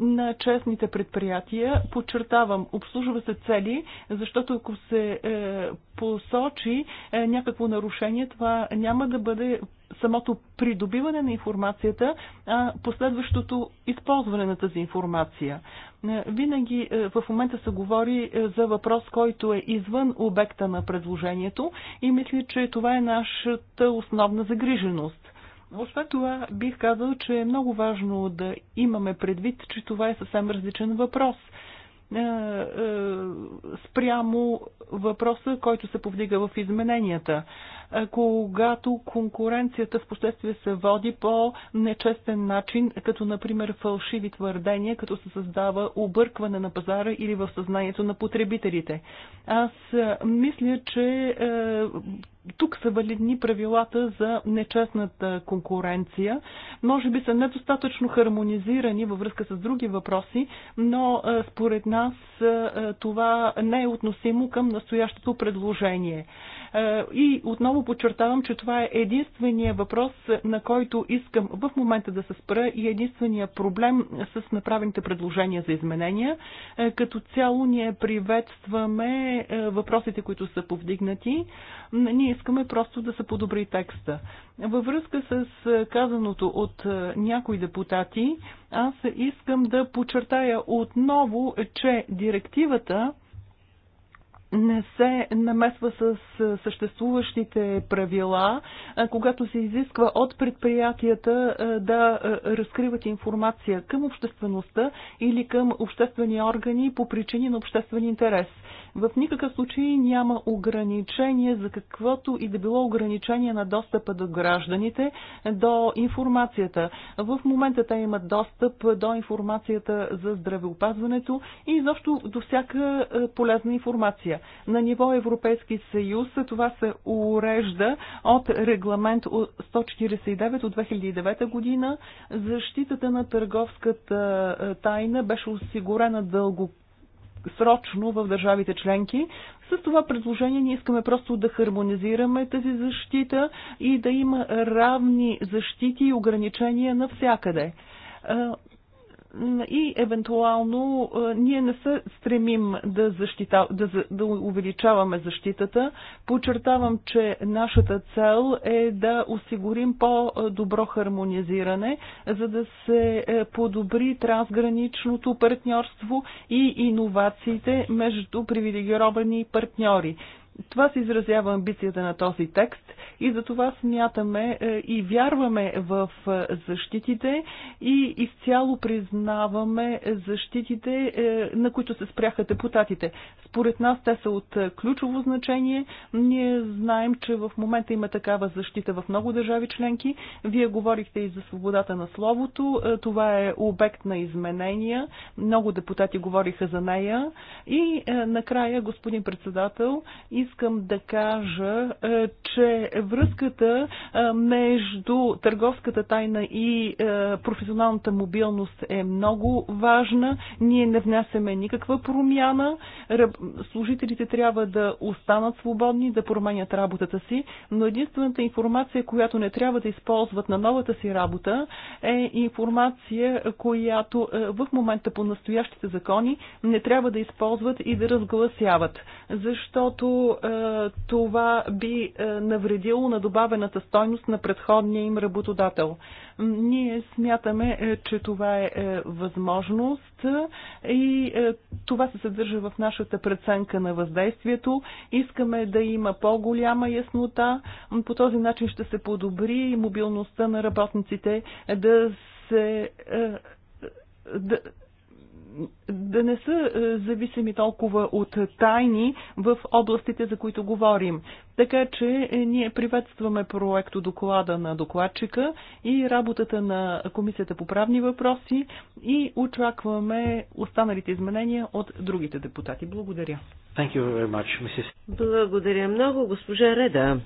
на частните предприятия. Подчертавам, обслужва се цели, защото ако се е, посочи е, някакво нарушение, това няма да бъде самото придобиване на информацията, а последващото използване на тази информация. Е, винаги е, в момента се говори е, за въпрос, който е извън обекта на предложението и мисля, че това е нашата основна загриженост. Освен това, бих казал, че е много важно да имаме предвид, че това е съвсем различен въпрос е, е, спрямо въпроса, който се повдига в измененията когато конкуренцията в последствие се води по нечестен начин, като например фалшиви твърдения, като се създава объркване на пазара или в съзнанието на потребителите. Аз мисля, че тук са валидни правилата за нечестната конкуренция. Може би са недостатъчно хармонизирани във връзка с други въпроси, но според нас това не е относимо към настоящото предложение. Е, и отново подчертавам, че това е единствения въпрос, на който искам в момента да се спра и единствения проблем с направените предложения за изменения. Е, като цяло ние приветстваме е, въпросите, които са повдигнати. Ние искаме просто да се подобри текста. Във връзка с казаното от някои депутати, аз искам да подчертая отново, че директивата не се намесва с съществуващите правила, когато се изисква от предприятията да разкриват информация към обществеността или към обществени органи по причини на обществен интерес. В никакъв случай няма ограничение за каквото и да било ограничение на достъпа до гражданите, до информацията. В момента те имат достъп до информацията за здравеопазването и изобщо до всяка е, полезна информация. На ниво Европейски съюз това се урежда от регламент 149 от 2009 година. Защитата на търговската е, тайна беше осигурена дълго срочно в държавите членки. С това предложение ние искаме просто да хармонизираме тази защита и да има равни защити и ограничения навсякъде и евентуално ние не се стремим да, защита, да, да увеличаваме защитата. Подчертавам, че нашата цел е да осигурим по-добро хармонизиране, за да се е, подобри трансграничното партньорство и иновациите между привилегировани партньори. Това се изразява амбицията на този текст и за това смятаме е, и вярваме в е, защитите и изцяло признаваме защитите, е, на които се спряха депутатите. Според нас те са от ключово значение. Ние знаем, че в момента има такава защита в много държави членки. Вие говорихте и за свободата на словото. Това е обект на изменения. Много депутати говориха за нея. И накрая, господин председател, и искам да кажа, е, че връзката е, между търговската тайна и е, професионалната мобилност е много важна. Ние не внасяме никаква промяна. Служителите трябва да останат свободни, да променят работата си, но единствената информация, която не трябва да използват на новата си работа, е информация, която в момента по настоящите закони не трябва да използват и да разгласяват, защото е, това би е, навредило на добавената стойност на предходния им работодател. Ние смятаме, е, че това е възможност и това се съдържа в нашата преценка на въздействието. Искаме да има по-голяма яснота. По този начин ще се подобри мобилността на работниците да се да, да не са е, зависими толкова от тайни в областите, за които говорим. Така че е, ние приветстваме проекто доклада на докладчика и работата на Комисията по правни въпроси и очакваме останалите изменения от другите депутати. Благодаря. Thank you very much, Mrs. Благодаря много, госпожа Реда.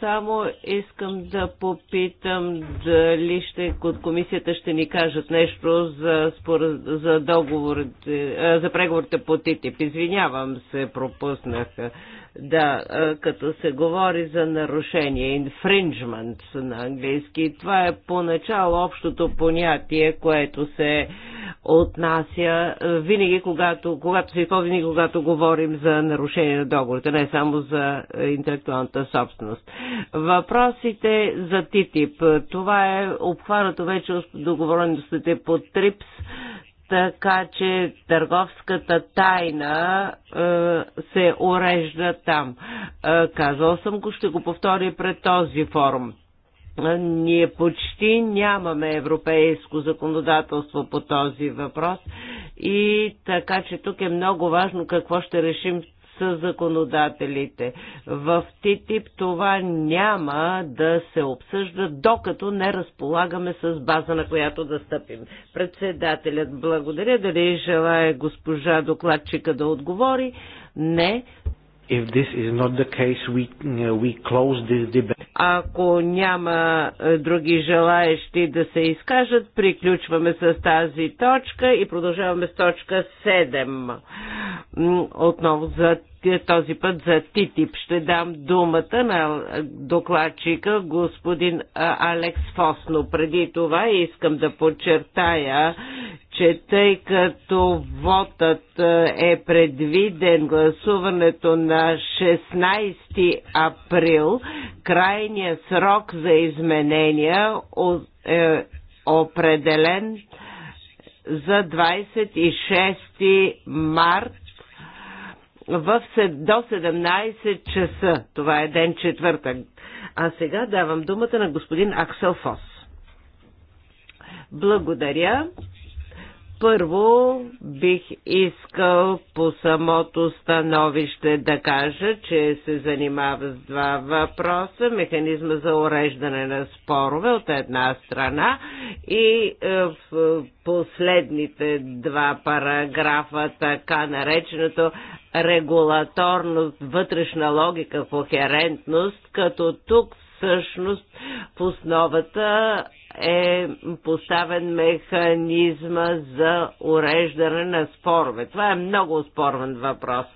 Само искам да попитам дали ще, от комисията ще ни кажат нещо за, спор, за, договорите, за преговорите по ТИТИП. Извинявам се, пропуснах. Да, като се говори за нарушение, инфринджмент на английски, това е поначало общото понятие, което се отнася винаги, когато, когато се използва, винаги, когато говорим за нарушение на договорите, не само за интелектуалната собственост сигурност. Въпросите за ТИТИП. Това е обхванато вече от договореностите по ТРИПС, така че търговската тайна е, се урежда там. Е, казал съм го, ще го повторя пред този форум е, ние почти нямаме европейско законодателство по този въпрос и така че тук е много важно какво ще решим с законодателите. В ТИТИП това няма да се обсъжда, докато не разполагаме с база, на която да стъпим. Председателят, благодаря. Дали желая госпожа докладчика да отговори? Не. If this is not the case, we, uh, we close this debate. Ако няма е, други желаещи да се изкажат, приключваме с тази точка и продължаваме с точка 7. Отново за този път за ТИТИП. Ще дам думата на докладчика господин Алекс Фосно. Преди това искам да подчертая, че тъй като вотът е предвиден гласуването на 16 април, крайният срок за изменения е определен за 26 март в, до 17 часа. Това е ден четвъртък. А сега давам думата на господин Аксел Фос. Благодаря. Първо бих искал по самото становище да кажа, че се занимава с два въпроса. Механизма за уреждане на спорове от една страна и е, в последните два параграфа, така нареченото регулаторност, вътрешна логика, кохерентност, като тук всъщност в основата е поставен механизма за уреждане на спорове. Това е много спорен въпрос.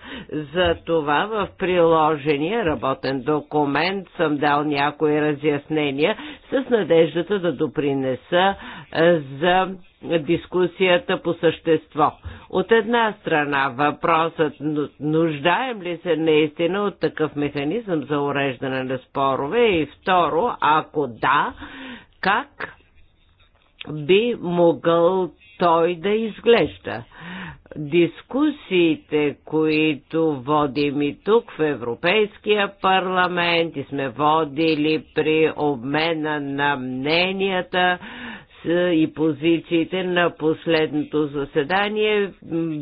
За това в приложения работен документ съм дал някои разяснения с надеждата да допринеса е, за дискусията по същество. От една страна въпросът нуждаем ли се наистина от такъв механизъм за уреждане на спорове и второ, ако да, как би могъл той да изглежда. Дискусиите, които водим и тук в Европейския парламент и сме водили при обмена на мненията, и позициите на последното заседание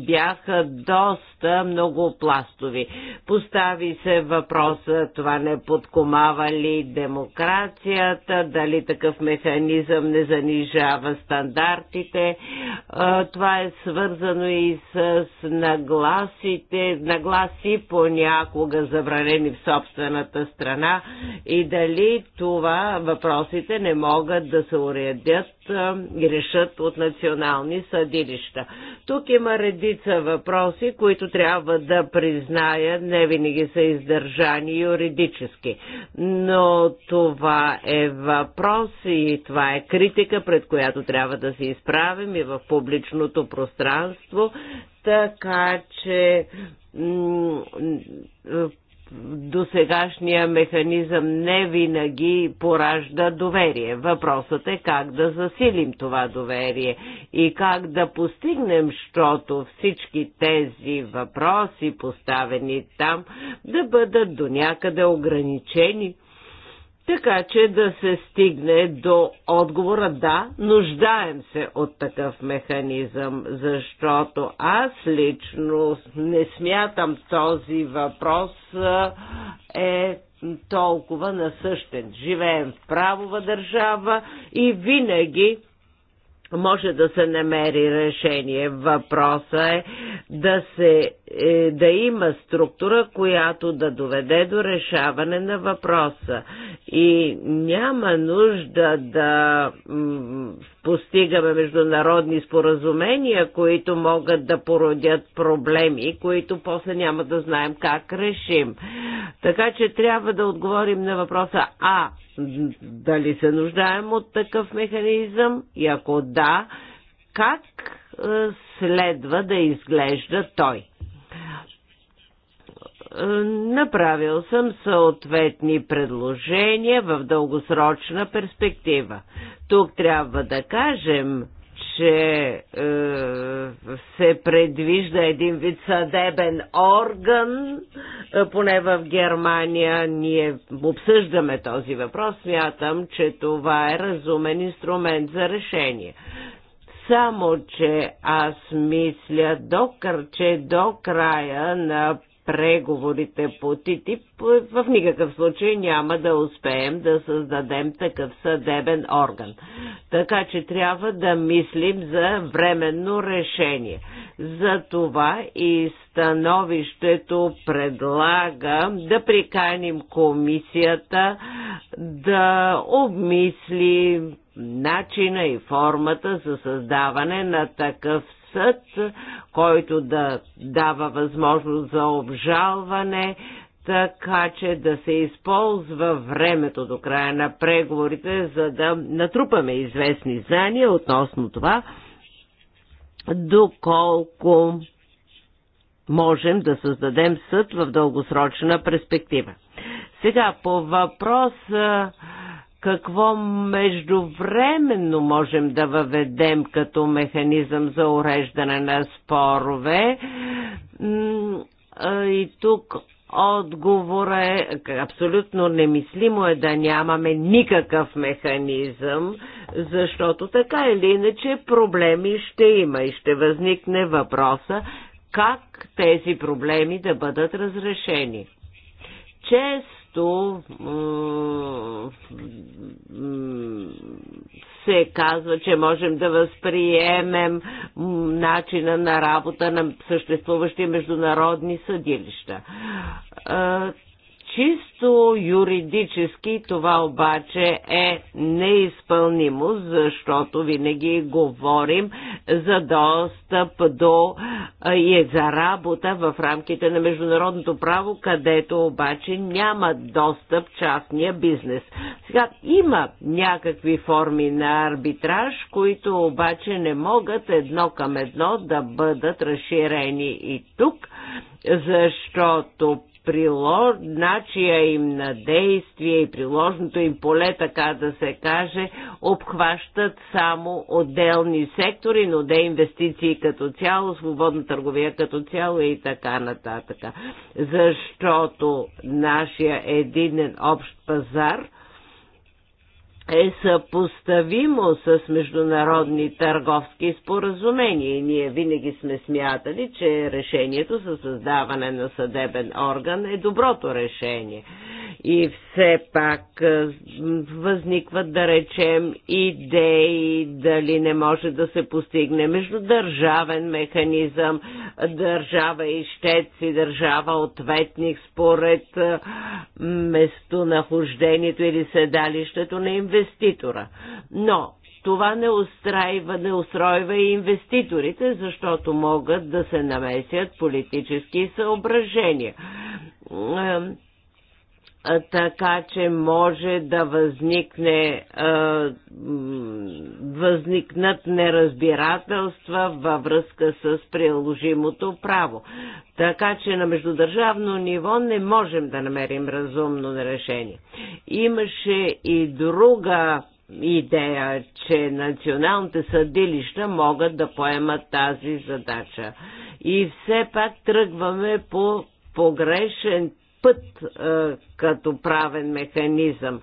бяха доста много пластови. Постави се въпроса, това не подкомава ли демокрацията, дали такъв механизъм не занижава стандартите. Това е свързано и с нагласите, нагласи понякога забранени в собствената страна и дали това въпросите не могат да се уредят грешат от национални съдилища. Тук има редица въпроси, които трябва да призная, не винаги са издържани юридически. Но това е въпрос и това е критика, пред която трябва да се изправим и в публичното пространство, така че досегашния механизъм не винаги поражда доверие. Въпросът е как да засилим това доверие и как да постигнем, защото всички тези въпроси, поставени там, да бъдат до някъде ограничени така че да се стигне до отговора да, нуждаем се от такъв механизъм, защото аз лично не смятам този въпрос е толкова насъщен. Живеем в правова държава и винаги може да се намери решение. Въпроса е да, се, е, да има структура, която да доведе до решаване на въпроса. И няма нужда да постигаме международни споразумения, които могат да породят проблеми, които после няма да знаем как решим. Така че трябва да отговорим на въпроса А дали се нуждаем от такъв механизъм и ако да, как е, следва да изглежда той. Е, направил съм съответни предложения в дългосрочна перспектива. Тук трябва да кажем, че е, се предвижда един вид съдебен орган, е, поне в Германия ние обсъждаме този въпрос. Смятам, че това е разумен инструмент за решение. Само, че аз мисля, докър, че до края на преговорите по ТИТИП, в никакъв случай няма да успеем да създадем такъв съдебен орган. Така че трябва да мислим за временно решение. За това и становището предлагам да приканим комисията да обмисли начина и формата за създаване на такъв съд, който да дава възможност за обжалване, така че да се използва времето до края на преговорите, за да натрупаме известни знания относно това, доколко можем да създадем съд в дългосрочна перспектива. Сега по въпроса какво междувременно можем да въведем като механизъм за уреждане на спорове. И тук отговора е, абсолютно немислимо е да нямаме никакъв механизъм, защото така или иначе проблеми ще има и ще възникне въпроса как тези проблеми да бъдат разрешени. Чест където се казва, че можем да възприемем начина на работа на съществуващи международни съдилища. Чисто юридически това обаче е неизпълнимо, защото винаги говорим за достъп до и е за работа в рамките на международното право, където обаче няма достъп частния бизнес. Сега има някакви форми на арбитраж, които обаче не могат едно към едно да бъдат разширени и тук, защото прилож... начия им на действие и приложното им поле, така да се каже, обхващат само отделни сектори, но де инвестиции като цяло, свободна търговия като цяло и така нататък. Защото нашия единен общ пазар – е съпоставимо с международни търговски споразумения. Ние винаги сме смятали, че решението за създаване на съдебен орган е доброто решение. И все пак е, възникват, да речем, идеи дали не може да се постигне междудържавен механизъм, държава щец и държава ответник според е, местонахождението или седалището на инвестициите инвеститора. Но това не устройва, не устройва и инвеститорите, защото могат да се намесят политически съображения така че може да възникне, възникнат неразбирателства във връзка с приложимото право. Така че на междудържавно ниво не можем да намерим разумно решение. Имаше и друга идея, че националните съдилища могат да поемат тази задача. И все пак тръгваме по погрешен път е, като правен механизъм,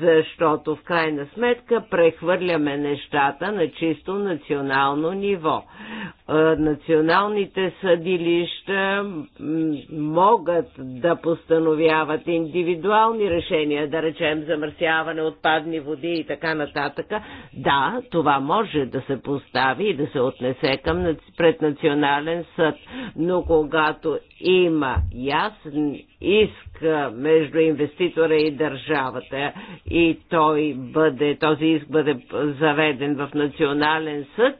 защото в крайна сметка прехвърляме нещата на чисто национално ниво. Е, националните съдилища могат да постановяват индивидуални решения, да речем замърсяване, отпадни води и така нататък. Да, това може да се постави и да се отнесе към пред национален съд, но когато има ясен иск е, между инвеститора и държавата и той бъде, този иск бъде заведен в национален съд,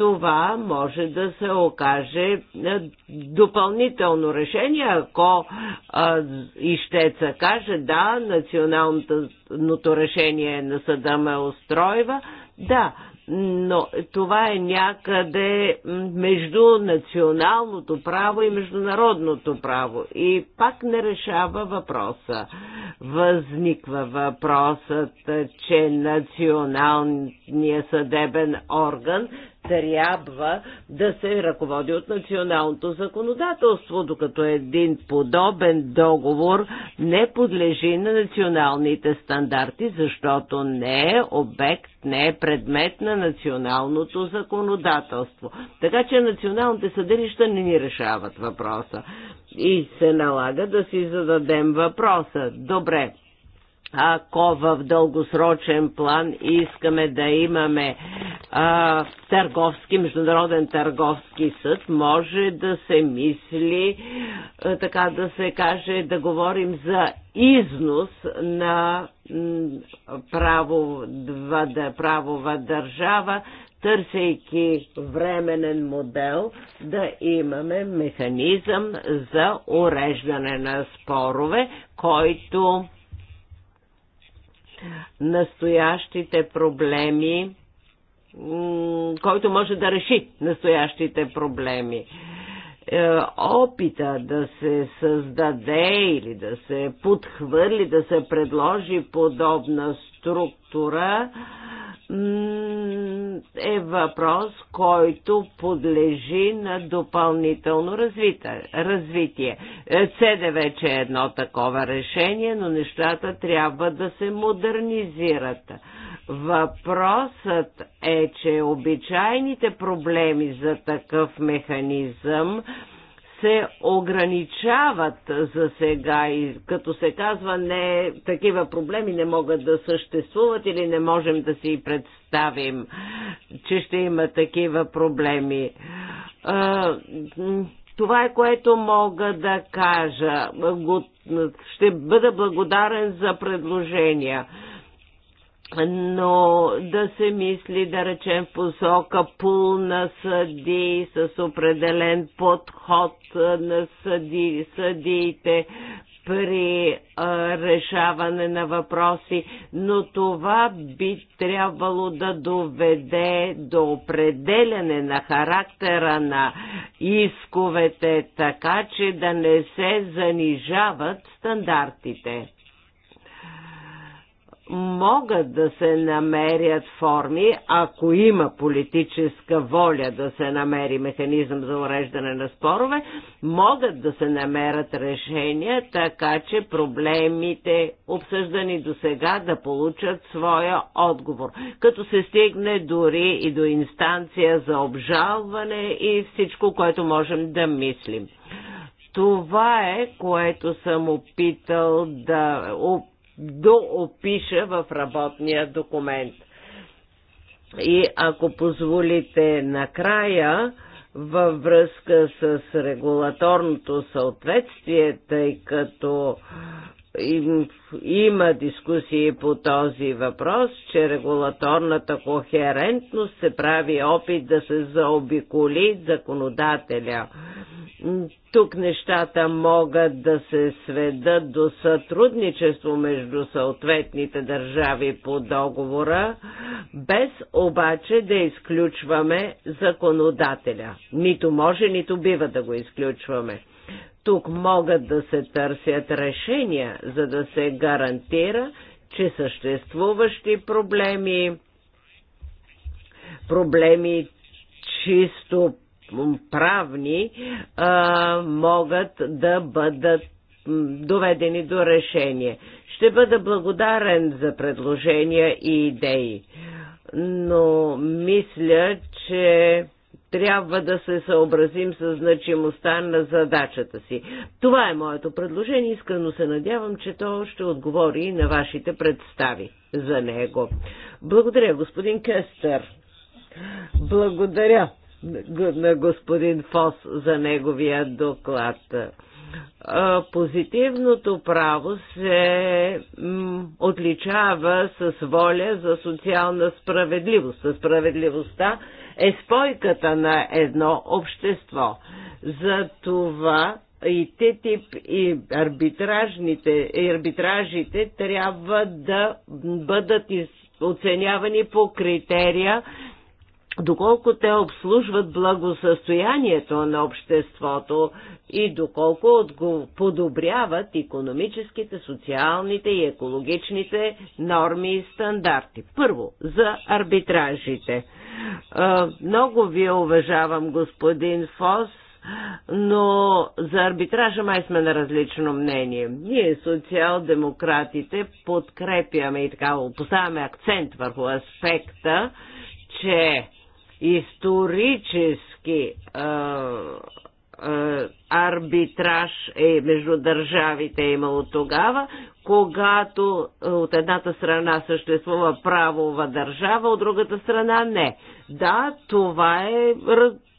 това може да се окаже е, допълнително решение, ако а, ищеца каже да, националното решение на съда ме устройва, да, но това е някъде между националното право и международното право. И пак не решава въпроса. Възниква въпросът, че националният съдебен орган трябва да се ръководи от националното законодателство, докато един подобен договор не подлежи на националните стандарти, защото не е обект, не е предмет на националното законодателство. Така че националните съдилища не ни решават въпроса. И се налага да си зададем въпроса. Добре, ако в дългосрочен план искаме да имаме а, търговски, международен търговски съд, може да се мисли, а, така да се каже, да говорим за износ на правова, правова държава, търсейки временен модел, да имаме механизъм за уреждане на спорове, който настоящите проблеми, който може да реши настоящите проблеми е, опита да се създаде или да се подхвърли, да се предложи подобна структура, е въпрос, който подлежи на допълнително развитие. СЕДЕ вече е едно такова решение, но нещата трябва да се модернизират. Въпросът е, че обичайните проблеми за такъв механизъм се ограничават за сега и като се казва не, такива проблеми не могат да съществуват или не можем да си представим, че ще има такива проблеми. Това е което мога да кажа. Ще бъда благодарен за предложения но да се мисли, да речем, посока пул на съди с определен подход на съди, съдиите при а, решаване на въпроси, но това би трябвало да доведе до определяне на характера на исковете, така че да не се занижават стандартите могат да се намерят форми, ако има политическа воля да се намери механизъм за уреждане на спорове, могат да се намерят решения, така че проблемите, обсъждани до сега, да получат своя отговор, като се стигне дори и до инстанция за обжалване и всичко, което можем да мислим. Това е, което съм опитал да доопиша в работния документ. И ако позволите накрая, във връзка с регулаторното съответствие, тъй като има дискусии по този въпрос, че регулаторната кохерентност се прави опит да се заобиколи законодателя. Тук нещата могат да се сведат до сътрудничество между съответните държави по договора, без обаче да изключваме законодателя. Нито може, нито бива да го изключваме. Тук могат да се търсят решения, за да се гарантира, че съществуващи проблеми, проблеми чисто правни, а, могат да бъдат доведени до решение. Ще бъда благодарен за предложения и идеи, но мисля, че трябва да се съобразим с значимостта на задачата си. Това е моето предложение. Искрено се надявам, че то ще отговори и на вашите представи за него. Благодаря, господин Кестър. Благодаря на господин Фос за неговия доклад. Позитивното право се отличава с воля за социална справедливост, с справедливостта е спойката на едно общество. За това и те тип и арбитражните, и арбитражите трябва да бъдат из, оценявани по критерия доколко те обслужват благосъстоянието на обществото и доколко подобряват економическите, социалните и екологичните норми и стандарти. Първо, за арбитражите. Много ви уважавам, господин Фос, но за арбитража май сме на различно мнение. Ние, социал-демократите, подкрепяме и така поставяме акцент върху аспекта, че исторически а, а, арбитраж е между държавите е имало тогава, когато от едната страна съществува правова държава, от другата страна не. Да, това е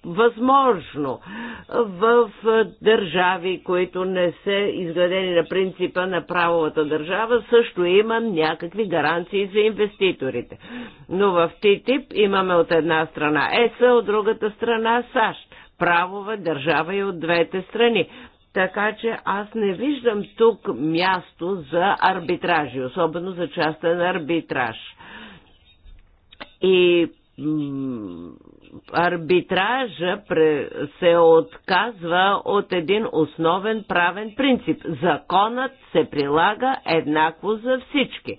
възможно в държави, които не са изградени на принципа на правовата държава, също има някакви гаранции за инвеститорите. Но в ТТИП имаме от една страна ЕСА, от другата страна САЩ. Правова държава и е от двете страни. Така че аз не виждам тук място за арбитражи, особено за частен арбитраж. И арбитража се отказва от един основен правен принцип. Законът се прилага еднакво за всички.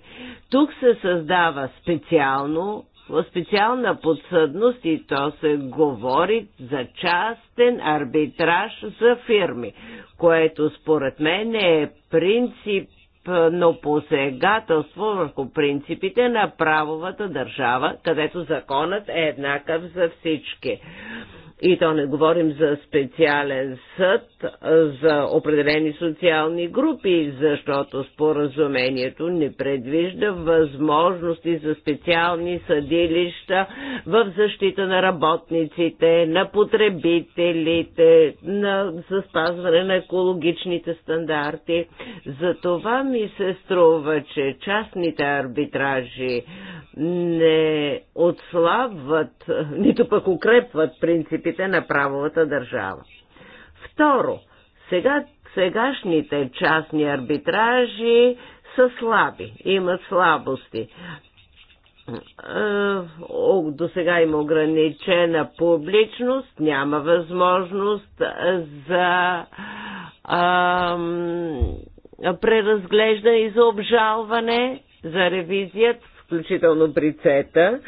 Тук се създава специално специална подсъдност и то се говори за частен арбитраж за фирми, което според мен е принцип е, но посегателство върху принципите на правовата държава, където законът е еднакъв за всички. И то не говорим за специален съд за определени социални групи, защото споразумението не предвижда възможности за специални съдилища в защита на работниците, на потребителите, на, за спазване на екологичните стандарти. За това ми се струва, че частните арбитражи не отслабват, нито пък укрепват принципите рамките на правовата държава. Второ, сега, сегашните частни арбитражи са слаби, имат слабости. Е, до сега има ограничена публичност, няма възможност за преразглеждане и за обжалване, за ревизият, включително при ЦЕТА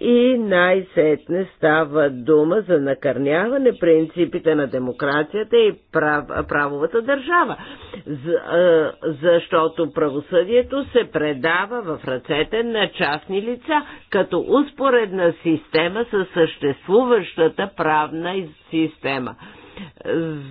и най-сетне става дума за накърняване принципите на демокрацията и прав, правовата държава, защото правосъдието се предава в ръцете на частни лица, като успоредна система със съществуващата правна система.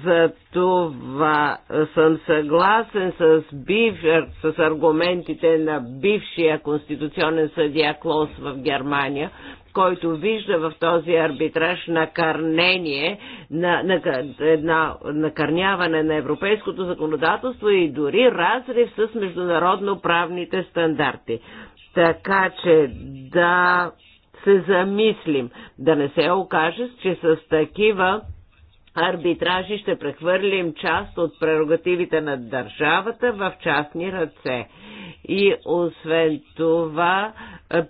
За това съм съгласен с, бив, с аргументите на бившия конституционен съдия Клос в Германия, който вижда в този арбитраж накърнение, на, на, една, накърняване на европейското законодателство и дори разрив с международно-правните стандарти. Така че да се замислим, да не се окаже, че с такива арбитражи ще прехвърлим част от прерогативите на държавата в частни ръце. И освен това,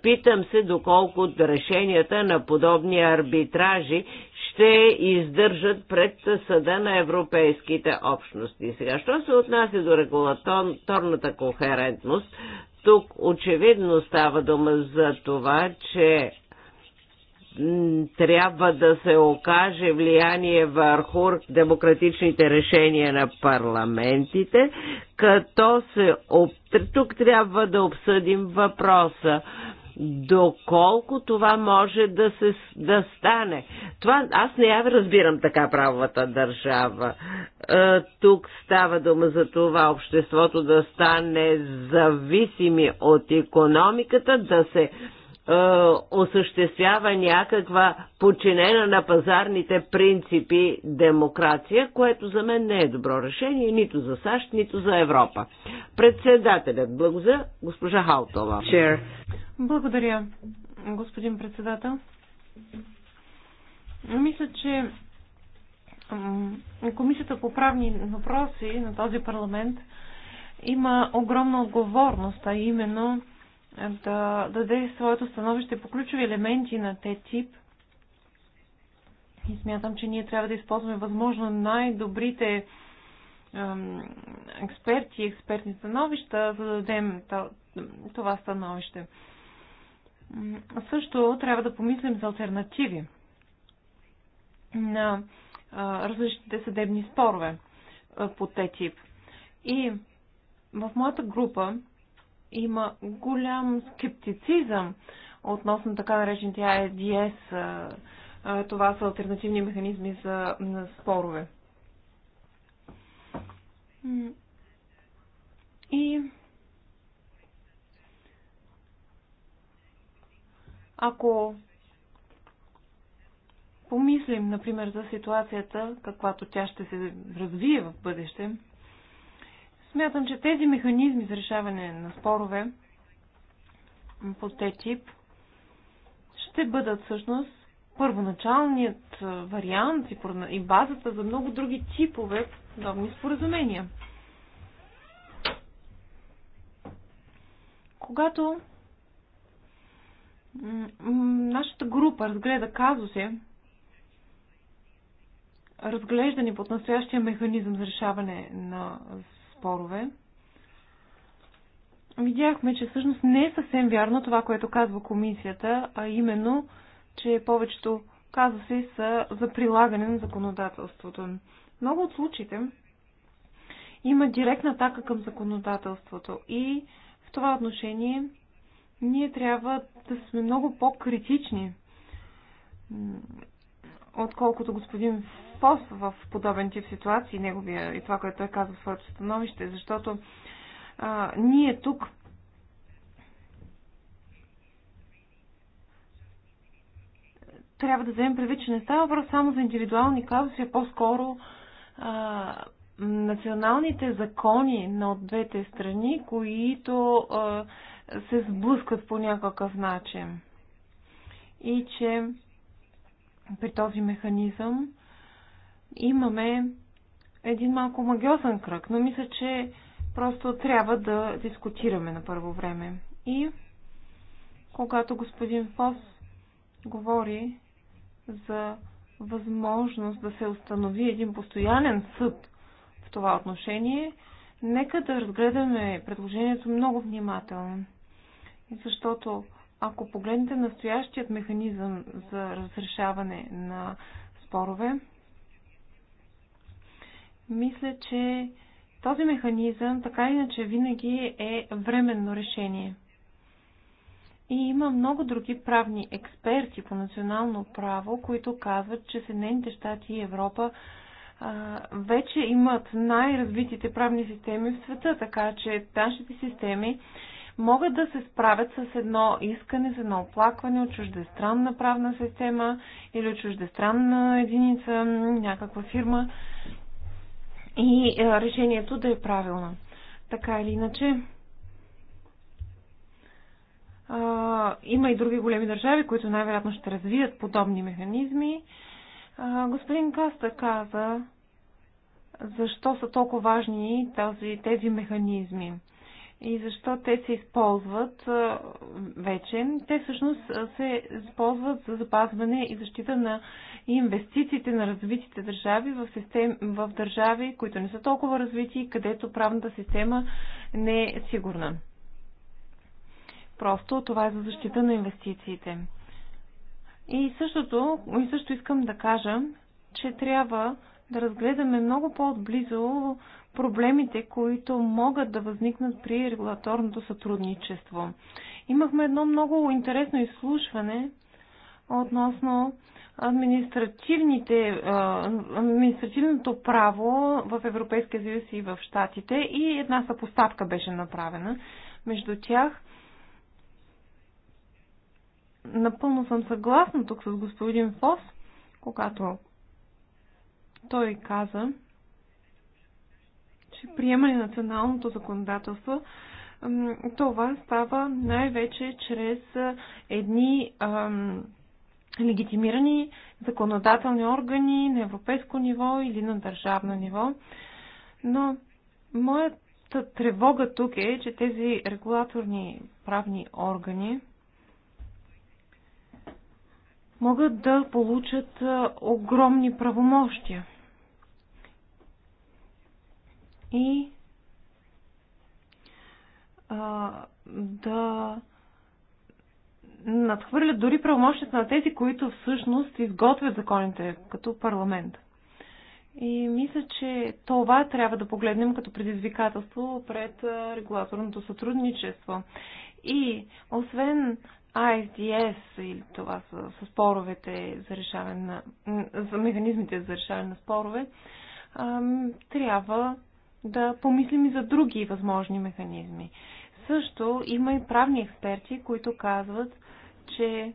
питам се доколко решенията на подобни арбитражи ще издържат пред съда на европейските общности. Сега, що се отнася до регулаторната кохерентност, тук очевидно става дума за това, че трябва да се окаже влияние върху демократичните решения на парламентите, като се тук трябва да обсъдим въпроса доколко това може да се да стане. Това аз не я разбирам така правовата държава. Е, тук става дума за това обществото да стане зависими от економиката, да се е, осъществява някаква подчинена на пазарните принципи демокрация, което за мен не е добро решение нито за САЩ, нито за Европа. Председателят, благодаря, госпожа Халтова. Благодаря, господин председател. Мисля, че Комисията по правни въпроси на този парламент има огромна отговорност, а именно да даде своето становище по ключови елементи на те тип И смятам, че ние трябва да използваме възможно най-добрите експерти и експертни становища, за да дадем това становище. Също трябва да помислим за альтернативи на различните съдебни спорове по те тип И в моята група има голям скептицизъм относно така наречените IDS. Това са альтернативни механизми за спорове. И ако помислим, например, за ситуацията, каквато тя ще се развие в бъдеще, Смятам, че тези механизми за решаване на спорове по те тип ще бъдат всъщност първоначалният вариант и базата за много други типове подобни споразумения. Когато нашата група разгледа казуси, разглеждани под настоящия механизъм за решаване на спорове, видяхме, че всъщност не е съвсем вярно това, което казва комисията, а именно, че повечето се са за прилагане на законодателството. Много от случаите има директна атака към законодателството и в това отношение ние трябва да сме много по-критични отколкото господин Фос в подобен тип ситуации, неговия и това, което той казва в своето становище, защото а, ние тук трябва да вземем предвид, че не става въпрос само за индивидуални казуси, а по-скоро националните закони на от двете страни, които а, се сблъскат по някакъв начин. И че при този механизъм имаме един малко магиозен кръг, но мисля, че просто трябва да дискутираме на първо време. И когато господин Фос говори за възможност да се установи един постоянен съд в това отношение, нека да разгледаме предложението много внимателно. Защото ако погледнете настоящият механизъм за разрешаване на спорове, мисля, че този механизъм така иначе винаги е временно решение. И има много други правни експерти по национално право, които казват, че Съединените щати и Европа а, вече имат най-развитите правни системи в света, така че нашите системи могат да се справят с едно искане за едно оплакване от чуждестранна правна система или от чуждестранна единица, някаква фирма и решението да е правилно. Така или иначе, а, има и други големи държави, които най-вероятно ще развият подобни механизми. А, господин Каста каза, защо са толкова важни тази, тези механизми и защо те се използват вече. Те всъщност се използват за запазване и защита на инвестициите на развитите държави в, систем, в държави, които не са толкова развити, където правната система не е сигурна. Просто това е за защита на инвестициите. И същото, и също искам да кажа, че трябва да разгледаме много по-отблизо проблемите, които могат да възникнат при регулаторното сътрудничество. Имахме едно много интересно изслушване относно административните, административното право в Европейския съюз и в Штатите и една съпоставка беше направена между тях. Напълно съм съгласна тук с господин Фос, когато той каза, приемане на националното законодателство, това става най-вече чрез едни ам, легитимирани законодателни органи на европейско ниво или на държавно ниво. Но моята тревога тук е, че тези регулаторни правни органи могат да получат огромни правомощия и а, да надхвърлят дори правомощите на тези, които всъщност изготвят законите като парламент. И мисля, че това трябва да погледнем като предизвикателство пред регулаторното сътрудничество. И освен ISDS или това са, са споровете за решаване на, за механизмите за решаване на спорове, трябва да помислим и за други възможни механизми. Също има и правни експерти, които казват, че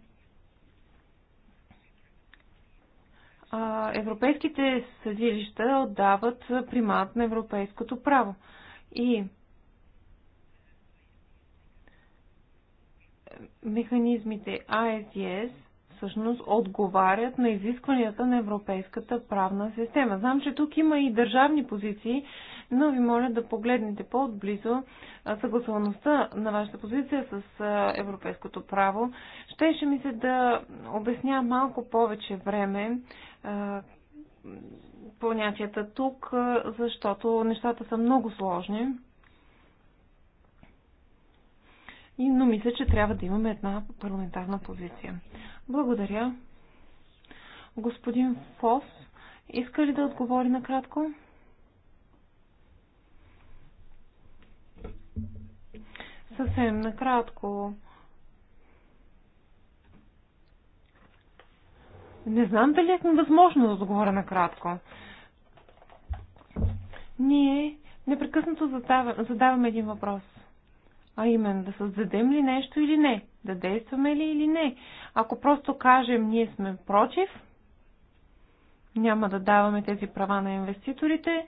европейските съдилища отдават примат на европейското право. И механизмите ISDS всъщност отговарят на изискванията на европейската правна система. Знам, че тук има и държавни позиции, но ви моля да погледнете по-отблизо съгласуваността на вашата позиция с европейското право. Щеше ми се да обясня малко повече време понятията тук, защото нещата са много сложни. И, но мисля, че трябва да имаме една парламентарна позиция. Благодаря. Господин Фос, иска ли да отговори накратко? Съвсем накратко. Не знам дали е невъзможно да отговоря накратко. Ние непрекъснато задаваме, задаваме един въпрос. А именно, да създадем ли нещо или не? Да действаме ли или не? Ако просто кажем, ние сме против, няма да даваме тези права на инвеститорите,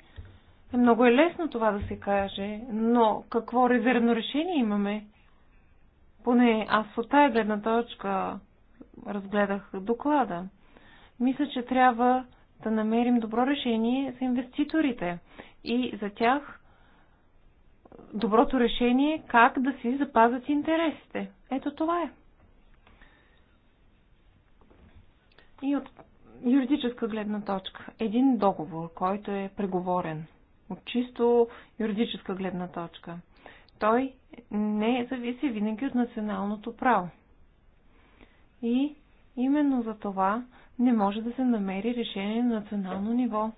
много е лесно това да се каже, но какво резервно решение имаме? Поне аз от тая гледна точка разгледах доклада. Мисля, че трябва да намерим добро решение за инвеститорите и за тях доброто решение как да си запазят интересите. Ето това е. И от юридическа гледна точка, един договор, който е преговорен – от чисто юридическа гледна точка. Той не зависи винаги от националното право. И именно за това не може да се намери решение на национално ниво.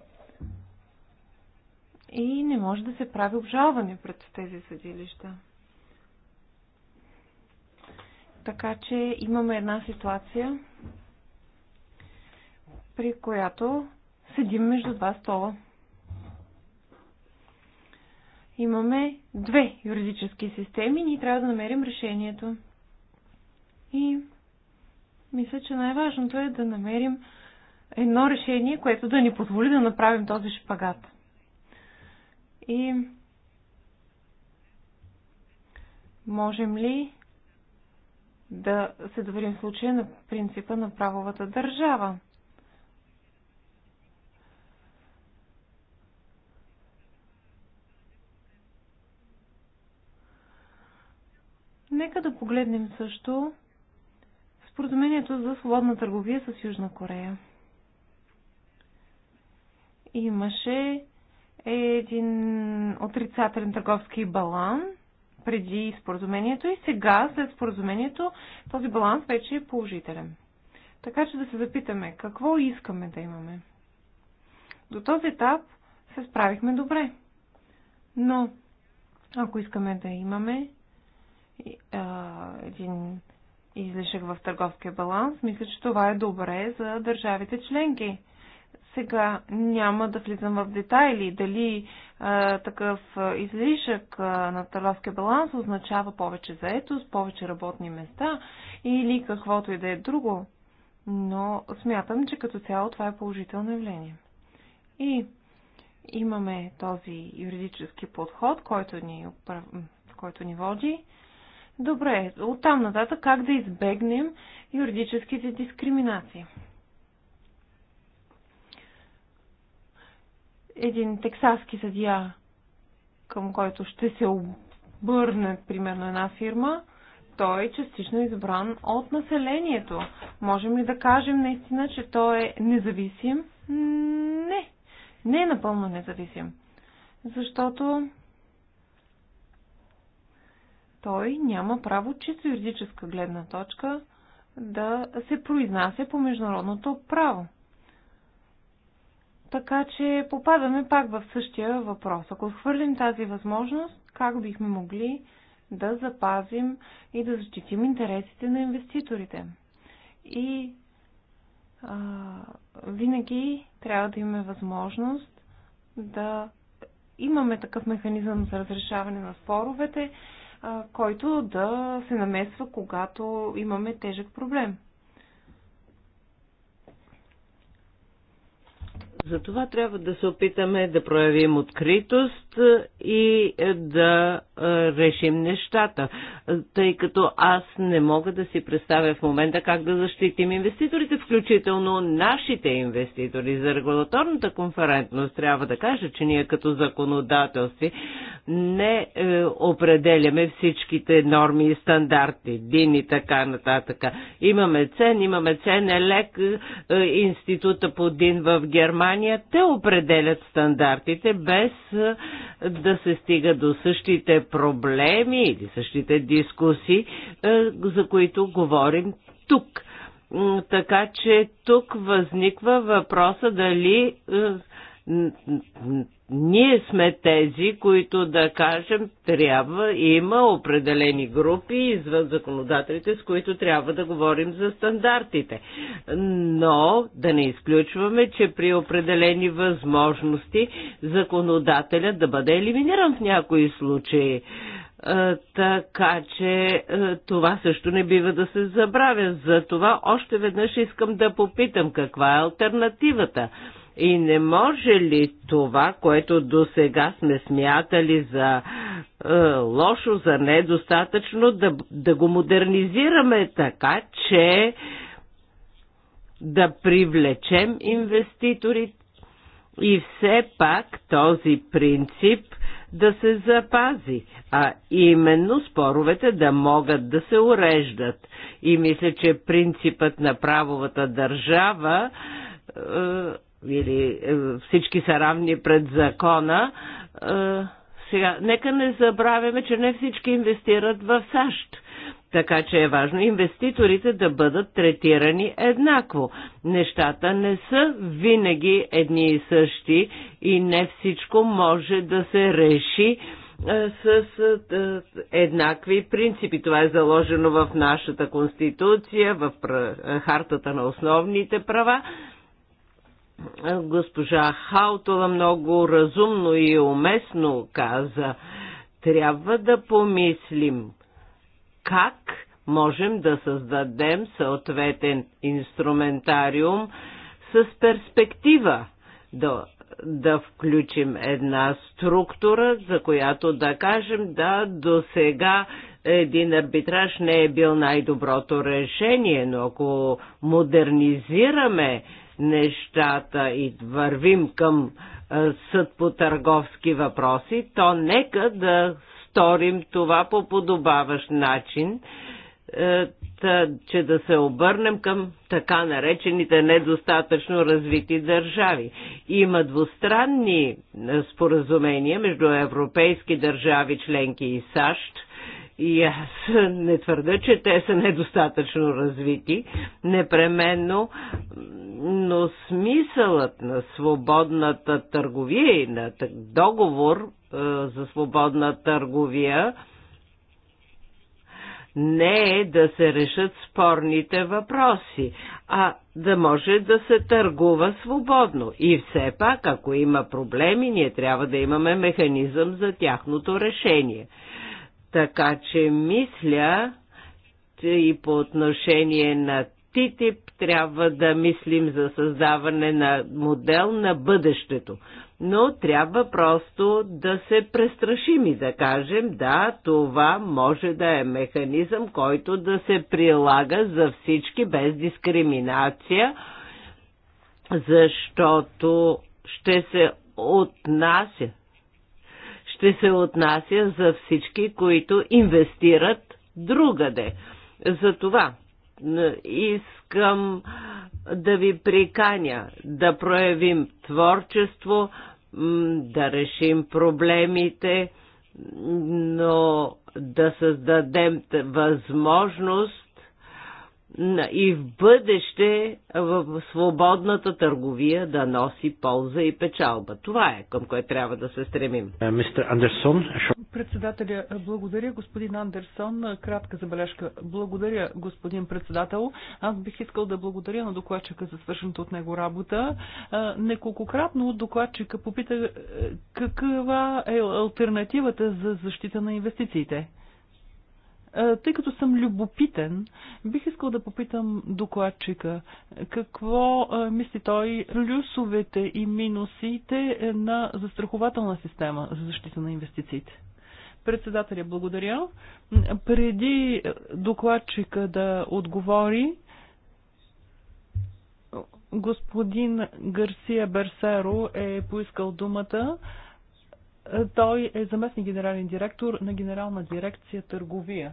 И не може да се прави обжалване пред тези съдилища. Така че имаме една ситуация, при която седим между два стола имаме две юридически системи, ние трябва да намерим решението. И мисля, че най-важното е да намерим едно решение, което да ни позволи да направим този шпагат. И можем ли да се доверим случая на принципа на правовата държава? Нека да погледнем също споразумението за свободна търговия с Южна Корея. Имаше един отрицателен търговски баланс преди споразумението и сега, след споразумението, този баланс вече е положителен. Така че да се запитаме, какво искаме да имаме. До този етап се справихме добре. Но, ако искаме да имаме един излишък в търговския баланс, мисля, че това е добре за държавите членки. Сега няма да влизам в детайли дали а, такъв излишък а, на търговския баланс означава повече заетост, повече работни места или каквото и да е друго, но смятам, че като цяло това е положително явление. И имаме този юридически подход, който ни, който ни води Добре, оттам нататък как да избегнем юридическите дискриминации? Един тексаски съдия, към който ще се обърне, примерно, една фирма, той е частично избран от населението. Можем ли да кажем наистина, че той е независим? Не. Не е напълно независим. Защото той няма право чисто юридическа гледна точка да се произнася по международното право. Така че попадаме пак в същия въпрос. Ако хвърлим тази възможност, как бихме могли да запазим и да защитим интересите на инвеститорите? И а, винаги трябва да имаме възможност да имаме такъв механизъм за разрешаване на споровете който да се намесва, когато имаме тежък проблем. Затова трябва да се опитаме да проявим откритост е, и да е, решим нещата, тъй като аз не мога да си представя в момента как да защитим инвеститорите, включително нашите инвеститори. За регулаторната конферентност трябва да кажа, че ние като законодателство не е, определяме всичките норми и стандарти, ДИН и така нататък. Имаме ЦЕН, имаме ЦЕН ЕЛЕК, е, института по ДИН в Германия. Те определят стандартите без е, да се стига до същите проблеми или същите дискусии, е, за които говорим тук. Така че тук възниква въпроса дали е, ние сме тези, които да кажем, трябва, има определени групи извън законодателите, с които трябва да говорим за стандартите. Но да не изключваме, че при определени възможности законодателят да бъде елиминиран в някои случаи е, така че е, това също не бива да се забравя. За това още веднъж искам да попитам каква е альтернативата. И не може ли това, което до сега сме смятали за е, лошо, за недостатъчно, да, да го модернизираме така, че да привлечем инвеститори и все пак този принцип да се запази, а именно споровете да могат да се уреждат. И мисля, че принципът на правовата държава е, или е, всички са равни пред закона. Е, сега, нека не забравяме, че не всички инвестират в САЩ. Така че е важно инвеститорите да бъдат третирани еднакво. Нещата не са винаги едни и същи и не всичко може да се реши е, с еднакви принципи. Това е заложено в нашата конституция, в хартата на основните права, Госпожа Хаутова много разумно и уместно каза, трябва да помислим как можем да създадем съответен инструментариум с перспектива да, да включим една структура, за която да кажем да до сега един арбитраж не е бил най-доброто решение, но ако модернизираме нещата и вървим към съд по търговски въпроси, то нека да сторим това по подобаващ начин, че да се обърнем към така наречените недостатъчно развити държави. Има двустранни споразумения между европейски държави членки и САЩ, и аз не твърда, че те са недостатъчно развити, непременно, но смисълът на свободната търговия и на договор е, за свободна търговия не е да се решат спорните въпроси, а да може да се търгува свободно. И все пак, ако има проблеми, ние трябва да имаме механизъм за тяхното решение. Така че мисля че и по отношение на ТИТИП трябва да мислим за създаване на модел на бъдещето. Но трябва просто да се престрашим и да кажем, да, това може да е механизъм, който да се прилага за всички без дискриминация, защото ще се отнася ще се отнася за всички, които инвестират другаде. Затова искам да ви приканя да проявим творчество, да решим проблемите, но да създадем възможност и в бъдеще в свободната търговия да носи полза и печалба. Това е към кое трябва да се стремим. Е, мистер Андерсон. Председателя, е, благодаря. Господин Андерсон, е, кратка забележка. Благодаря, господин председател. Аз бих искал да благодаря на докладчика за свършената от него работа. Неколкократно докладчика попита каква е альтернативата за защита на инвестициите. Е, тъй като съм любопитен, бих искал да попитам докладчика какво е, мисли той плюсовете и минусите е, на застрахователна система за защита на инвестициите. Председателя, благодаря. Преди докладчика да отговори, господин Гарсия Берсеро е поискал думата. Е, той е заместник генерален директор на генерална дирекция търговия.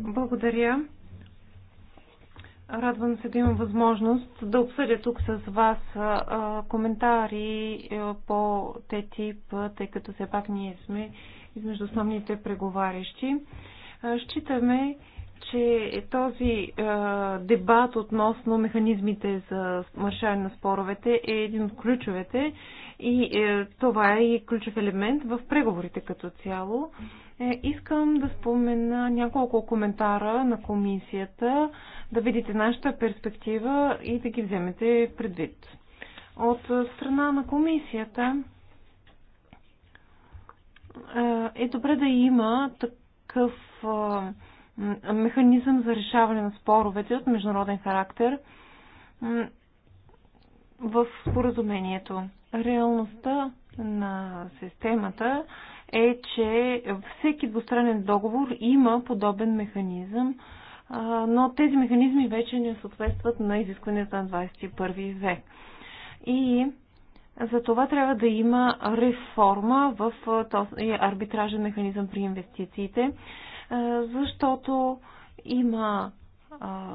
Благодаря. Радвам се да имам възможност да обсъдя тук с вас е, е, коментари по тип, тъй като все пак ние сме измежду основните преговарящи. Считаме, че този е, дебат относно механизмите за решаване на споровете е един от ключовете и е, това е и ключов елемент в преговорите като цяло. Е, искам да спомена няколко коментара на комисията, да видите нашата перспектива и да ги вземете предвид. От страна на комисията е, е добре да има такъв е, механизъм за решаване на споровете от международен характер в споразумението. Реалността на системата е, че всеки двустранен договор има подобен механизъм, но тези механизми вече не съответстват на изискванията на 21 век. И за това трябва да има реформа в този арбитражен механизъм при инвестициите, е, защото има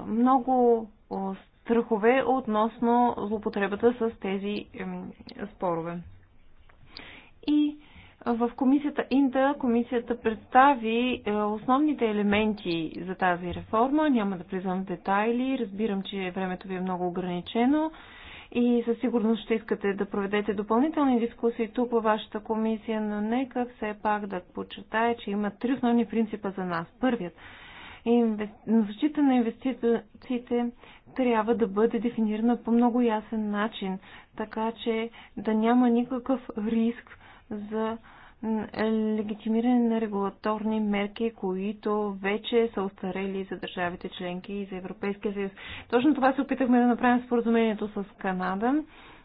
много страхове относно злопотребата с тези спорове. И в комисията Инта комисията представи е, основните елементи за тази реформа. Няма да влизам в детайли. Разбирам, че времето ви е много ограничено и със сигурност ще искате да проведете допълнителни дискусии тук във вашата комисия, но нека все пак да подчертая, че има три основни принципа за нас. Първият инвес... защита на инвестициите трябва да бъде дефинирана по много ясен начин, така че да няма никакъв риск за е легитимиране на регулаторни мерки, които вече са устарели за държавите членки и за Европейския съюз. Точно това се опитахме да направим споразумението с Канада.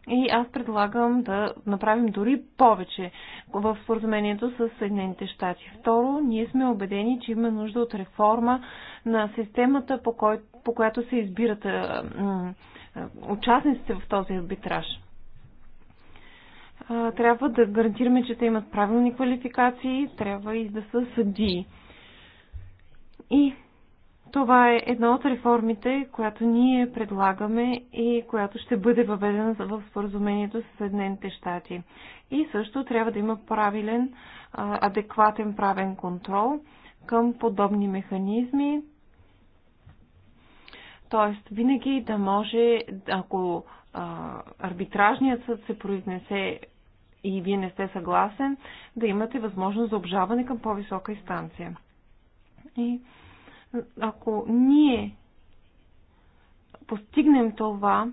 И аз предлагам да направим дори повече в споразумението с Съединените щати. Второ, ние сме убедени, че има нужда от реформа на системата, по, кой, по която се избират участниците в този арбитраж трябва да гарантираме, че те имат правилни квалификации, трябва и да са съдии. И това е една от реформите, която ние предлагаме и която ще бъде въведена в споразумението с Съединените щати. И също трябва да има правилен, адекватен правен контрол към подобни механизми. Тоест, винаги да може, ако арбитражният съд се произнесе и вие не сте съгласен, да имате възможност за обжаване към по-висока инстанция. И ако ние постигнем това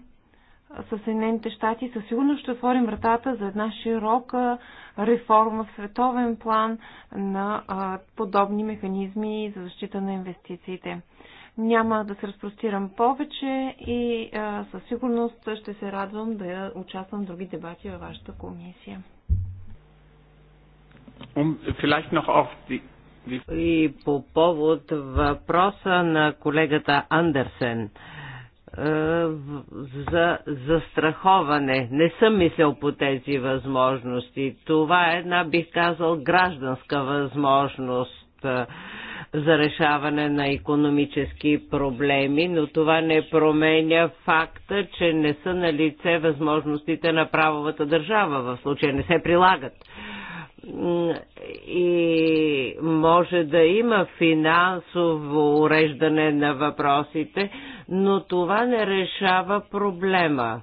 с Съединените щати, със сигурност ще отворим вратата за една широка реформа в световен план на подобни механизми за защита на инвестициите. Няма да се разпростирам повече и а, със сигурност ще се радвам да участвам в други дебати във вашата комисия. Um, и по повод въпроса на колегата Андерсен е, за застраховане. Не съм мислял по тези възможности. Това е една, бих казал, гражданска възможност е, за решаване на економически проблеми, но това не променя факта, че не са на лице възможностите на правовата държава. В случая не се прилагат и може да има финансово уреждане на въпросите, но това не решава проблема.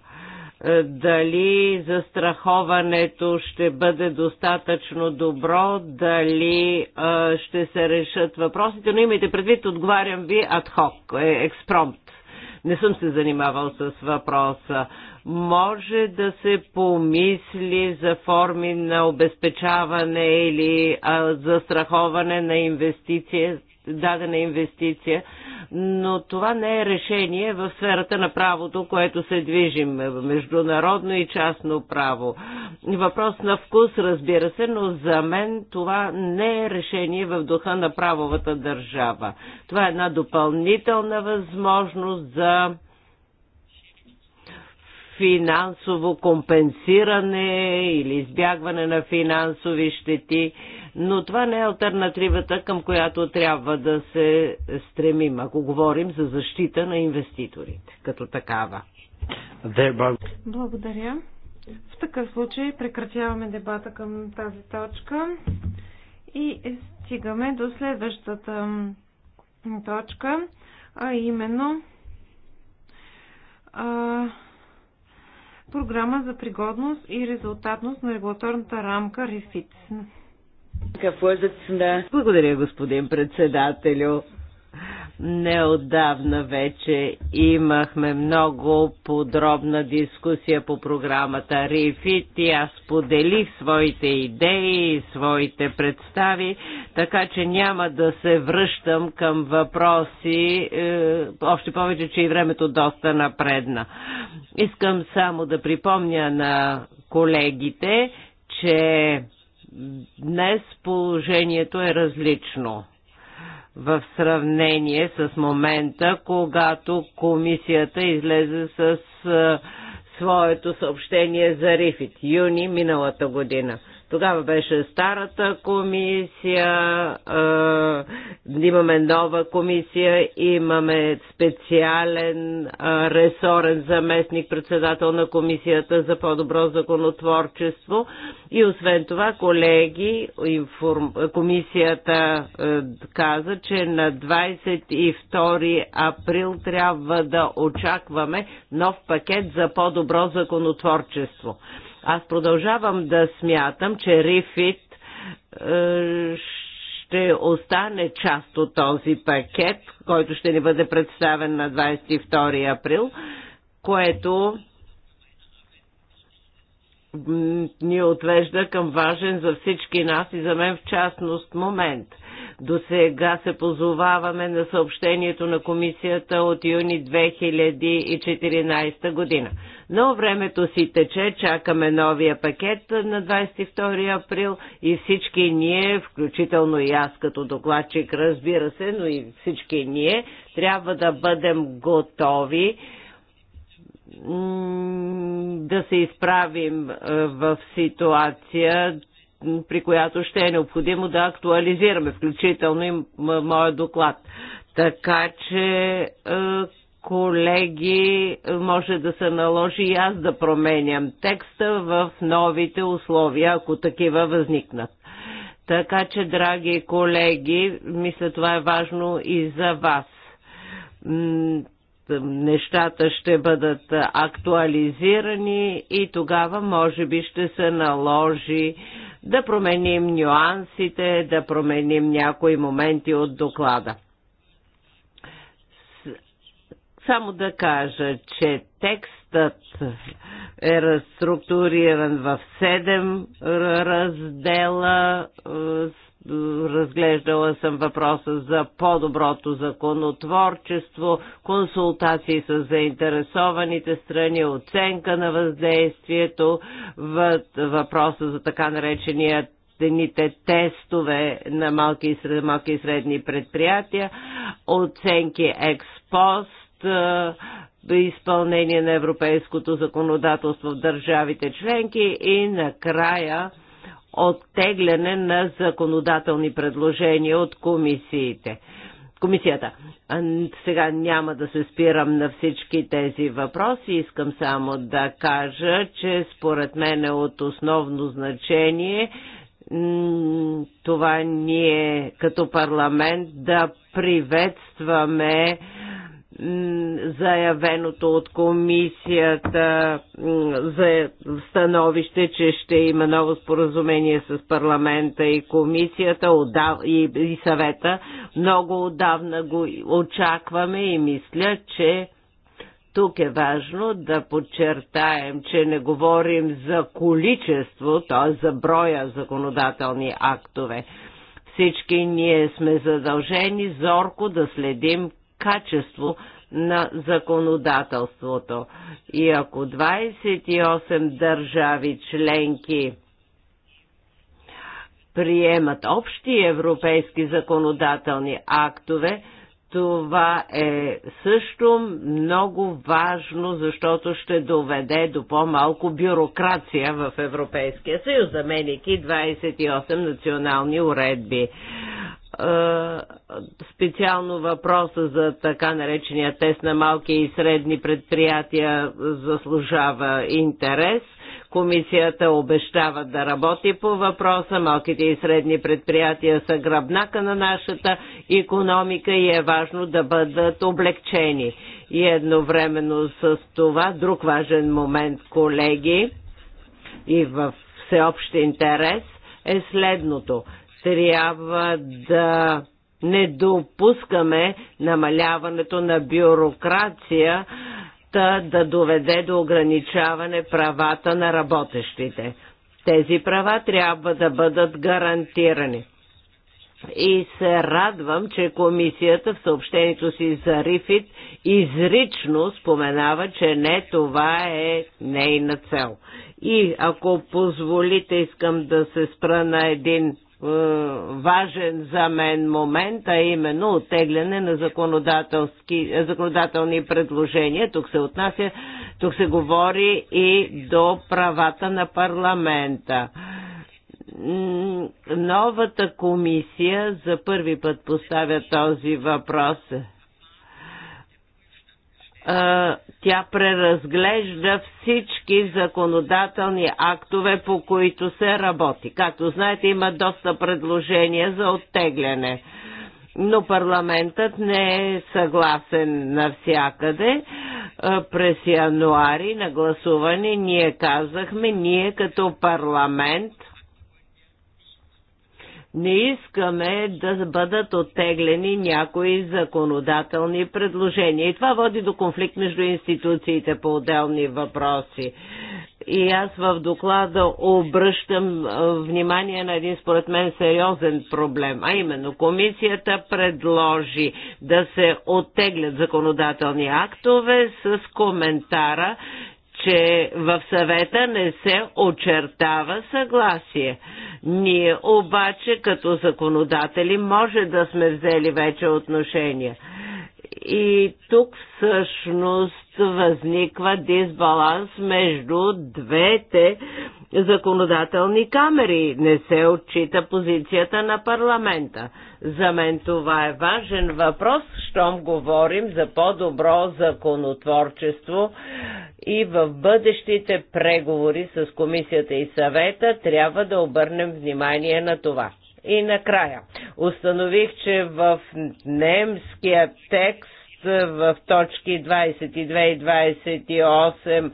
Е, дали застраховането ще бъде достатъчно добро, дали а, е, ще се решат въпросите, но имайте предвид, отговарям ви адхок, е, експромт. Не съм се занимавал с въпроса. Може да се помисли за форми на обезпечаване или а, застраховане на инвестиция дадена инвестиция, но това не е решение в сферата на правото, което се движим, международно и частно право. Въпрос на вкус, разбира се, но за мен това не е решение в духа на правовата държава. Това е една допълнителна възможност за финансово компенсиране или избягване на финансови щети, но това не е альтернативата, към която трябва да се стремим, ако говорим за защита на инвеститорите като такава. Благодаря. В такъв случай прекратяваме дебата към тази точка и стигаме до следващата точка, а именно а, програма за пригодност и резултатност на регулаторната рамка РЕФИТ. Благодаря, господин председателю. Неодавна вече имахме много подробна дискусия по програмата Рифит и аз поделих своите идеи и своите представи, така че няма да се връщам към въпроси, е, още повече, че и времето доста напредна. Искам само да припомня на колегите, че днес положението е различно в сравнение с момента, когато комисията излезе с своето съобщение за Рифит, юни миналата година. Тогава беше старата комисия, имаме нова комисия, имаме специален ресорен заместник председател на комисията за по-добро законотворчество и освен това, колеги, информ... комисията каза, че на 22 април трябва да очакваме нов пакет за по-добро законотворчество. Аз продължавам да смятам, че Рифит е, ще остане част от този пакет, който ще ни бъде представен на 22 април, което ни отвежда към важен за всички нас и за мен в частност момент – до сега се позоваваме на съобщението на комисията от юни 2014 година. Но времето си тече, чакаме новия пакет на 22 април и всички ние, включително и аз като докладчик, разбира се, но и всички ние, трябва да бъдем готови да се изправим е, в ситуация, при която ще е необходимо да актуализираме, включително и моя доклад. Така че е, колеги, може да се наложи и аз да променям текста в новите условия, ако такива възникнат. Така че, драги колеги, мисля това е важно и за вас нещата ще бъдат актуализирани и тогава може би ще се наложи да променим нюансите, да променим някои моменти от доклада. Само да кажа, че текстът е разструктуриран в 7 раздела е, разглеждала съм въпроса за по-доброто законотворчество, консултации с заинтересованите страни, оценка на въздействието, въпроса за така наречения дените тестове на малки и, сред, малки и средни предприятия, оценки експост, изпълнение на европейското законодателство в държавите членки и накрая оттегляне на законодателни предложения от комисиите. Комисията. Сега няма да се спирам на всички тези въпроси. Искам само да кажа, че според мен е от основно значение това ние като парламент да приветстваме заявеното от комисията за становище, че ще има ново споразумение с парламента и комисията и съвета. Много отдавна го очакваме и мисля, че тук е важно да подчертаем, че не говорим за количество, т.е. за броя законодателни актове. Всички ние сме задължени зорко да следим качество на законодателството. И ако 28 държави членки приемат общи европейски законодателни актове, това е също много важно, защото ще доведе до по-малко бюрокрация в Европейския съюз, заменяйки 28 национални уредби е, специално въпроса за така наречения тест на малки и средни предприятия заслужава интерес – Комисията обещава да работи по въпроса. Малките и средни предприятия са гръбнака на нашата економика и е важно да бъдат облегчени. И едновременно с това, друг важен момент, колеги, и в всеобщ интерес е следното. Трябва да не допускаме намаляването на бюрокрация да доведе до ограничаване правата на работещите. Тези права трябва да бъдат гарантирани. И се радвам, че комисията в съобщението си за Рифит изрично споменава, че не това е нейна цел. И ако позволите, искам да се спра на един е, важен за мен момент, а именно оттегляне на е, законодателни предложения. Тук се отнася, тук се говори и до правата на парламента. Новата комисия за първи път поставя този въпрос е, тя преразглежда всички законодателни актове, по които се работи. Както знаете, има доста предложения за оттегляне но парламентът не е съгласен навсякъде. Е, през януари на гласуване ние казахме, ние като парламент не искаме да бъдат оттеглени някои законодателни предложения. И това води до конфликт между институциите по отделни въпроси. И аз в доклада обръщам внимание на един според мен сериозен проблем, а именно комисията предложи да се оттеглят законодателни актове с коментара, че в съвета не се очертава съгласие. Ние обаче като законодатели може да сме взели вече отношения. И тук всъщност възниква дисбаланс между двете законодателни камери. Не се отчита позицията на парламента. За мен това е важен въпрос, щом говорим за по-добро законотворчество и в бъдещите преговори с комисията и съвета трябва да обърнем внимание на това. И накрая, установих, че в немския текст в точки 22 и 28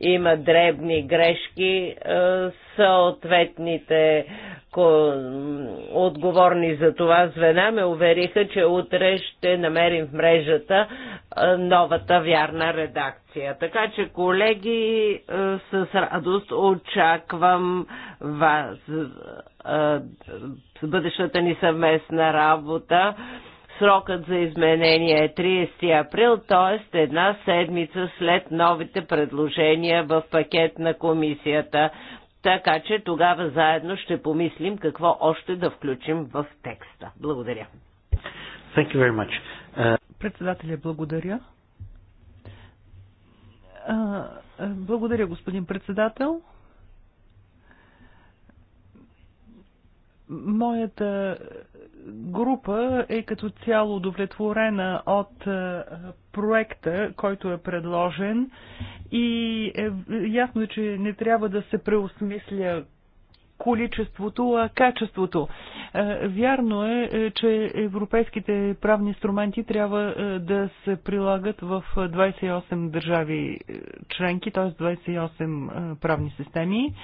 има дребни грешки, е, съответните отговорни за това звена ме увериха, че утре ще намерим в мрежата е, новата вярна редакция. Така че, колеги, е, с радост очаквам вас бъдещата ни съвместна работа. Срокът за изменение е 30 април, т.е. една седмица след новите предложения в пакет на комисията. Така че тогава заедно ще помислим какво още да включим в текста. Благодаря. Thank you very much. Uh... Председателя, благодаря. Uh, благодаря, господин председател. Моята група е като цяло удовлетворена от е, проекта, който е предложен и е ясно е, че не трябва да се преосмисля количеството, а качеството. Е, вярно е, е, че европейските правни инструменти трябва е, да се прилагат в 28 държави членки, т.е. 28 правни системи.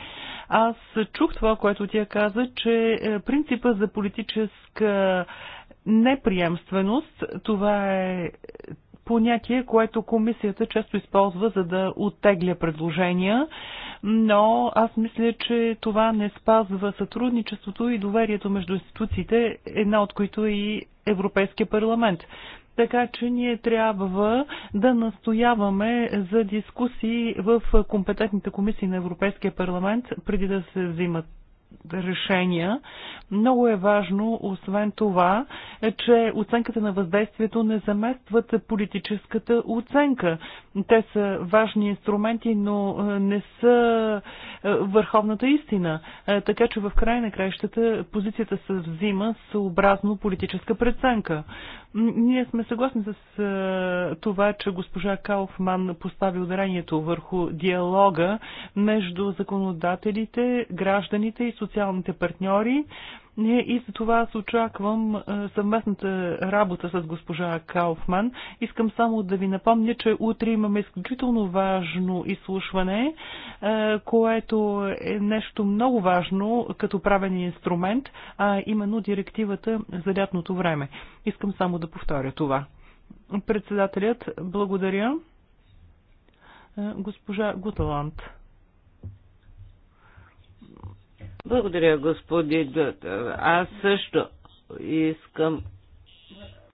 Аз чух това, което тя каза, че принципа за политическа неприемственост, това е понятие, което комисията често използва, за да оттегля предложения, но аз мисля, че това не спазва сътрудничеството и доверието между институциите, една от които е и Европейския парламент. Така че ние трябва да настояваме за дискусии в компетентните комисии на Европейския парламент преди да се взимат решения. Много е важно, освен това, че оценката на въздействието не заместват политическата оценка. Те са важни инструменти, но е, не са е, върховната истина. Е, така че в край на краищата позицията се взима съобразно политическа преценка. Ние сме съгласни с а, това, че госпожа Кауфман постави ударението върху диалога между законодателите, гражданите и социалните партньори. А, и за това аз очаквам е, съвместната работа с госпожа Кауфман. Искам само да ви напомня, че утре имаме изключително важно изслушване, е, което е нещо много важно като правен инструмент, а именно директивата за лятното време. Искам само да повторя това. Председателят, благодаря. Е, госпожа Гуталант. Благодаря, господин Дътър. Аз също искам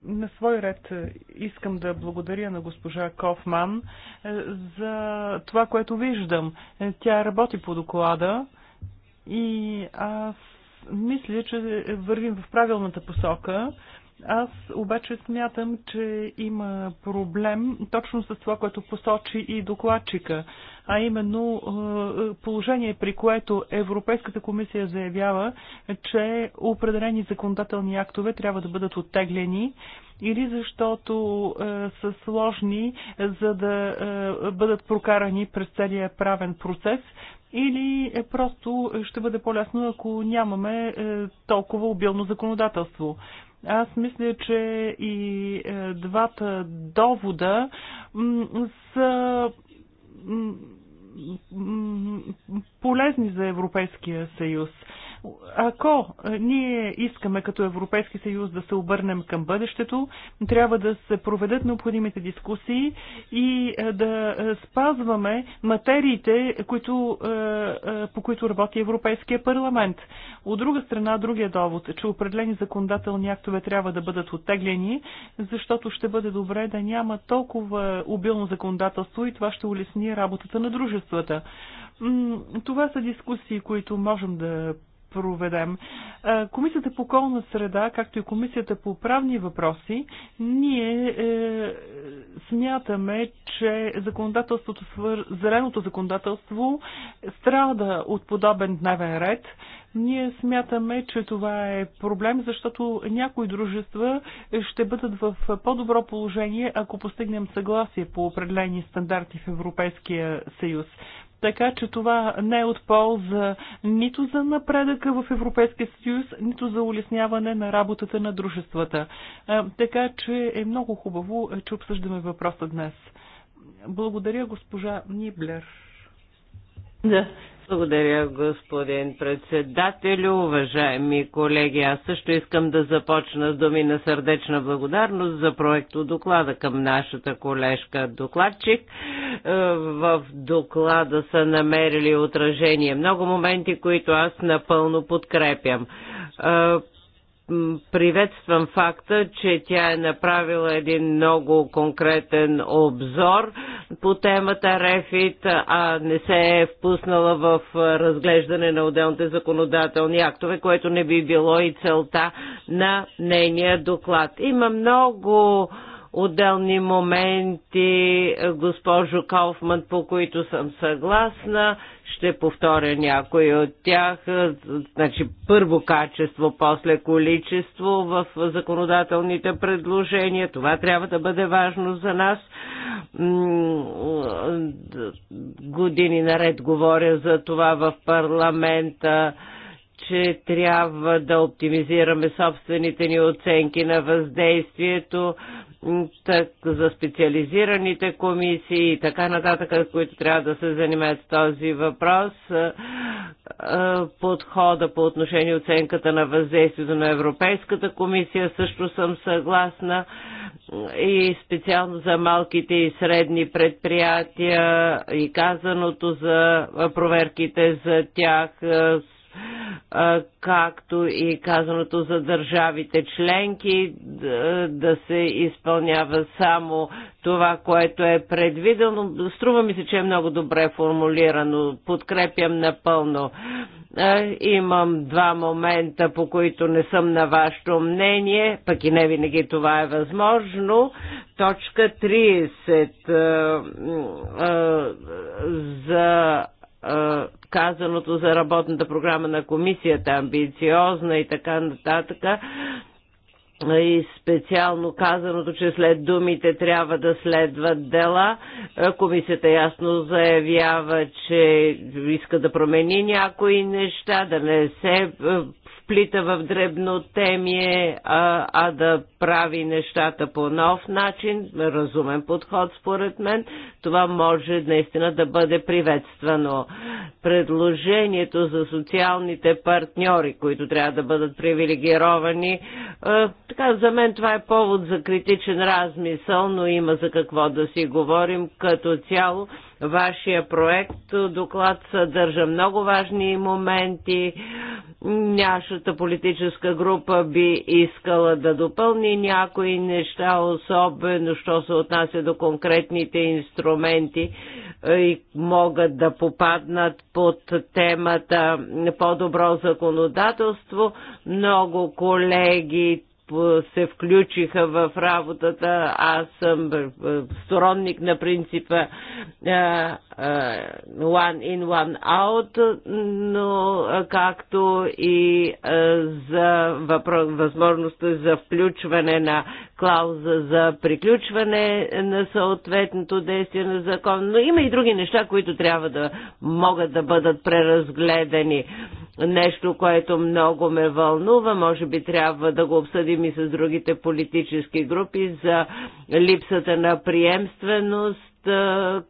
на свой ред е, искам да благодаря на госпожа Кофман е, за това, което виждам. Е, тя работи по доклада и аз мисля, че вървим в правилната посока. Аз обаче смятам, че има проблем точно с това, което посочи и докладчика, а именно е, положение, при което Европейската комисия заявява, че определени законодателни актове трябва да бъдат оттеглени или защото е, са сложни, за да е, бъдат прокарани през целия правен процес, или е просто ще бъде по-лесно, ако нямаме толкова обилно законодателство. Аз мисля, че и е, двата довода са полезни за Европейския съюз. Ако ние искаме като Европейски съюз да се обърнем към бъдещето, трябва да се проведат необходимите дискусии и е, да е, спазваме материите, които, е, по които работи Европейския парламент. От друга страна, другия довод, е, че определени законодателни актове трябва да бъдат оттеглени, защото ще бъде добре да няма толкова обилно законодателство и това ще улесни работата на дружествата. Това са дискусии, които можем да проведем. Комисията по околна среда, както и Комисията по правни въпроси, ние е, смятаме, че законодателството, зеленото законодателство страда от подобен дневен ред. Ние смятаме, че това е проблем, защото някои дружества ще бъдат в по-добро положение, ако постигнем съгласие по определени стандарти в Европейския съюз. Така че това не е от полза нито за напредъка в Европейския съюз, нито за улесняване на работата на дружествата. Е, така че е много хубаво, е, че обсъждаме въпроса днес. Благодаря, госпожа Ниблер. Да. Благодаря, господин председателю. Уважаеми колеги, аз също искам да започна с думи на сърдечна благодарност за проекто доклада към нашата колежка докладчик. Е, в доклада са намерили отражение много моменти, които аз напълно подкрепям е, приветствам факта, че тя е направила един много конкретен обзор по темата Рефит, а не се е впуснала в разглеждане на отделните законодателни актове, което не би било и целта на нейния доклад. Има много отделни моменти, госпожо Кауфман, по които съм съгласна. Ще повторя някои от тях. Значи, първо качество, после количество в законодателните предложения. Това трябва да бъде важно за нас. Години наред говоря за това в парламента че трябва да оптимизираме собствените ни оценки на въздействието, за специализираните комисии и така нататък, които трябва да се занимават с този въпрос. Е, е, подхода по отношение оценката на въздействието на Европейската комисия също съм съгласна и специално за малките и средни предприятия и казаното за проверките за тях е, както и казаното за държавите членки да се изпълнява само това, което е предвидено. Струва ми се, че е много добре формулирано. Подкрепям напълно. Имам два момента, по които не съм на вашето мнение, пък и не винаги това е възможно. Точка 30 за казаното за работната програма на комисията, амбициозна и така нататък. И специално казаното, че след думите трябва да следват дела. Комисията ясно заявява, че иска да промени някои неща, да не се плита в темие, а, а да прави нещата по нов начин, разумен подход според мен, това може наистина да бъде приветствано. Предложението за социалните партньори, които трябва да бъдат привилегировани, а, така за мен това е повод за критичен размисъл, но има за какво да си говорим като цяло Вашия проект доклад съдържа много важни моменти. Нашата политическа група би искала да допълни някои неща, особено що се отнася до конкретните инструменти е, и могат да попаднат под темата по-добро законодателство. Много колеги се включиха в работата. Аз съм е, е, сторонник на принципа е, one in, one out, но както и за възможността за включване на клауза за приключване на съответното действие на закон. Но има и други неща, които трябва да могат да бъдат преразгледани нещо, което много ме вълнува. Може би трябва да го обсъдим и с другите политически групи за липсата на приемственост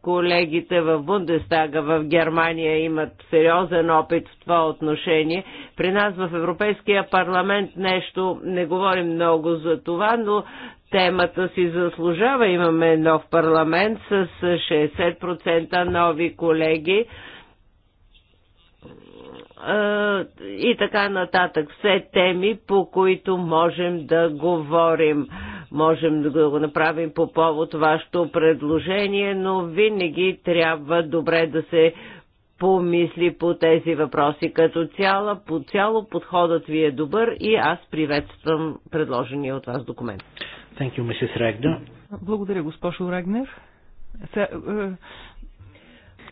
колегите в Бундестага в Германия имат сериозен опит в това отношение. При нас в Европейския парламент нещо не говорим много за това, но темата си заслужава. Имаме нов парламент с 60% нови колеги и така нататък. Все теми, по които можем да говорим. Можем да го направим по повод вашето предложение, но винаги трябва добре да се помисли по тези въпроси. Като цяло, по цяло подходът ви е добър и аз приветствам предложения от вас документ. Thank you, Mrs. Благодаря, госпожо Регнер. Е,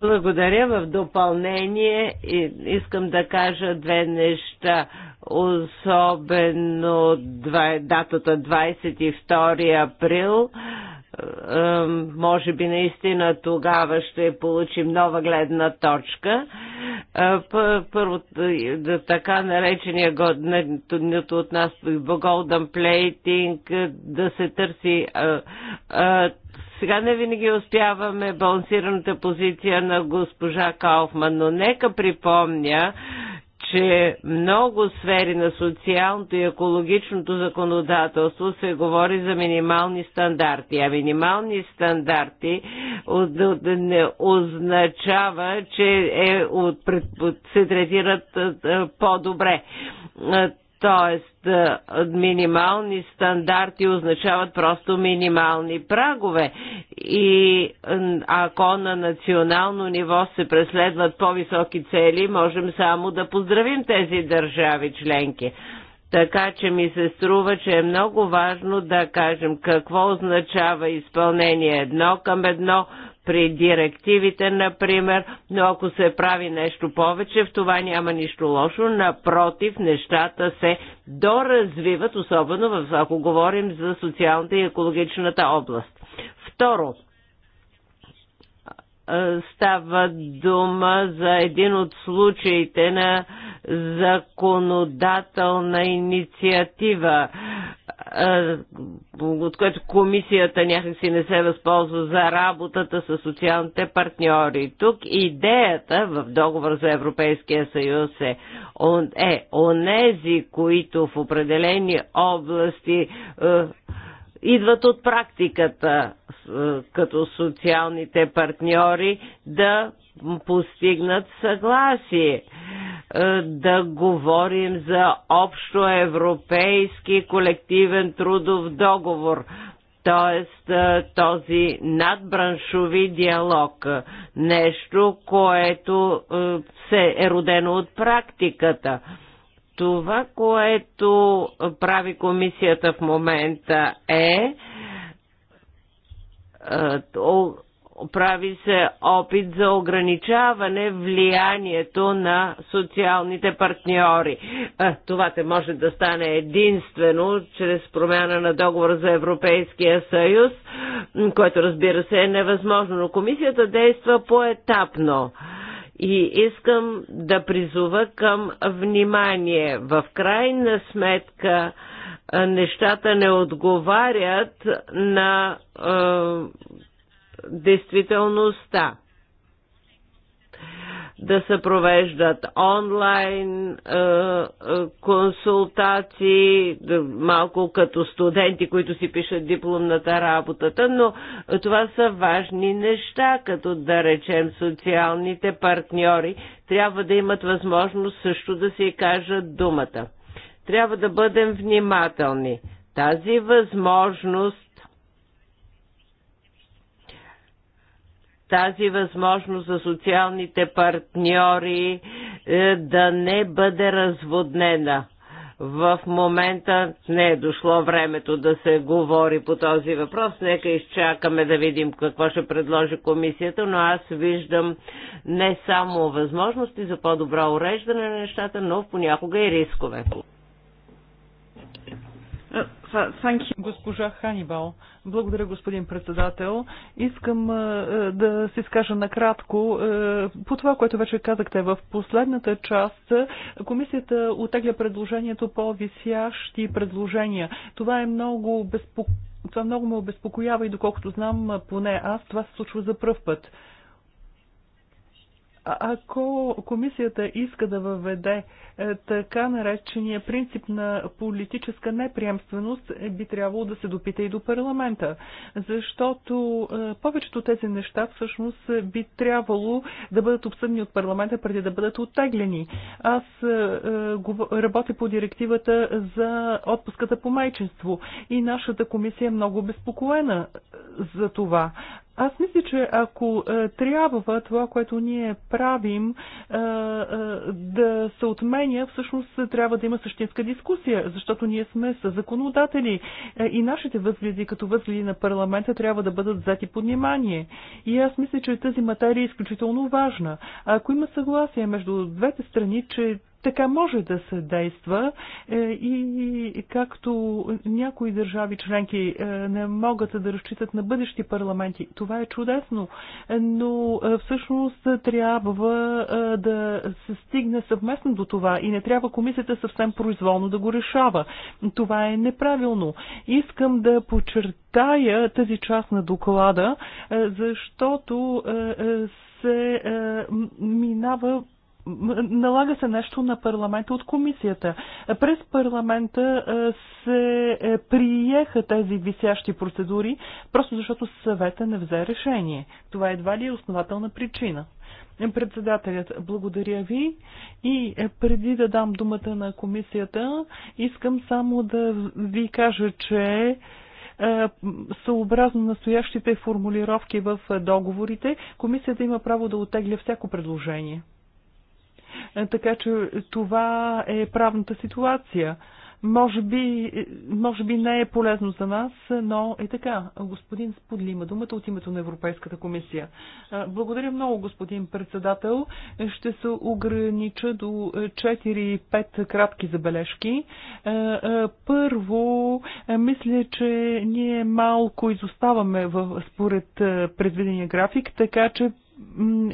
благодаря. В допълнение искам да кажа две неща, особено датата 22 април може би наистина тогава ще получим нова гледна точка. Първо, така наречения годното от нас Golden Plating, да се търси сега не винаги успяваме балансираната позиция на госпожа Кауфман, но нека припомня, че много сфери на социалното и екологичното законодателство се говори за минимални стандарти. А минимални стандарти не означава, че е, се третират по-добре Тоест, минимални стандарти означават просто минимални прагове. И ако на национално ниво се преследват по-високи цели, можем само да поздравим тези държави членки. Така че ми се струва, че е много важно да кажем какво означава изпълнение едно към едно при директивите, например, но ако се прави нещо повече, в това няма нищо лошо. Напротив, нещата се доразвиват, особено в, ако говорим за социалната и екологичната област. Второ, става дума за един от случаите на законодателна инициатива, от което комисията някакси не се възползва за работата с социалните партньори. Тук идеята в договор за Европейския съюз е, е онези, които в определени области е, идват от практиката е, като социалните партньори да постигнат съгласие, е, да говорим за общо европейски колективен трудов договор, т.е. Е, този надбраншови диалог, нещо, което се е родено от практиката това, което прави комисията в момента е, е прави се опит за ограничаване влиянието на социалните партньори. Е, това те може да стане единствено чрез промяна на договор за Европейския съюз, което разбира се е невъзможно, но комисията действа поетапно. етапно и искам да призова към внимание. В крайна сметка нещата не отговарят на е, действителността да се провеждат онлайн е, е, консултации, малко като студенти, които си пишат дипломната работата, но това са важни неща, като да речем социалните партньори трябва да имат възможност също да си кажат думата. Трябва да бъдем внимателни. Тази възможност тази възможност за социалните партньори е, да не бъде разводнена. В момента не е дошло времето да се говори по този въпрос. Нека изчакаме да видим какво ще предложи комисията, но аз виждам не само възможности за по-добро уреждане на нещата, но понякога и рискове. Госпожа Ханибал. Благодаря, господин председател. Искам е, е, да се изкажа накратко е, по това, което вече казахте. В последната част комисията отегля предложението по висящи предложения. Това е много безпокоително това много ме обезпокоява и доколкото знам, поне аз, това се случва за пръв път. Ако комисията иска да въведе е, така наречения принцип на политическа неприемственост, е, би трябвало да се допита и до парламента, защото е, повечето тези неща всъщност би трябвало да бъдат обсъдни от парламента преди да бъдат оттеглени. Аз работя по директивата за отпуската по майчинство и нашата комисия е много обезпокоена за това. Аз мисля, че ако е, трябва това, което ние правим е, е, да се отменя, всъщност трябва да има същинска дискусия, защото ние сме с законодатели и нашите възгледи като възгледи на парламента трябва да бъдат взети под внимание. И аз мисля, че тази материя е изключително важна. Ако има съгласие между двете страни, че така може да се действа е, и както някои държави членки е, не могат да разчитат на бъдещи парламенти, това е чудесно, но е, всъщност трябва да се стигне съвместно до това и не трябва комисията съвсем произволно да го решава. Това е неправилно. Искам да подчертая тази част на доклада, защото се минава налага се нещо на парламента от комисията. През парламента е, се е, приеха тези висящи процедури, просто защото съвета не взе решение. Това едва ли е основателна причина. Председателят, благодаря ви. И е, преди да дам думата на комисията, искам само да ви кажа, че съобразно настоящите формулировки в договорите, комисията има право да отегля всяко предложение. Е, така че това е правната ситуация. Може би, е, може би не е полезно за нас, но е така. Господин Сподли има думата от името на Европейската комисия. Е, благодаря много, господин председател. Ще се огранича до 4-5 кратки забележки. Първо, мисля, че ние малко изоставаме според предвидения график, така че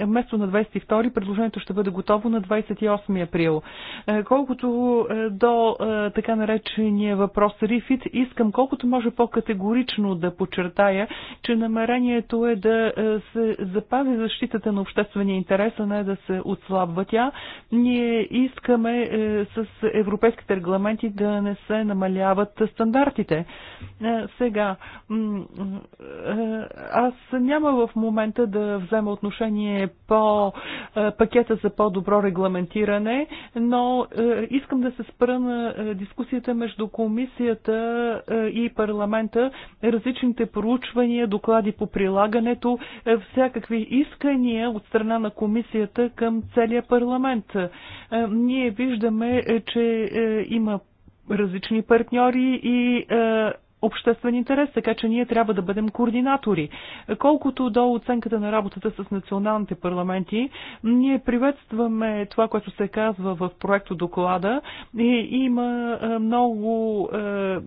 вместо на 22 предложението ще бъде готово на 28 април. Е, колкото е, до е, така наречения въпрос Рифит, искам колкото може по-категорично да подчертая, че намерението е да се запази защитата на обществения интерес, а не да се отслабва тя. Ние искаме с европейските регламенти да не се намаляват стандартите. Сега, аз няма в момента да взема отношение отношение по е, пакета за по-добро регламентиране, но е, искам да се спра на е, дискусията между комисията и парламента, различните проучвания, доклади по прилагането, всякакви искания от страна на комисията към целия парламент. Ние виждаме, че има различни партньори и обществен интерес, така че ние трябва да бъдем координатори. Колкото до оценката на работата с националните парламенти, ние приветстваме това, което се казва в проекто доклада и има е, много е, е,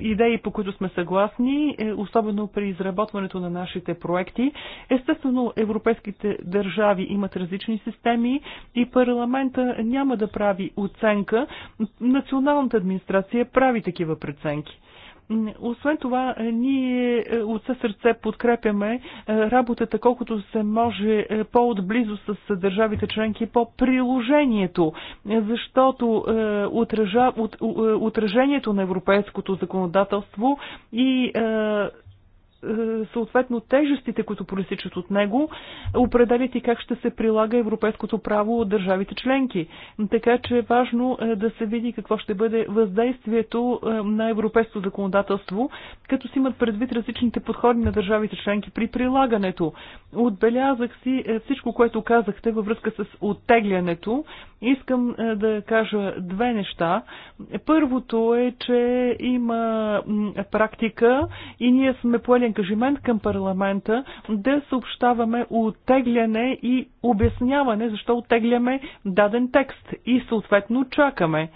идеи, по които сме съгласни, особено при изработването на нашите проекти. Естествено, европейските държави имат различни системи и парламента няма да прави оценка. Националната администрация прави такива преценки. Освен това, е, ние е, от със сърце подкрепяме е, работата колкото се може по-отблизо с държавите членки по приложението, защото отражението на европейското законодателство и е, съответно тежестите, които проистичат от него, определят и как ще се прилага европейското право от държавите членки. Така че е важно е, да се види какво ще бъде въздействието е, на европейското законодателство, като си имат предвид различните подходи на държавите членки при прилагането. Отбелязах си всичко, което казахте във връзка с оттеглянето. Искам да кажа две неща. Първото е, че има практика и ние сме поели ангажимент към парламента да съобщаваме оттегляне и обясняване защо оттегляме даден текст и съответно чакаме.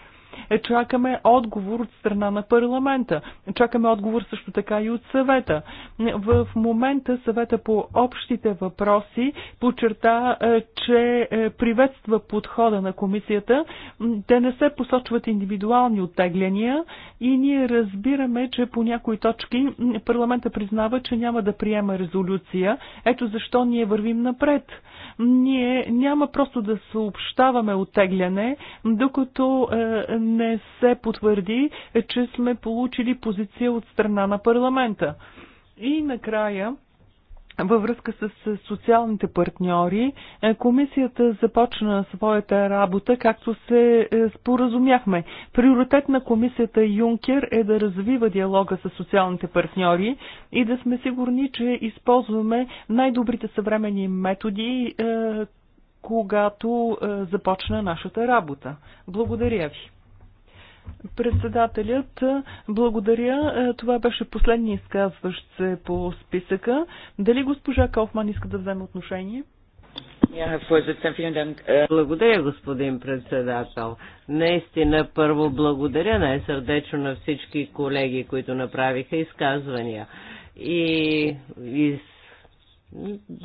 Е, чакаме отговор от страна на парламента. Чакаме отговор също така и от съвета. В момента съвета по общите въпроси подчерта, е, че е, приветства подхода на комисията. Те не се посочват индивидуални оттегляния и ние разбираме, че по някои точки парламента признава, че няма да приема резолюция. Ето защо ние вървим напред. Ние няма просто да съобщаваме оттегляне, докато не се потвърди, е, че сме получили позиция от страна на парламента. И накрая, във връзка с социалните партньори, е, комисията започна своята работа, както се е, споразумяхме. Приоритет на комисията Юнкер е да развива диалога с социалните партньори и да сме сигурни, че използваме най-добрите съвремени методи, когато започна нашата работа. Благодаря ви. Председателят, благодаря. Е, това беше последния изказващ се по списъка. Дали госпожа Кофман иска да вземе отношение? Um, uh, благодаря, господин председател. Наистина, първо благодаря най-сърдечно на всички колеги, които направиха изказвания. И, и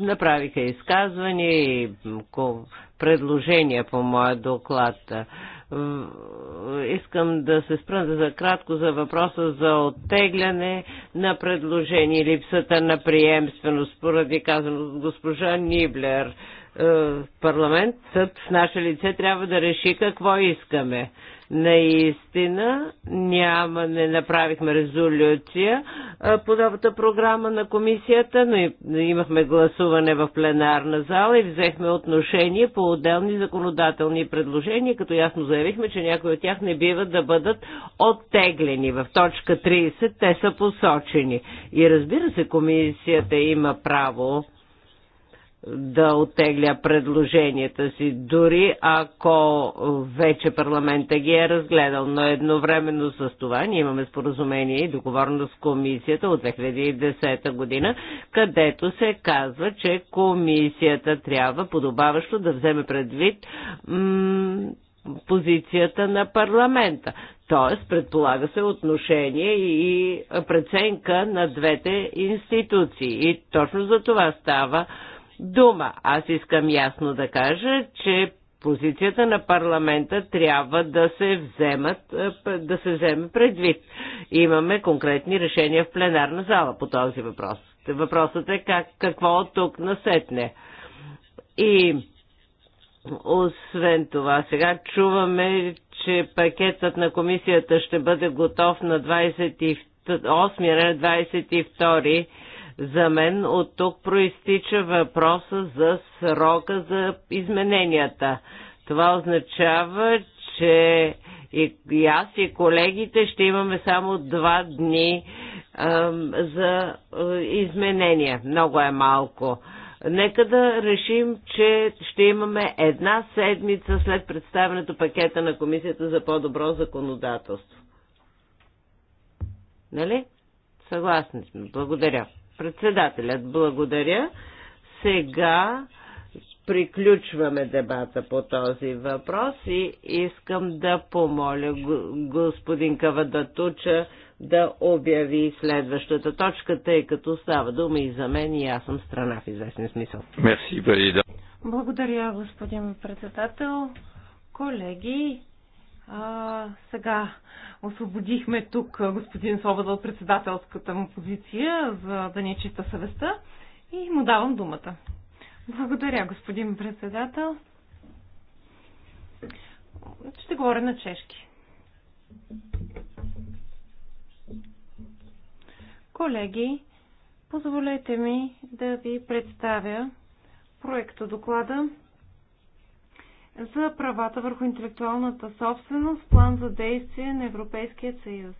направиха изказвания и предложения по моя доклад искам да се спра за кратко за въпроса за оттегляне на предложение, липсата на приемственост, поради казано от госпожа Ниблер. Парламентът в наше лице трябва да реши какво искаме. Наистина няма, не направихме резолюция подобната програма на комисията, но имахме гласуване в пленарна зала и взехме отношение по отделни законодателни предложения, като ясно заявихме, че някои от тях не биват да бъдат оттеглени. В точка 30 те са посочени. И разбира се, комисията има право да оттегля предложенията си, дори ако вече парламента ги е разгледал. Но едновременно с това ние имаме споразумение и договорно с комисията от 2010 година, където се казва, че комисията трябва подобаващо да вземе предвид позицията на парламента. Тоест, предполага се отношение и преценка на двете институции. И точно за това става дума. Аз искам ясно да кажа, че позицията на парламента трябва да се, вземат, е, да се вземе предвид. Имаме конкретни решения в пленарна зала по този въпрос. Въпросът е как, какво от тук насетне. И освен това, сега чуваме, че пакетът на комисията ще бъде готов на 28 22 за мен от тук проистича въпроса за срока за измененията. Това означава, че и, и аз и колегите ще имаме само два дни а, за а, изменения. Много е малко. Нека да решим, че ще имаме една седмица след представенето пакета на Комисията за по-добро законодателство. Нали? Съгласни сме. Благодаря. Председателят, благодаря. Сега приключваме дебата по този въпрос и искам да помоля господин Кавадатуча да обяви следващата точка, тъй като става дума и за мен и аз съм страна в известен смисъл. Мерси, Благодаря, господин председател. Колеги, а, сега освободихме тук господин Свобода от председателската му позиция, за да е чиста съвестта и му давам думата. Благодаря, господин председател. Ще говоря на чешки. Колеги, позволете ми да ви представя проекто доклада за правата върху интелектуалната собственост, план за действие на Европейския съюз.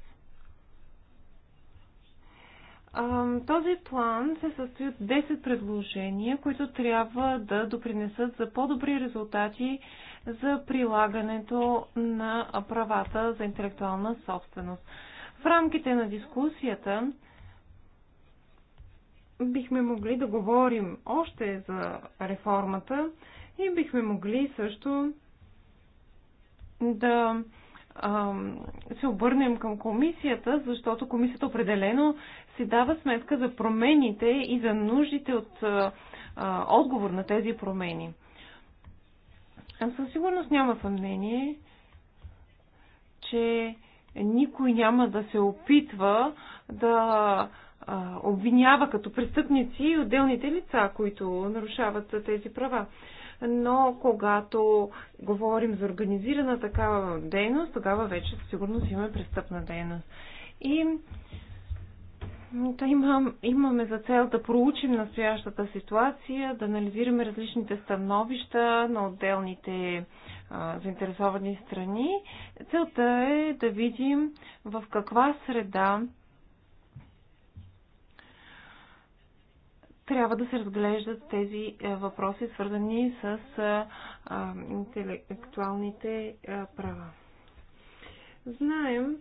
Този план се състои от 10 предложения, които трябва да допринесат за по-добри резултати за прилагането на правата за интелектуална собственост. В рамките на дискусията бихме могли да говорим още за реформата, и бихме могли също да се обърнем към комисията, защото комисията определено си дава сметка за промените и за нуждите от отговор на тези промени. Със сигурност няма съмнение, че никой няма да се опитва да обвинява като престъпници отделните лица, които нарушават тези права но когато говорим за организирана такава дейност, тогава вече със сигурност имаме престъпна дейност. И да имам, имаме за цел да проучим настоящата ситуация, да анализираме различните становища на отделните а, заинтересовани страни. Целта е да видим в каква среда трябва да се разглеждат тези е, въпроси, свързани с е, интелектуалните е, права. Знаем,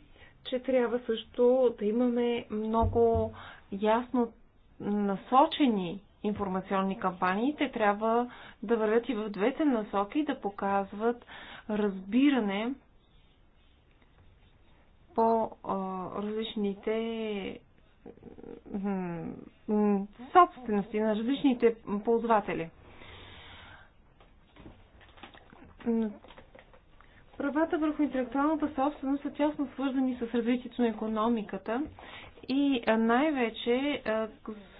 че трябва също да имаме много ясно насочени информационни кампании. Те трябва да вървят и в двете насоки, да показват разбиране по различните собствености на различните ползватели. Правата върху интелектуалната собственост са тясно свързани с развитието на економиката и най-вече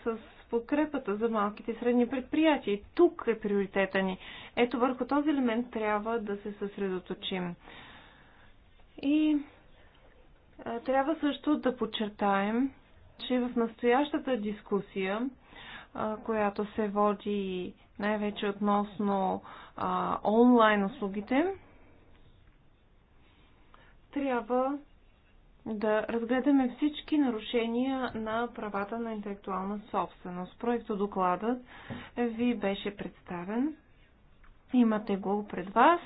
с подкрепата за малките и средни предприятия. И тук е приоритета ни. Ето върху този елемент трябва да се съсредоточим. И трябва също да подчертаем, че в настоящата дискусия, която се води най-вече относно онлайн услугите, трябва да разгледаме всички нарушения на правата на интелектуална собственост. Проектът докладът ви беше представен. Имате го пред вас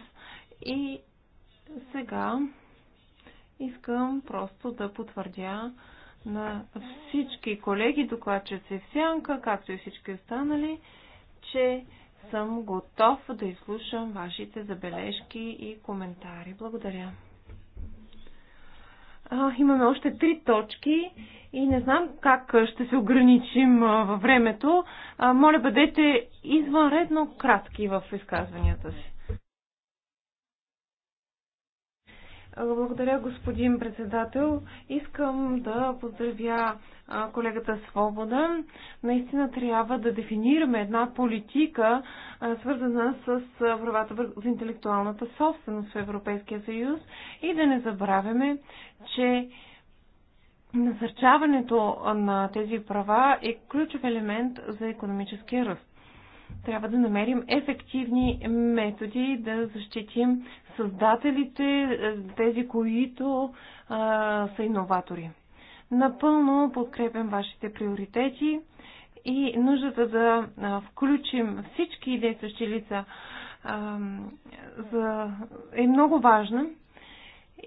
и сега искам просто да потвърдя на всички колеги, докладчици в сянка, както и всички останали, че съм готов да изслушам вашите забележки и коментари. Благодаря. А, имаме още три точки и не знам как ще се ограничим във времето. А, моля, бъдете извънредно кратки в изказванията си. Благодаря, господин председател. Искам да поздравя колегата Свобода. Наистина трябва да дефинираме една политика, свързана с правата в интелектуалната собственост в Европейския съюз и да не забравяме, че насърчаването на тези права е ключов елемент за економическия ръст трябва да намерим ефективни методи да защитим създателите, тези, които а, са иноватори. Напълно подкрепям вашите приоритети и нуждата да включим всички действащи лица а, за, е много важна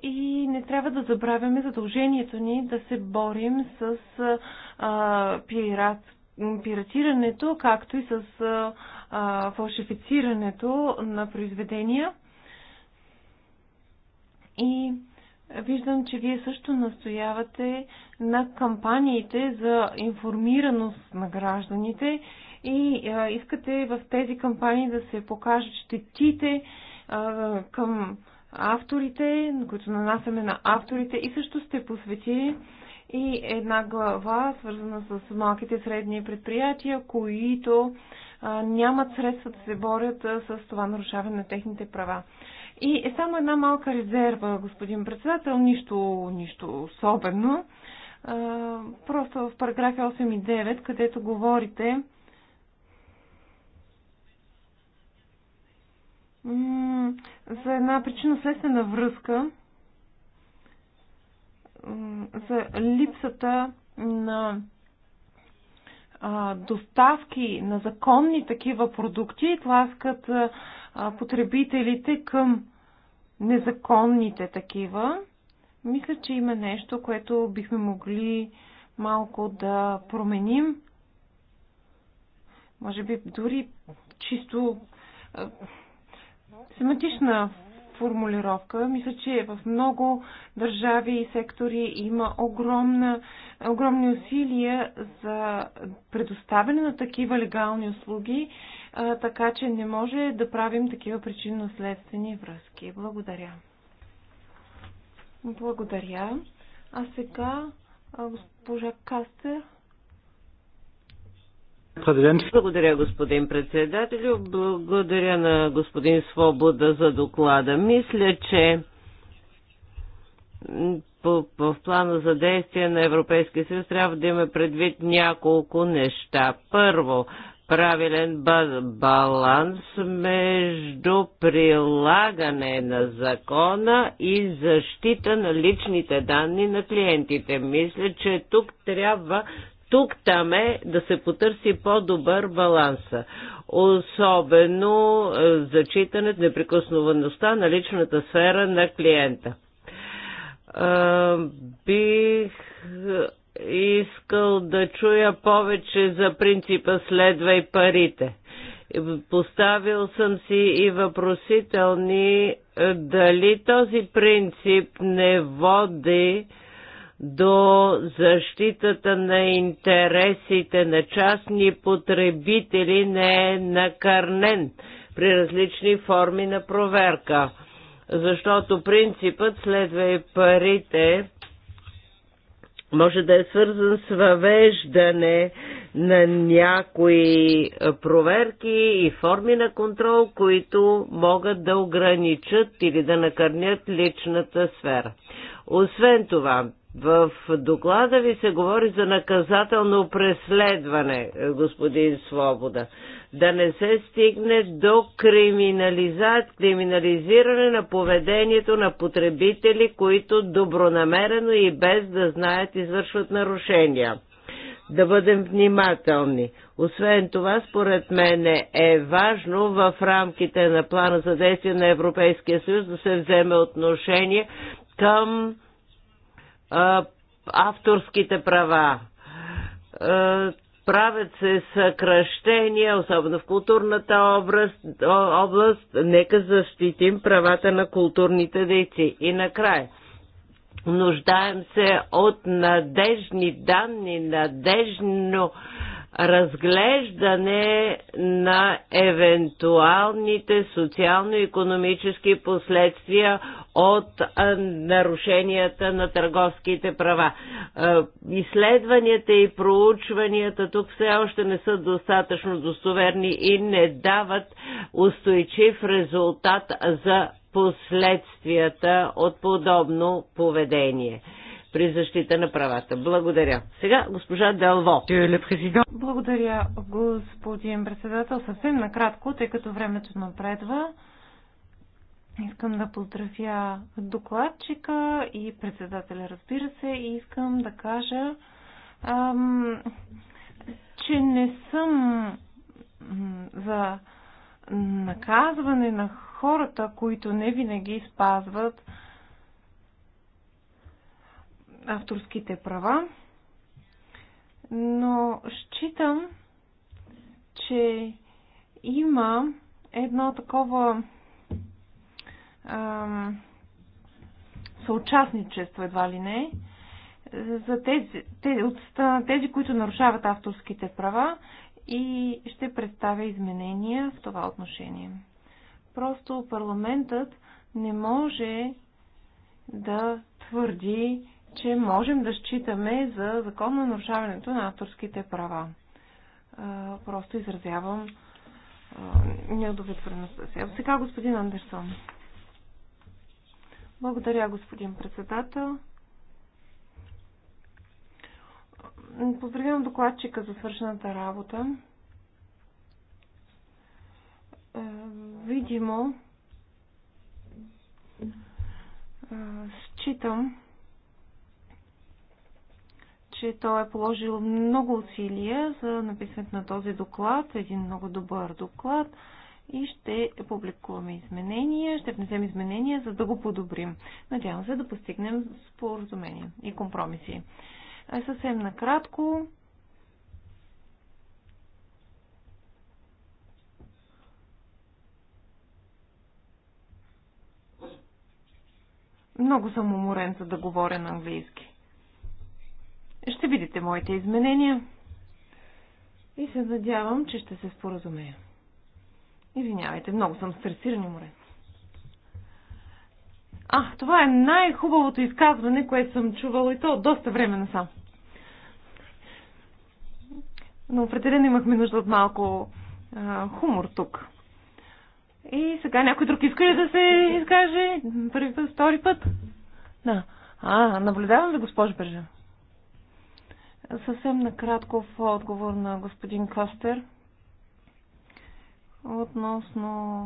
и не трябва да забравяме задължението ни да се борим с а, пират, пиратирането, както и с а, фалшифицирането на произведения. И виждам, че вие също настоявате на кампаниите за информираност на гражданите и а, искате в тези кампании да се покажат щетите а, към авторите, които нанасяме на авторите и също сте посветили и една глава, свързана с малките и средни предприятия, които а, нямат средства да се борят а, с това нарушаване на техните права. И е само една малка резерва, господин председател, нищо, нищо особено. А, просто в параграфи 8 и 9, където говорите за една причина следствена връзка, за липсата на доставки на законни такива продукти тласкат потребителите към незаконните такива. Мисля, че има нещо, което бихме могли малко да променим. Може би дори чисто семантична формулировка. Мисля, че в много държави и сектори има огромна, огромни усилия за предоставяне на такива легални услуги, така че не може да правим такива причинно-следствени връзки. Благодаря. Благодаря. А сега госпожа Кастер. Президент. Благодаря, господин председателю. Благодаря на господин Свобода за доклада. Мисля, че в плана за действие на Европейския съюз трябва да има предвид няколко неща. Първо, правилен баланс между прилагане на закона и защита на личните данни на клиентите. Мисля, че тук трябва тук там е да се потърси по-добър баланс. Особено е, зачитането, неприкосновеността на личната сфера на клиента. Е, бих е, искал да чуя повече за принципа следвай парите. Поставил съм си и въпросителни дали този принцип не води до защитата на интересите на частни потребители не е накърнен при различни форми на проверка. Защото принципът следва и парите може да е свързан с въвеждане на някои проверки и форми на контрол, които могат да ограничат или да накърнят личната сфера. Освен това, в доклада ви се говори за наказателно преследване, е, господин Свобода. Да не се стигне до криминализиране на поведението на потребители, които добронамерено и без да знаят извършват нарушения. Да бъдем внимателни. Освен това, според мен е важно в рамките на плана за действие на Европейския съюз да се вземе отношение към авторските права. Правят се съкръщения, особено в културната област, област. Нека защитим правата на културните дейци. И накрая. Нуждаем се от надежни данни, надежно разглеждане на евентуалните социално-економически последствия от нарушенията на търговските права. Изследванията и проучванията тук все още не са достатъчно достоверни и не дават устойчив резултат за последствията от подобно поведение при защита на правата. Благодаря. Сега госпожа Делво. Благодаря, господин председател. Съвсем накратко, тъй като времето напредва. Искам да поздравя докладчика и председателя, разбира се, и искам да кажа, ам, че не съм за наказване на хората, които не винаги спазват авторските права, но считам, че има едно такова ам, съучастничество, едва ли не, за тези, тези, от тези, които нарушават авторските права и ще представя изменения в това отношение. Просто парламентът не може да твърди, че можем да считаме за законно нарушаването на авторските права. Просто изразявам неудовлетвореността си. Сега господин Андерсон. Благодаря, господин председател. Поздравявам докладчика за свършената работа. Видимо, считам, че той е положил много усилия за написането на този доклад, един много добър доклад и ще публикуваме изменения, ще внесем изменения, за да го подобрим. Надявам се да постигнем споразумение и компромиси. А съвсем накратко, Много съм уморен, за да говоря на английски. Ще видите моите изменения и се надявам, че ще се споразумея. Извинявайте, много съм и море. А, това е най-хубавото изказване, което съм чувала и то доста време насам. Но определено имахме нужда от малко а, хумор тук. И сега някой друг иска ли да се изкаже? Първи път, втори път? Да. А, наблюдавам ли, госпожо Бържа? Съвсем накратко в отговор на господин Костер относно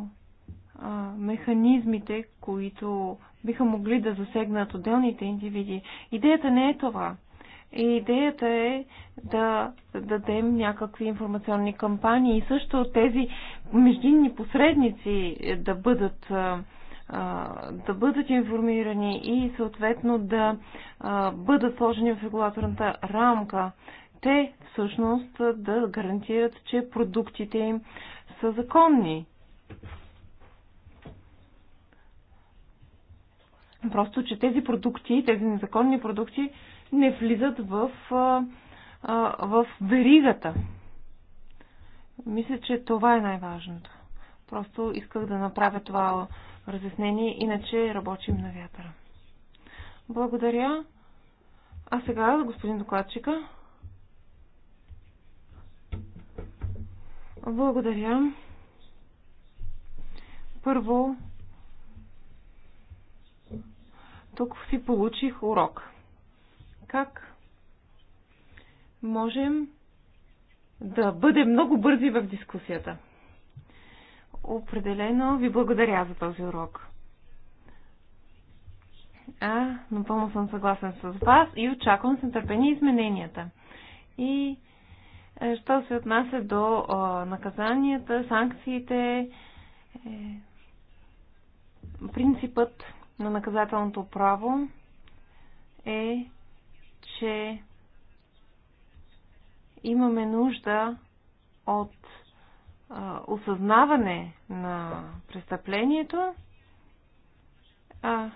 а, механизмите, които биха могли да засегнат отделните индивиди. Идеята не е това. Идеята е да дадем някакви информационни кампании и също тези междинни посредници да бъдат да бъдат информирани и съответно да бъдат сложени в регулаторната рамка, те всъщност да гарантират, че продуктите им са законни. Просто, че тези продукти, тези незаконни продукти не влизат в, в веригата. Мисля, че това е най-важното. Просто исках да направя това разяснение иначе работим на вятъра. Благодаря. А сега, господин докладчика. Благодаря. Първо, тук си получих урок. Как можем да бъдем много бързи в дискусията? определено ви благодаря за този урок. А, напълно съм съгласен с вас и очаквам с нетърпение измененията. И е, що се отнася до о, наказанията, санкциите, е, принципът на наказателното право е, че имаме нужда от а, осъзнаване на престъплението. А,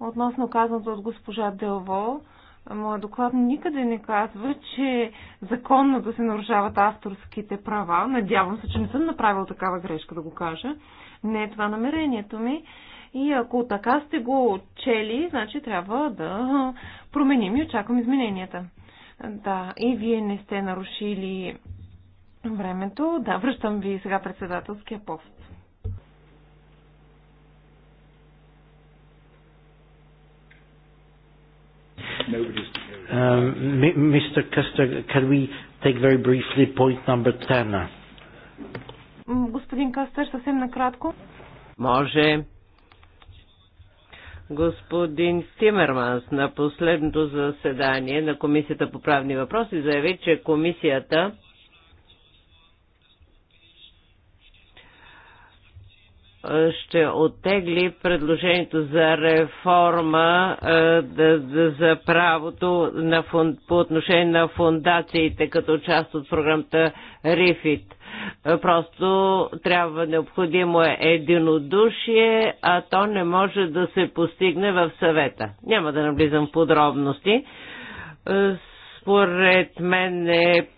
относно казаното от госпожа Делво, моят доклад никъде не казва, че законно да се нарушават авторските права. Надявам се, че не съм направил такава грешка, да го кажа. Не е това намерението ми. И ако така сте го чели, значи трябва да променим и очаквам измененията. Да, и вие не сте нарушили времето. Да, връщам ви сега председателския пост. Мистер Къстър, um, can we take very briefly point number 10? Господин Кастър, съвсем накратко. Може. Господин Тимерманс на последното заседание на Комисията по правни въпроси заяви, че комисията ще оттегли предложението за реформа е, за правото на фон, по отношение на фундациите като част от програмата РИФИТ. Е, просто трябва необходимо е единодушие, а то не може да се постигне в съвета. Няма да навлизам подробности. Е, според мен е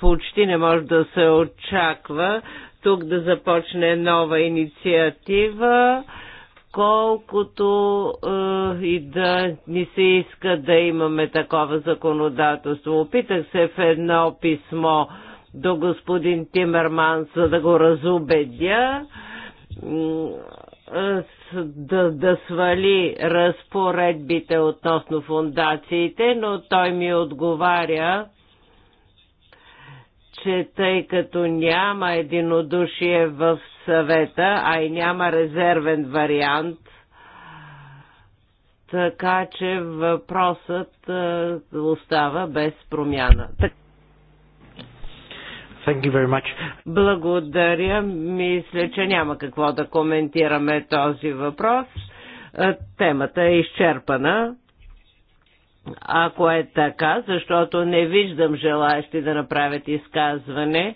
почти не може да се очаква тук да започне нова инициатива, колкото е, и да ни се иска да имаме такова законодателство. Опитах се в едно писмо до господин Тимерман, за да го разубедя да, да свали разпоредбите относно фундациите, но той ми отговаря, че тъй като няма единодушие в съвета, а и няма резервен вариант, така че въпросът е, остава без промяна. Thank you very much. Благодаря. Мисля, че няма какво да коментираме този въпрос. Е, темата е изчерпана. Ако е така, защото не виждам желаящи да направят изказване,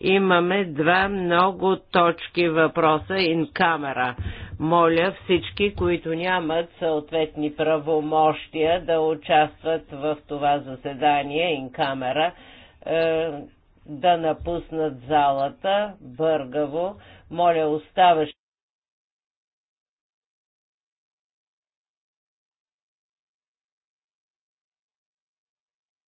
имаме два много точки въпроса ин камера. Моля всички, които нямат съответни правомощия да участват в това заседание ин камера, да напуснат залата бъргаво. Моля оставащи